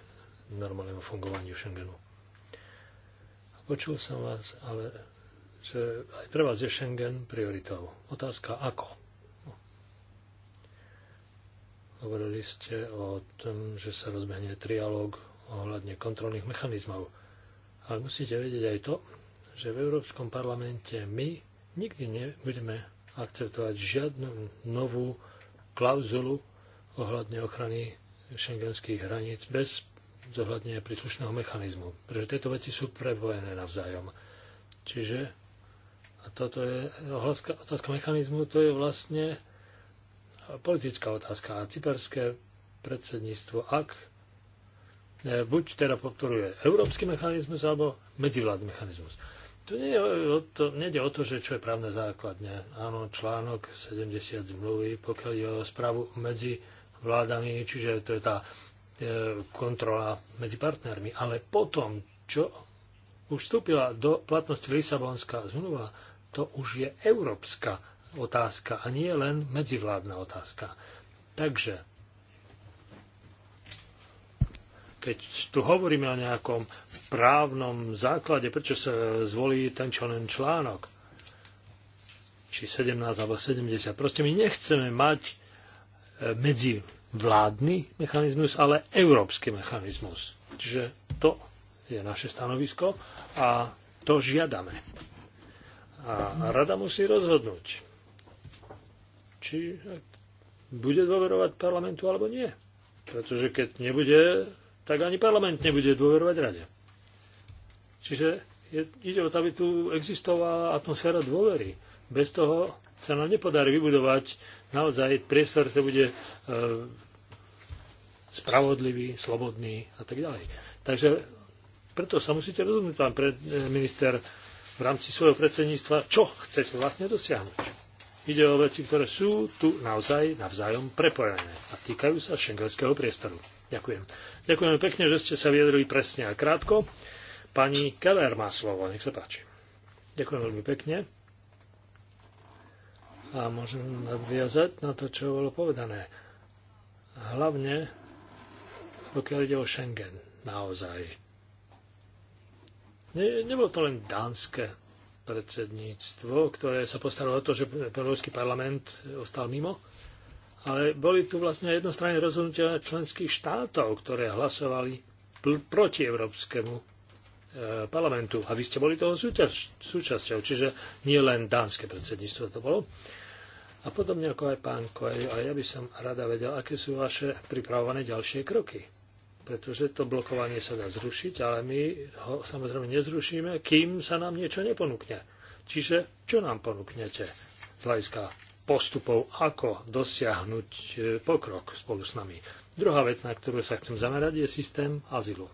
Speaker 1: normálnemu fungovaniu Schengenu. A počul som vás, ale že aj pre vás je Schengen prioritou. Otázka ako? No. Hovorili ste o tom, že sa rozbehne trialóg ohľadne kontrolných mechanizmov. Ale musíte vedieť aj to, že v Európskom parlamente my nikdy nebudeme akceptovať žiadnu novú klauzulu ohľadne ochrany šengenských hraníc bez zohľadnenia príslušného mechanizmu. Pretože tieto veci sú prepojené navzájom. Čiže a toto je otázka, otázka mechanizmu, to je vlastne politická otázka. A cyperské predsedníctvo, ak e, buď teda podporuje európsky mechanizmus alebo medzivládny mechanizmus. Tu nie o to, nejde o to, že čo je právne základne. Áno, článok 70 zmluvy, pokiaľ je o správu medzi vládami, čiže to je tá e, kontrola medzi partnermi. Ale potom, čo už vstúpila do platnosti Lisabonská zmluva, to už je európska otázka a nie len medzivládna otázka. Takže, keď tu hovoríme o nejakom právnom základe, prečo sa zvolí ten čo len článok, či 17 alebo 70, proste my nechceme mať medzivládny mechanizmus, ale európsky mechanizmus. Čiže to je naše stanovisko a to žiadame. A rada musí rozhodnúť, či bude dôverovať parlamentu alebo nie. Pretože keď nebude, tak ani parlament nebude dôverovať rade. Čiže je, ide o to, aby tu existovala atmosféra dôvery. Bez toho sa nám nepodarí vybudovať naozaj priestor, ktorý bude e, spravodlivý, slobodný a tak ďalej. Takže preto sa musíte rozhodnúť, pán pred e, minister, v rámci svojho predsedníctva, čo chcete vlastne dosiahnuť. Ide o veci, ktoré sú tu naozaj navzájom prepojené a týkajú sa šengelského priestoru. Ďakujem. Ďakujem pekne, že ste sa vyjadrili presne a krátko. Pani Keller má slovo, nech sa páči. Ďakujem veľmi pekne a môžem nadviazať na to, čo bolo povedané. Hlavne, pokiaľ ide o Schengen, naozaj. Ne, nebolo to len dánske predsedníctvo, ktoré sa postaralo o to, že Európsky parlament ostal mimo, ale boli tu vlastne jednostranné rozhodnutia členských štátov, ktoré hlasovali proti Európskemu e, parlamentu. A vy ste boli toho súťaž, súčasťou, čiže nie len dánske predsedníctvo to bolo. A podobne ako aj pán Koelio, a ja by som rada vedel, aké sú vaše pripravované ďalšie kroky. Pretože to blokovanie sa dá zrušiť, ale my ho samozrejme nezrušíme, kým sa nám niečo neponúkne. Čiže čo nám ponúknete z hľadiska postupov, ako dosiahnuť e, pokrok spolu s nami. Druhá vec, na ktorú sa chcem zamerať, je systém azylu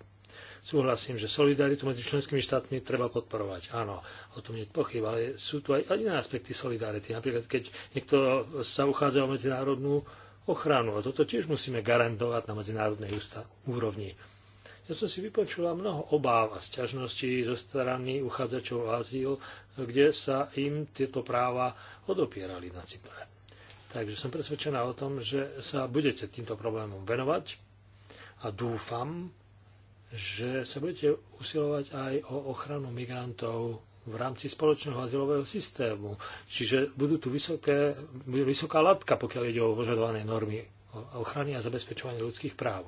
Speaker 1: súhlasím, že solidaritu medzi členskými štátmi treba podporovať. Áno, o tom nie pochyb, ale sú tu aj iné aspekty solidarity. Napríklad, keď niekto sa uchádza o medzinárodnú ochranu. A toto tiež musíme garantovať na medzinárodnej úrovni. Ja som si vypočula mnoho obáv a sťažností zo strany uchádzačov o azyl, kde sa im tieto práva odopierali na Cypre. Takže som presvedčená o tom, že sa budete týmto problémom venovať a dúfam, že sa budete usilovať aj o ochranu migrantov v rámci spoločného azylového systému. Čiže budú tu vysoké, bude vysoká latka, pokiaľ ide o požadované normy ochrany a zabezpečovania ľudských práv.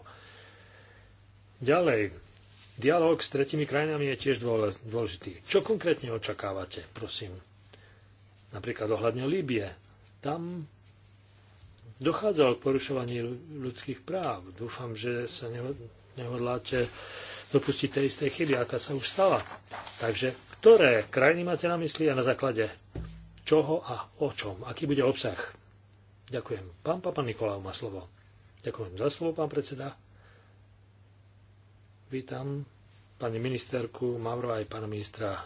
Speaker 1: Ďalej, dialog s tretimi krajinami je tiež dôležitý. Čo konkrétne očakávate, prosím? Napríklad ohľadne Líbie. Tam dochádzalo k porušovaní ľudských práv. Dúfam, že sa nehodláte dopustiť tej istej chyby, aká sa už stala. Takže ktoré krajiny máte na mysli a na základe čoho a o čom? Aký bude obsah? Ďakujem. Pán Papa Nikolau má slovo. Ďakujem za slovo, pán predseda. Vítam pani ministerku Mavro aj pána ministra e,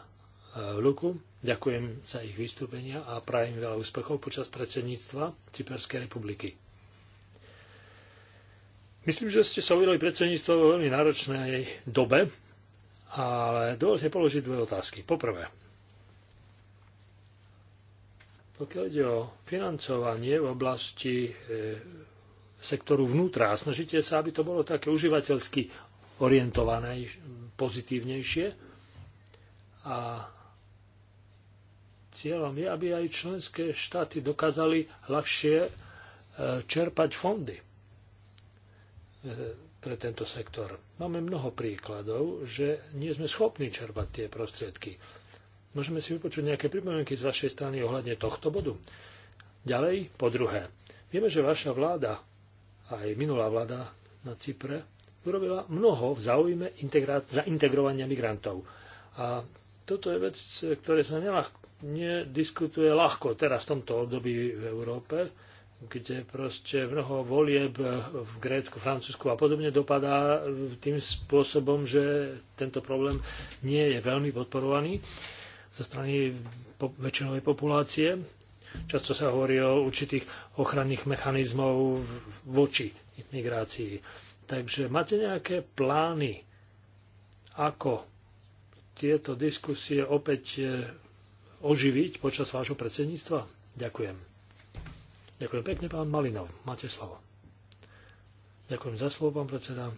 Speaker 1: Luku. Ďakujem za ich vystúpenia a prajem veľa úspechov počas predsedníctva Cyperskej republiky. Myslím, že ste sa uvedali predsedníctvo vo veľmi náročnej dobe, ale dovolte položiť dve otázky. Poprvé, pokiaľ ide o financovanie v oblasti e, sektoru vnútra a snažíte sa, aby to bolo také užívateľsky orientované, pozitívnejšie. A cieľom je, aby aj členské štáty dokázali ľahšie e, čerpať fondy. E, pre tento sektor. Máme mnoho príkladov, že nie sme schopní čerpať tie prostriedky. Môžeme si vypočuť nejaké pripomienky z vašej strany ohľadne tohto bodu. Ďalej, po druhé, vieme, že vaša vláda, aj minulá vláda na Cypre, urobila mnoho v záujme zaintegrovania migrantov. A toto je vec, ktoré sa nelah- nediskutuje ľahko teraz v tomto období v Európe, kde proste mnoho volieb v Grécku, Francúzsku a podobne dopadá tým spôsobom, že tento problém nie je veľmi podporovaný zo strany väčšinovej populácie. Často sa hovorí o určitých ochranných mechanizmov voči migrácii. Takže máte nejaké plány, ako tieto diskusie opäť eh, oživiť počas vášho predsedníctva? Ďakujem. Ďakujem pekne, pán Malinov. Máte slovo. Ďakujem za slovo, pán predseda.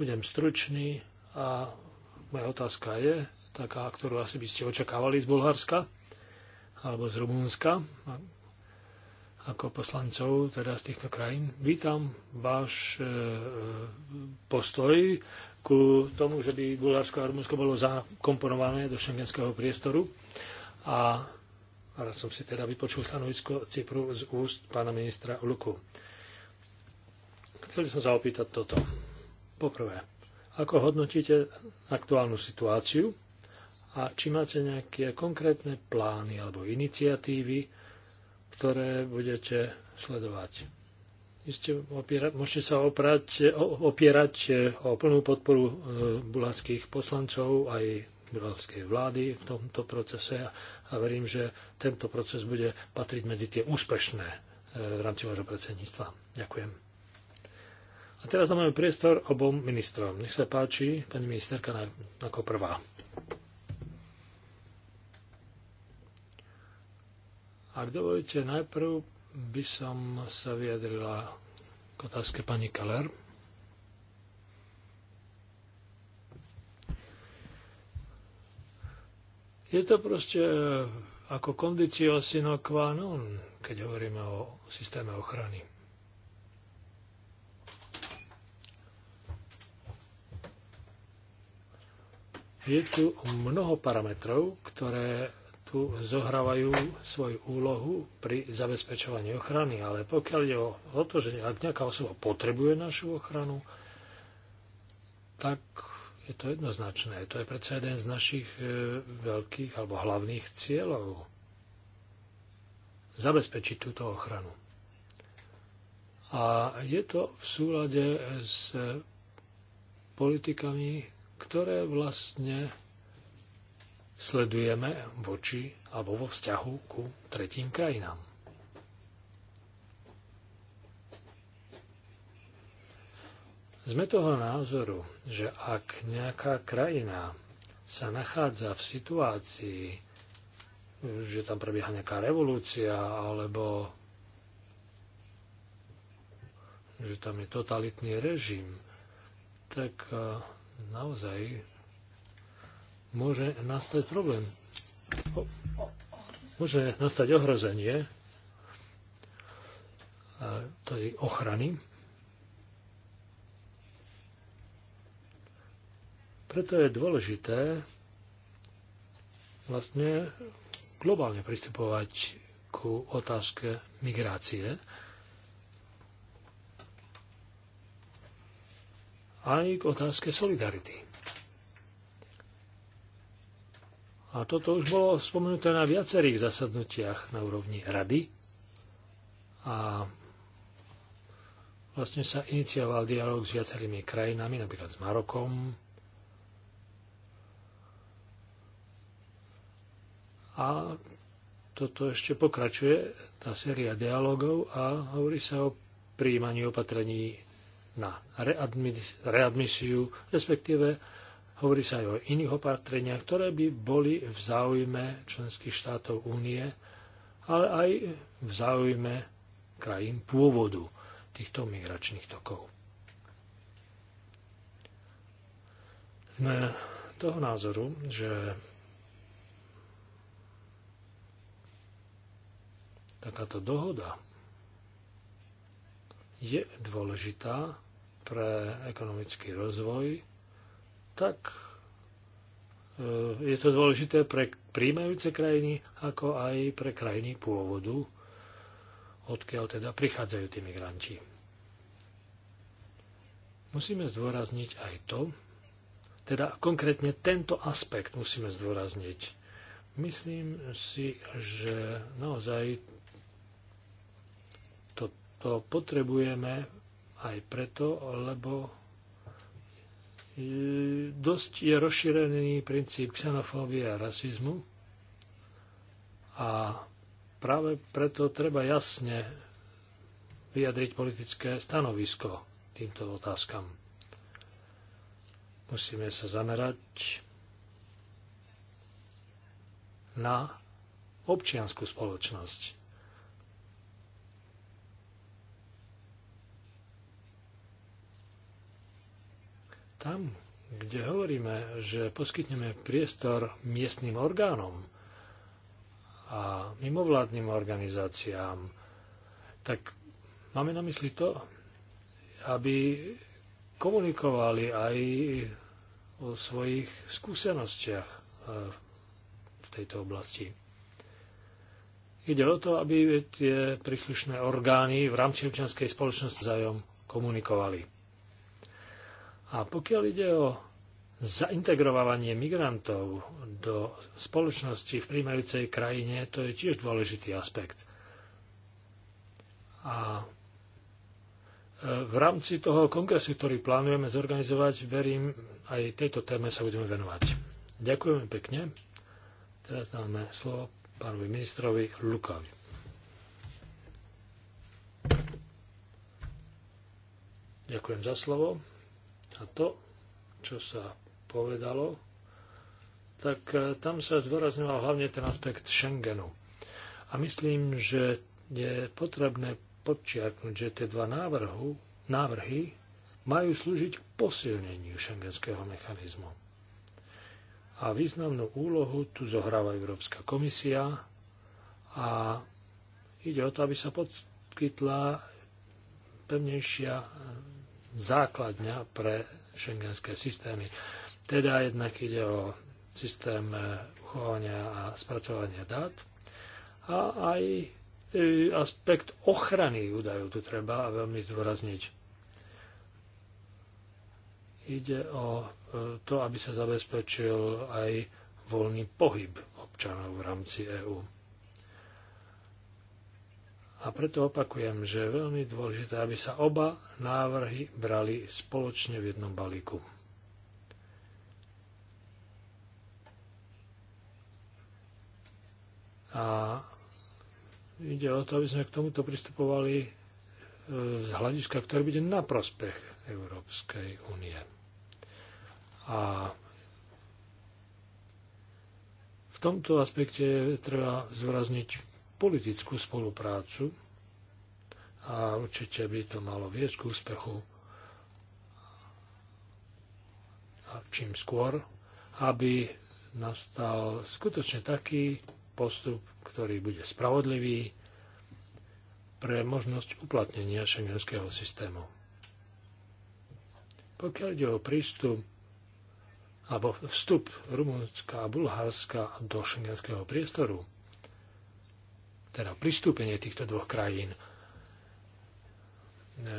Speaker 1: Budem stručný a moja otázka je taká, ktorú asi by ste očakávali z Bulharska alebo z Rumunska ako poslancov teda z týchto krajín. Vítam váš e, e, postoj ku tomu, že by Bulharsko a Rumunsko bolo zakomponované do šengenského priestoru a a ale som si teda vypočul stanovisko Cipru z úst pána ministra Luku. Chceli som sa opýtať toto. Poprvé, ako hodnotíte aktuálnu situáciu a či máte nejaké konkrétne plány alebo iniciatívy, ktoré budete sledovať? Ste opierať, môžete sa oprať, opierať o plnú podporu e, bulharských poslancov aj bieloruskej vlády v tomto procese a verím, že tento proces bude patriť medzi tie úspešné e, v rámci vášho predsedníctva. Ďakujem. A teraz máme priestor obom ministrom. Nech sa páči, pani ministerka, ako prvá. Ak dovolíte, najprv by som sa vyjadrila k otázke pani Keller. Je to proste e, ako kondicio sine qua non, keď hovoríme o systéme ochrany. Je tu mnoho parametrov, ktoré tu zohrávajú svoju úlohu pri zabezpečovaní ochrany, ale pokiaľ je o to, že ak nejaká osoba potrebuje našu ochranu, tak je to jednoznačné. To je predsa jeden z našich e, veľkých alebo hlavných cieľov. Zabezpečiť túto ochranu. A je to v súlade s politikami, ktoré vlastne sledujeme voči alebo vo vzťahu ku tretím krajinám. Sme toho názoru, že ak nejaká krajina sa nachádza v situácii, že tam prebieha nejaká revolúcia alebo že tam je totalitný režim, tak e, naozaj môže nastať problém. Môže nastať ohrozenie e, tej ochrany Preto je dôležité vlastne globálne pristupovať ku otázke migrácie. Aj k otázke solidarity. A toto už bolo spomenuté na viacerých zasadnutiach na úrovni rady. A vlastne sa inicioval dialog s viacerými krajinami, napríklad s Marokom, A toto ešte pokračuje, tá séria dialogov a hovorí sa o príjmaní opatrení na readmisiu, respektíve hovorí sa aj o iných opatreniach, ktoré by boli v záujme členských štátov únie, ale aj v záujme krajín pôvodu týchto migračných tokov. Sme toho názoru, že takáto dohoda je dôležitá pre ekonomický rozvoj, tak e, je to dôležité pre príjmajúce krajiny, ako aj pre krajiny pôvodu, odkiaľ teda prichádzajú tí migranti. Musíme zdôrazniť aj to, teda konkrétne tento aspekt musíme zdôrazniť. Myslím si, že naozaj to potrebujeme aj preto, lebo dosť je rozšírený princíp xenofóbie a rasizmu a práve preto treba jasne vyjadriť politické stanovisko týmto otázkam. Musíme sa zamerať na občianskú spoločnosť tam, kde hovoríme, že poskytneme priestor miestnym orgánom a mimovládnym organizáciám, tak máme na mysli to, aby komunikovali aj o svojich skúsenostiach e, v tejto oblasti. Ide o to, aby tie príslušné orgány v rámci občianskej spoločnosti zájom komunikovali. A pokiaľ ide o zaintegrovanie migrantov do spoločnosti v príjmajúcej krajine, to je tiež dôležitý aspekt. A e, v rámci toho kongresu, ktorý plánujeme zorganizovať, verím, aj tejto téme sa budeme venovať. Ďakujeme pekne. Teraz dáme slovo pánovi ministrovi Lukovi. Ďakujem za slovo. A to, čo sa povedalo, tak e, tam sa zdôrazňoval hlavne ten aspekt Schengenu. A myslím, že je potrebné podčiarknúť, že tie dva návrhu, návrhy majú slúžiť k posilneniu šengenského mechanizmu. A významnú úlohu tu zohráva Európska komisia a ide o to, aby sa podkytla pevnejšia základňa pre šengenské systémy. Teda jednak ide o systém eh, uchovania a spracovania dát a aj eh, aspekt ochrany údajov tu treba veľmi zdôrazniť. Ide o eh, to, aby sa zabezpečil aj voľný pohyb občanov v rámci EÚ. A preto opakujem, že je veľmi dôležité, aby sa oba návrhy brali spoločne v jednom balíku. A ide o to, aby sme k tomuto pristupovali e, z hľadiska, ktorý bude na prospech Európskej únie. A v tomto aspekte treba zvrazniť politickú spoluprácu a určite by to malo viesť k úspechu a čím skôr, aby nastal skutočne taký postup, ktorý bude spravodlivý pre možnosť uplatnenia šengenského systému. Pokiaľ ide o prístup alebo vstup Rumunska a Bulharska do šengenského priestoru, teda pristúpenie týchto dvoch krajín.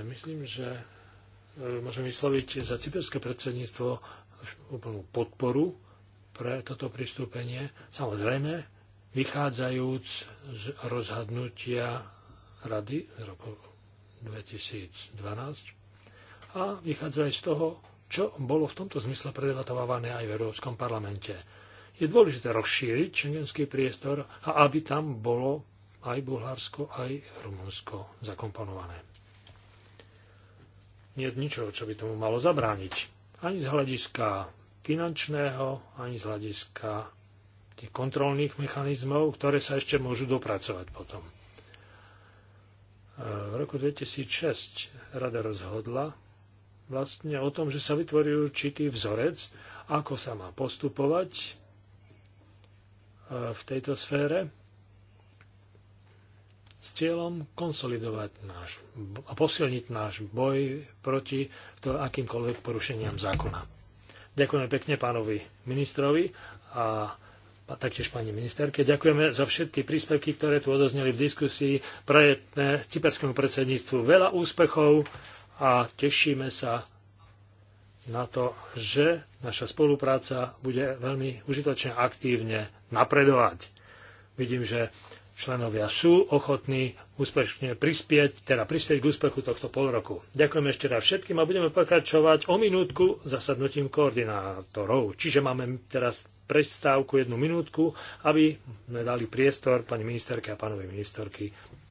Speaker 1: Myslím, že e, môžem vysloviť za cyperské predsedníctvo úplnú podporu pre toto pristúpenie. Samozrejme, vychádzajúc z rozhodnutia Rady z roku 2012 a vychádza aj z toho, čo bolo v tomto zmysle predebatovávané aj v Európskom parlamente. Je dôležité rozšíriť šengenský priestor a aby tam bolo aj Bulharsko, aj Rumunsko zakomponované. Nie je ničoho, čo by tomu malo zabrániť. Ani z hľadiska finančného, ani z hľadiska tých kontrolných mechanizmov, ktoré sa ešte môžu dopracovať potom. E, v roku 2006 rada rozhodla vlastne o tom, že sa vytvorí určitý vzorec, ako sa má postupovať e, v tejto sfére s cieľom konsolidovať náš, a posilniť náš boj proti to akýmkoľvek porušeniam zákona. Ďakujeme pekne pánovi ministrovi a a taktiež pani ministerke. Ďakujeme za všetky príspevky, ktoré tu odozneli v diskusii. Prajeme cyperskému predsedníctvu veľa úspechov a tešíme sa na to, že naša spolupráca bude veľmi užitočne aktívne napredovať. Vidím, že členovia sú ochotní úspešne prispieť, teda prispieť k úspechu tohto pol roku. Ďakujem ešte raz všetkým a budeme pokračovať o minútku zasadnutím koordinátorov. Čiže máme teraz prestávku jednu minútku, aby sme dali priestor pani ministerke a pánovi ministerky